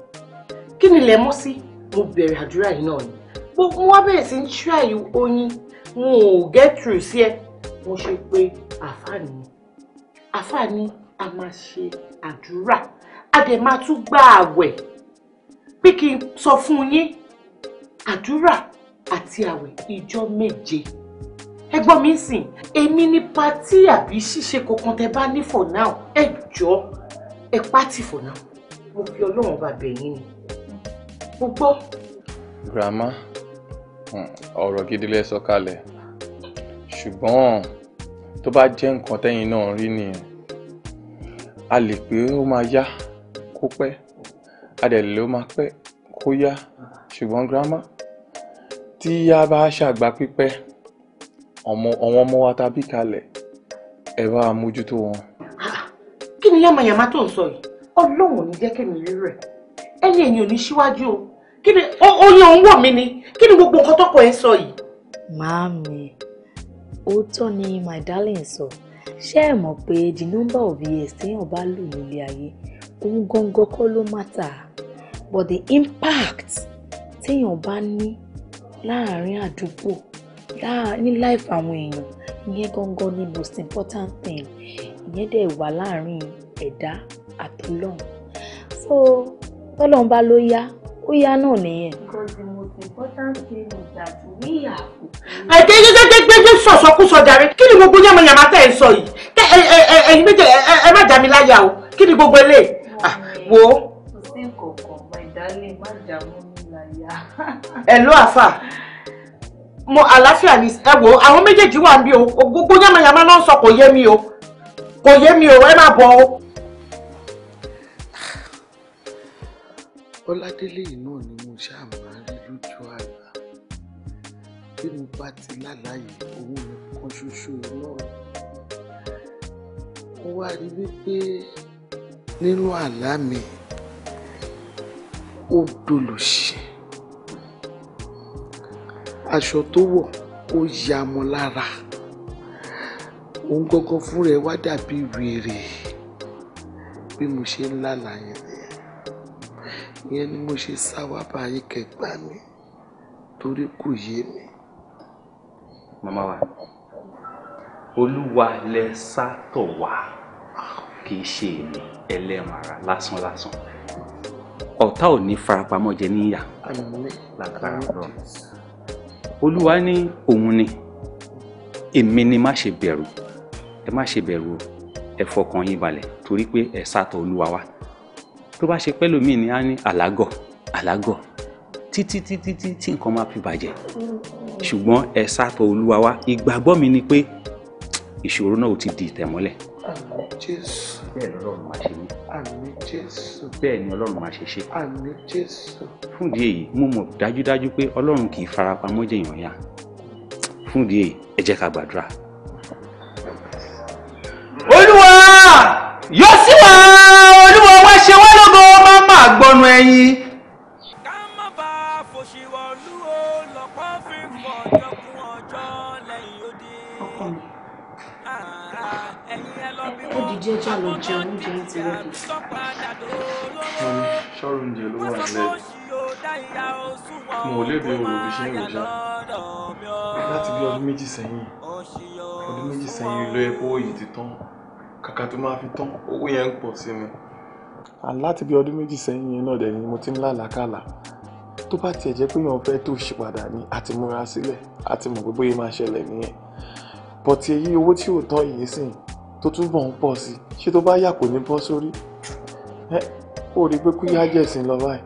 kí ni ilẹ̀ mọ́ sí mo bẹ̀rẹ̀ àdúrà yìí náà ni mo wá bẹ̀rẹ̀ sí ń ṣíàyè oyin mo ò get through sí ẹ mo ṣe pé àfààní àfààní a máa ṣe àdúrà a dẹ̀ máa tún gba àwẹ̀ pé kí n sọ fún yín àdúrà àti àwẹ̀ ìjọ méje ẹ̀gbọ́n mi sìn èmi ní patí àbí ṣíṣe kankan tẹ́ bá ní for now ẹ jọ ẹ pátì for now mo fi Ọlọ́run bá bẹ̀ yín ni mo gbọ́. grandma hmm, ọ̀rọ̀ gidi lẹ sọ kalẹ̀ ṣùgbọ́n tó bá jẹ́ nǹkan tẹ́yin náà rí nìyẹn a lè pé ó máa yá kó pẹ́ a dẹ̀ lè ó máa pẹ́ kó yá ṣùgbọ́n grandma tí a bá ṣàgbà pípẹ́ àwọn ọmọ wa ta bí kalẹ̀ ẹ bá a mójútó wọn. kí ni yàmàyàmá tó ń sọ yìí ọlọ́run ò ní jẹ́ kí mi rí rẹ̀ ẹni èyàn ò ní síwájú o kí ni oyin òun wọ̀ mí ni kí ni gbogbo nǹkan tọkọ ẹ sọ yìí. màámi òótọ́ ni my darling sọ ṣé ẹ mọ̀ pé the number of years téèyàn bá lò nílé ayé òun gangan kọ́ ló mátà but the impact téèyàn bá ní láàárín àdúgbò ní life àwọn èèyàn ìyẹn gangan ni most important thing ìyẹn dẹ̀ wà láàrin ẹ̀dá àtọlọ́run so tọ́lọ́run bá ló yá ó yá náà nìyẹn. because the most important thing is that we are. àìjẹ́ gbẹ́gbẹ́gbẹ́gbẹ́ sọ̀sọ́kúsọ jàre kí ni gbogbo yàmàyàmà tẹ̀ ń sọ yìí tẹ ẹ ẹ ẹ ẹyin méjì ẹ ẹ má dá mi láyà o kí ni gbogbo eléyìí wo. kò sí nǹkan kan mọ ìdálé má dààmú mi láyà. ẹ̀ ló àfà mo àlàáfíà ni ẹ wò àwọn méjèèjì wà ń bí o gbogbo yàmàyàmà náà sọ kò yé mi o kò yé mi o ẹ má bọ̀ o. ọládélé yìí náà ni mo ṣáà máa rí lójú àlá bí mo bá ti lálàyé owó mi kan ṣoṣo náà mo wá rí wípé nínú àlá mi ó dolòṣì aṣọ tó wọ̀ ó ya mọ́ lára òun gangan fún rẹ̀ wá dàbí wèrè bí mo ṣe ń lálàá yẹn ìyẹn ni mo ṣe sá wá báyìí kẹgbà mi torí kò yé mi. màmá wa olúwa lẹ sátọ̀ wá kì í ṣe èmi ẹlẹ́màrà lásánlásán ọ̀tá ò ní farapamọ́ jẹ níyà lágbára ọlọ́run olúwa ní òun ni èmi ni má ṣe bẹ̀rù ẹ má ṣe bẹ̀rù o ẹ fọkàn yín balẹ̀ torí pé ẹ sátọ̀ olúwa wá tó bá ṣe pẹ́lòmíì ni á ní àlágọ̀ àlágọ̀ títí títí tí nǹkan máa fi bàjẹ́ ṣùgbọ́n ẹ sátọ̀ olúwa wá ìgbàgbọ́ mi ni pé ìṣòro náà ò ti di ìtẹ̀mọ́lẹ̀. Jésù bẹ́ẹ̀ lọ́lọ́run máa ṣe mí. àmín jésù. bẹ́ẹ̀ ni ọlọ́run máa ṣe ṣe. àmín jésù. fún ìdí èyí mo mọ̀ dájúdájú pé ọlọ́run kì í farapamọ́ jèèyàn yá fún ìdí èyí ẹ jẹ́ ká gbàdúrà. olúwa yọ sí wa olúwa wá ṣe wá lógo máa máa gbọnu ẹyin. jẹ́ jà lọ jẹ oúnjẹ yìí ti rẹ̀. ṣọ́rọ̀ oúnjẹ ló wà nílẹ̀ mo ò lébi olùbí ṣe ń ròjà láti bí ọdún méjì sẹ́yìn ọdún méjì sẹ́yìn ló yẹ kó yìí ti tán kàkà tó máa fi tán owó yẹn ń pọ̀ sí mi. láti bí ọdún méjì sẹ́yìn yẹn náà dẹ̀ ni mo ti ń lálàákàlà tó bá tiẹ̀ jẹ́ pé èèyàn fẹ́ tó ṣe padà ni àti múra sílẹ̀ àti mọ̀ pé bóyá máa ṣẹlẹ̀ nìyẹn bọ̀tì èyí owó tí ò tán yìí sìn tó túbọ̀ ń pọ̀ sí ṣé tó bá yà kò ní bọ́ sórí ẹ ó rí i pé kúyà jẹ̀sìn lọ báyìí.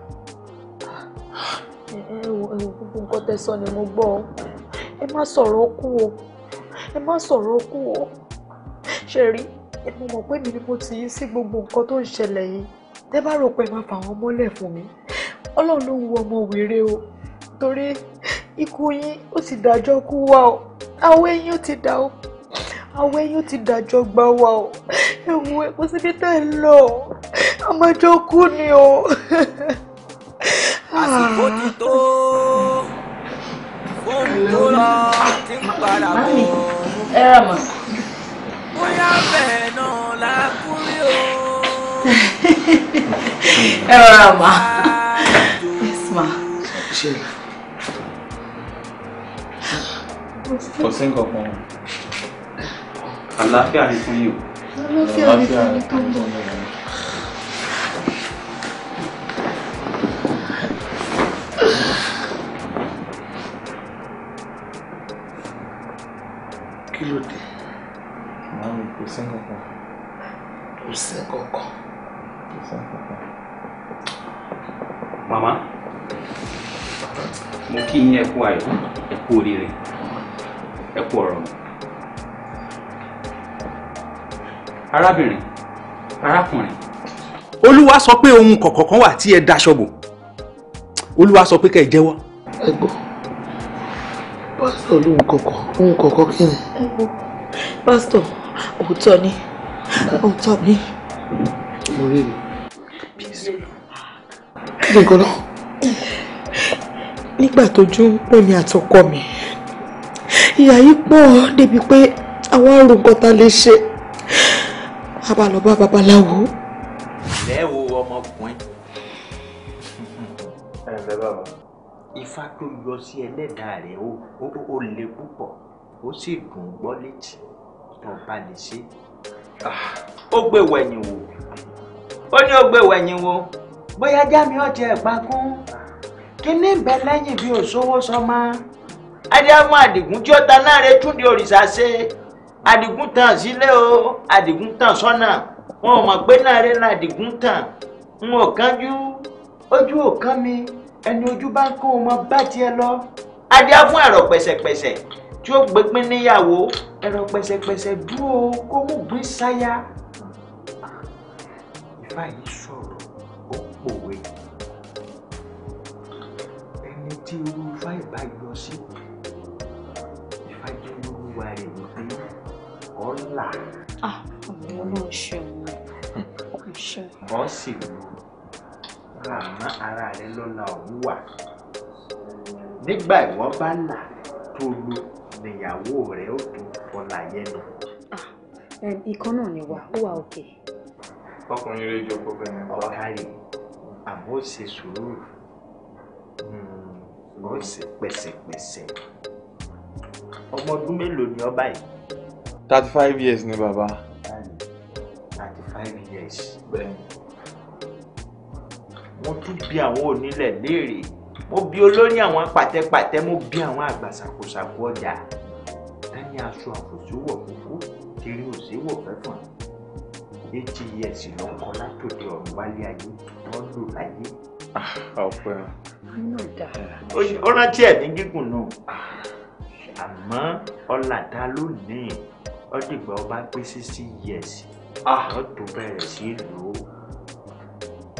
ẹ ẹ wo gbogbo nǹkan tẹ́ sọ ni mo gbọ́ ọ ẹ má sọ̀rọ̀ kú o ẹ má sọ̀rọ̀ kú o ṣe rí mo mọ̀ pé mi ni mo ti yí sí gbogbo nǹkan tó ń ṣẹlẹ̀ yìí tẹ́ bá rò pé máa fà wọ́n mọ́lẹ̀ fún mi ọlọ́run ló ń ọmọ wèrè o torí ikú yín ó ti dájọ́ kú wa o àwọn eyín ó ti dà o àwọn ẹyin ti dàjọ gbà wá o ẹ̀wọ̀n ẹ̀ kò síbi tẹ́ ẹ lọ àmọ́jọ kú ni o. (laughs) àsìkò ti tó fóun tó lọ ti ń padà bọ̀. ẹ rà mà. bóyá bẹ́ẹ̀ náà la kú rí o. (laughs) ẹ rà mà. yes ma. kò sí nǹkan kan àlàáfíà ni fún yín o. àlàáfíà ni fún yín tó ń bọ̀. kí ló dé. màámi kò sí nǹkan kò sí nǹkan kò sí nǹkan màmá mo kí yín ẹ kú ayọ̀ ẹ kú oríire ẹ kú ọ̀rọ̀ mọ́. arábìnrin arákùnrin olúwa sọ pé ohun kọ̀ọ̀kan kan wà tí ẹ daṣọ bò olúwa sọ pé kẹ́ ẹ jẹ́wọ́. ẹ gbọ́ pásítọ̀ lóhun kọ̀ọ̀kan ohun kọ̀ọ̀kan kí ni. pásítọ̀ òótọ́ ni òótọ́ ni. mo rí i kí ni nǹkan náà. nígbà tójú ń pè mí àtọkọ mi ìyà yìí pọ̀ débi pé àwa rò nǹkan tá lè ṣe a bá lọ bá babaláwo. ilé wo ọmọkùnrin. ẹ ǹlẹ́ bàbá. ifá tó yọ sí ẹlẹ́dàá rẹ̀ ó le púpọ̀ ó sì dùn gbọ́ létí tó bá lè ṣe. Ah, ó gbé wẹ̀yìn wò ó ní ó gbé wẹ̀yìn wò bóyá jámi ọ̀jẹ̀ ìpakún kíní ń bẹ lẹ́yìn bí òṣòwò sọ máa. adé àdìgún tí ó ta náà rẹ túndé òrìṣà ṣe àdìgún tàn sílé o àdìgún tàn sọ́nà wọn ò mọ̀ pé náà rẹ̀ la àdìgún tàn n ò kánjú ojú ò kán mi ẹni ojú bá ń kó ọmọ bá tiẹ̀ lọ. adé á fún ẹ̀rọ pẹ̀sẹ̀pẹ̀sẹ̀ tí ó gbégbín níyàwó ẹ̀rọ pẹ̀sẹ̀pẹ̀sẹ̀ dúró kó mú gbín sáyà. ìfà yìí sọ̀rọ̀ ó pòwe ẹni tí irú ìbá yọ sí ìfà jẹ́ olúwa rẹ̀ ni ńlá. ọmọ ọlọ́run ṣeun ọ̀hún ṣeun. wọ́n sì wú ràmọ́ ara rẹ lọ́la òun wà nígbà ìwọ́n bá là tó lu níyàwó rẹ ó tó fọlá yẹn lọ. ìkan náà ni wà ó wà òkè. ọkùnrin rẹ jọ gbogbo thirty five years ni baba. thirty five years Mo wọ́n tún bí àwọn onílẹ̀ léèrè mo bí olórí àwọn pàtẹ́pàtẹ́ mo bí àwọn àgbà ṣàkóṣàkó ọjà dání aṣọ àkóṣòwò fúnfún kiri òṣèwò fẹ́fọ̀n méjì yẹ̀sì ló ń kọ́ látòdì ọ̀run wálé ayé wọ́n lò láyé. Ah, ọ̀pẹ́ o. ó rántí ẹ̀mí gígùn náà àmọ́ ọ̀làdá lónìí ọdìgbà ọba pé sixty years lọ́ọ́ ah. tó bẹ̀rẹ̀ sí lò ó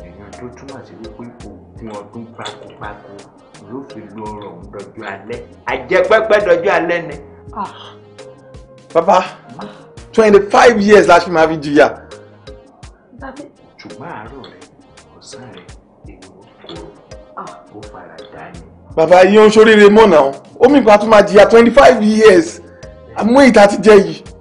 èèyàn tó túmọ̀ sí wípé ogún ọdún pakopako ló fi lo ọrọ̀ òun dọjú alẹ́ àjẹpẹ́pẹ́ dọjú alẹ́ ni. Ah. bàbá twenty five years la fi máa fi jìyà. ṣùgbọ́n àárọ̀ rẹ̀ ọ̀sán rẹ̀ ah. ó fara dá ni. bàbá yìí ń ṣoríire mọ́nà ó mìíràn tó máa jìyà twenty five years àmú ìta ti jẹ́ yìí.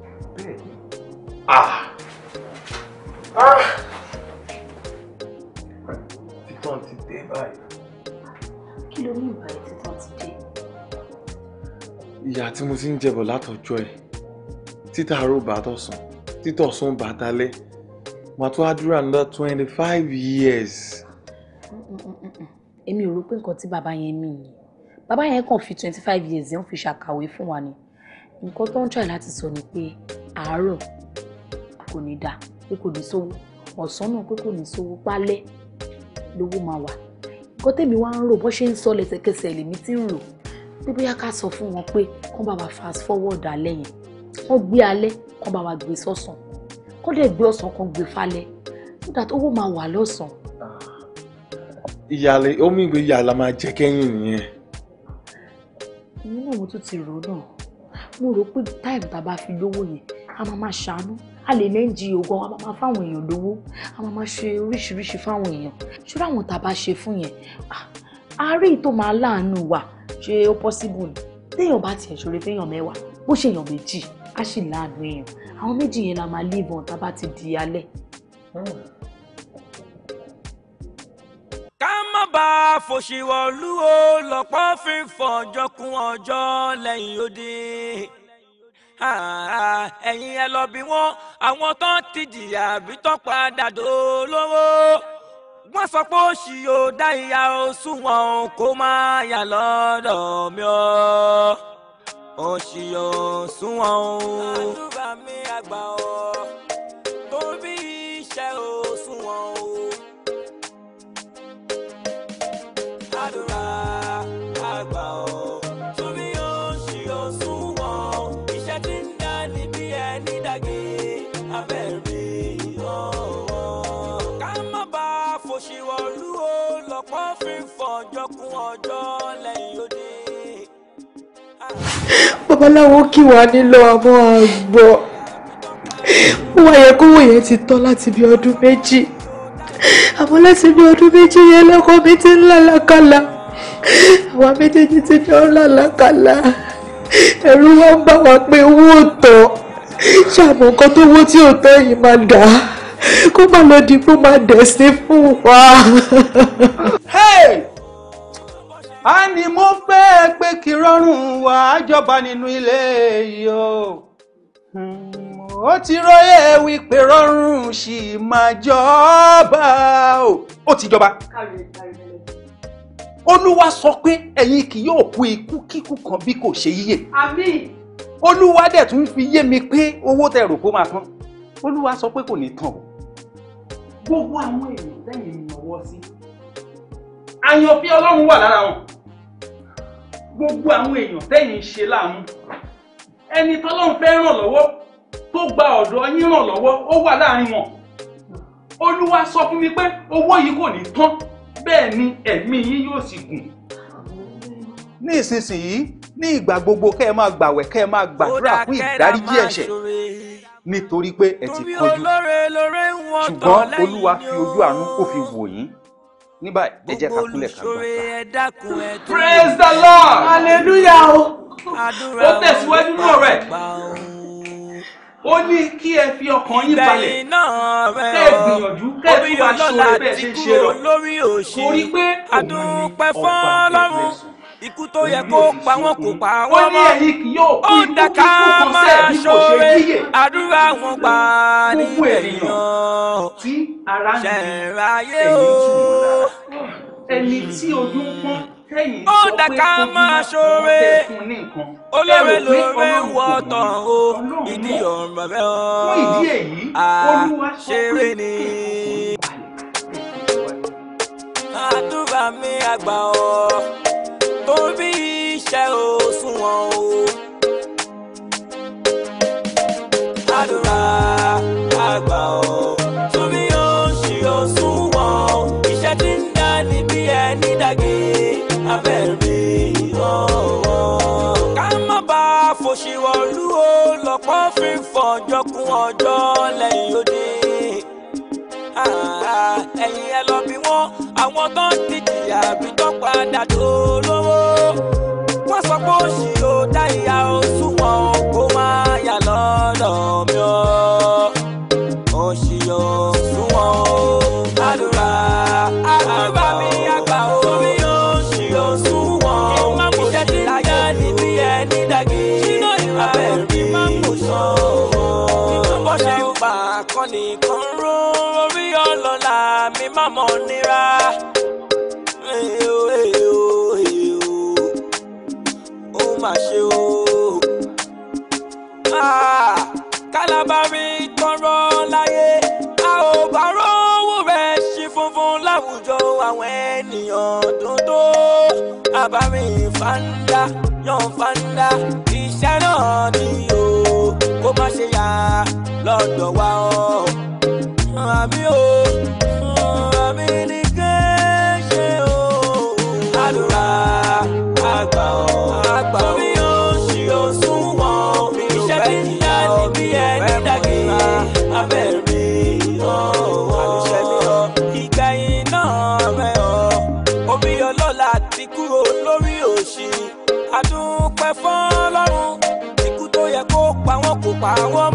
ìyà tí mo ti ń jẹbọ̀ látọjọ́ ẹ̀ títà àárò bá tọ̀sán títọ̀sán bá talẹ́ màá tún àdúrà another twenty five years. èmi ò rò pé nǹkan tí bàbá yẹn mí ni bàbá yẹn kàn fi twenty five years yẹn fi ṣàkàwé fún wa ni nǹkan tó ń tọ́ ẹ̀ láti sọ ni pé àárọ̀ kò ní dáa pé kò ní sówó ọ̀sán náà pé kò ní sówó pálẹ̀ lówó máa wà nǹkan tèmi wá ń rò bó ṣe ń sọ lẹ́sẹ̀kẹsẹ̀ lèmi ti ń rò pé bóyá ká sọ fún wọn pé kán bá wa fast forward alẹ́ yẹn kán gbé alẹ́ kán bá wa gbé sọ̀sán kán dẹ̀ gbé ọ̀sán kan gbé falẹ̀ kódà tó wò máa wà lọ́sàn. ìyàlẹ omi ìwé ìyàlá máa jẹ kẹ́yìn nìyẹn. èmi náà mo tún ti rò náà mo rò pé táìmù tá a bá fi lówó yẹn a máa máa ṣàánú a lè ní ngo gan a máa máa fáwọn èèyàn lówó a máa máa ṣe oríṣiríṣi fáwọn èèyàn ṣúra àwọn tá a bá ṣe fún yẹn ah, àárẹ̀ yìí tó máa láàánú wa ṣé ó possible ni téèyàn bá tiẹ̀ ṣoore fẹ́yàn mẹ́wàá bó ṣe èèyàn méjì á sì láàánú èèyàn àwọn méjì yẹn la máa léèbọn tá a bá ti di alẹ́. ká má bá a fòṣìwọ̀lú o lọ́pọ̀ fi fọjọ́ kún ọjọ́ lẹ́yìn odi ẹ̀yin ẹ lọ bí wọ́n àwọn tán ti jìyà bí tán padà dolówó wọ́n sọ pé ó ṣì yóò dá ìyá oṣù wọn kó máa yà lọ́dọ̀ mi ọ́ ó ṣì yóò sún wọn o. àdúrà mi àgbà ọ tó bí iṣẹ́ oṣù wọn o. àdúrà àgbà ọ. ọjọ́ kún ọjọ́ lẹ́yìn òde. babaláwo kì wá nílò àmọ́ àgbọ̀ wọ́n wáyé kówó yẹn ti tán láti bí ọdún méjì àmọ́ láti bí ọdún méjì yẹn lọ́kọ́ mi ti ń lálàkàlà àwa méjèèjì ti ń lálàkàlà ẹ̀rù wa ń bá wa pé owó òtọ̀ ṣàmù nǹkan tó wó tí òtọ̀ yìí máa dà á kó má lọ di pé ó máa dẹ̀ sí fún wa. Hey! a ní mo fẹ́ pé kí rọrùn wà á jọba nínú ilé yìí o. ó ti róye wípé rọrùn sì máa jọba o. ó ti jọba. olúwa sọ pé ẹ̀yin kì yóò kú ikú kíkú kan bí kò ṣe yíyè. àmín. olúwa dẹ̀ tún fi yé mi pé owó tẹ rò kó máa tán olúwa sọ pé kò ní tán o. gbogbo àwọn èèyàn lẹ́yìn ni mo wọ́ sí. ọlọ́run wà lára wọn gbogbo àwọn èèyàn tẹ́yìn ń ṣe láàmú ẹni tọ́lọ́run fẹ́ ràn lọ́wọ́ tó gba ọ̀dọ̀ yín ràn lọ́wọ́ ó wà láàrin wọn olúwa sọ fún mi pé owó yìí kò ní tán bẹ́ẹ̀ ni ẹ̀mí yín yóò sì gùn. ní ìsinsìnyí ní ìgbà gbogbo kẹ́ ẹ máa gbàwẹ̀ kẹ́ ẹ máa gbàdúrà fún ìdáríjì ẹ̀ṣẹ̀ nítorí pé ẹ ti kọjú ṣùgbọ́n olúwa fi ojú àánú kò fi wò yín ní báyìí ẹ jẹ́ ká kúnlẹ̀ ká gbà. praise the lord hallelujah o ó tẹ̀síwájú nínú ọ̀rẹ́ ó ní kí ẹ fi ọkàn yín balẹ̀ kẹ́ ẹ gbìyànjú kẹ́ ẹ tún máa ṣòro bẹ́ẹ̀ ṣe ń ṣe lọ torí pé òun ni ọba ìfẹsẹ̀ ikú tó yẹ kó pa wọn kò pa wọn mọ́ ó ń da ká máa ṣoore àdúrà wọn gbà ní ènìyàn ṣẹ̀ráyé o. ẹni tí ojú ń pọ́n tẹ̀yìn ó da ká máa ṣoore olóore lóore wọ tán o ìdí ọ̀rọ̀ rẹ̀ ọ́ àṣeré ni. àdúrà mi àgbà ọ́ tó ń fi iṣẹ́ òṣùwọ̀n o. àdúrà àgbà o tó bí yóò ṣì òṣùwọ̀n iṣẹ́ tí ń dá níbi ẹni dàgé o lọ́pọ̀ fífọ̀ ọjọ́ kún ọjọ́ lẹ́yìn òde. Ah, ẹ̀yin ẹ lọ bí wọ́n àwọn tó ń ti jìyà bí tó padà tó lówó wọ́n sọ pé ó ṣì bá mi fanda yan fanda iṣẹ́ náà ni o kó má ṣe yà lọ́dọ̀ wa o àbí o. power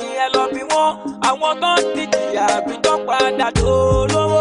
ẹ̀yin ẹ lọ bí wọ́n àwọn tó ń ti jìyà bí tó padà tó lówó.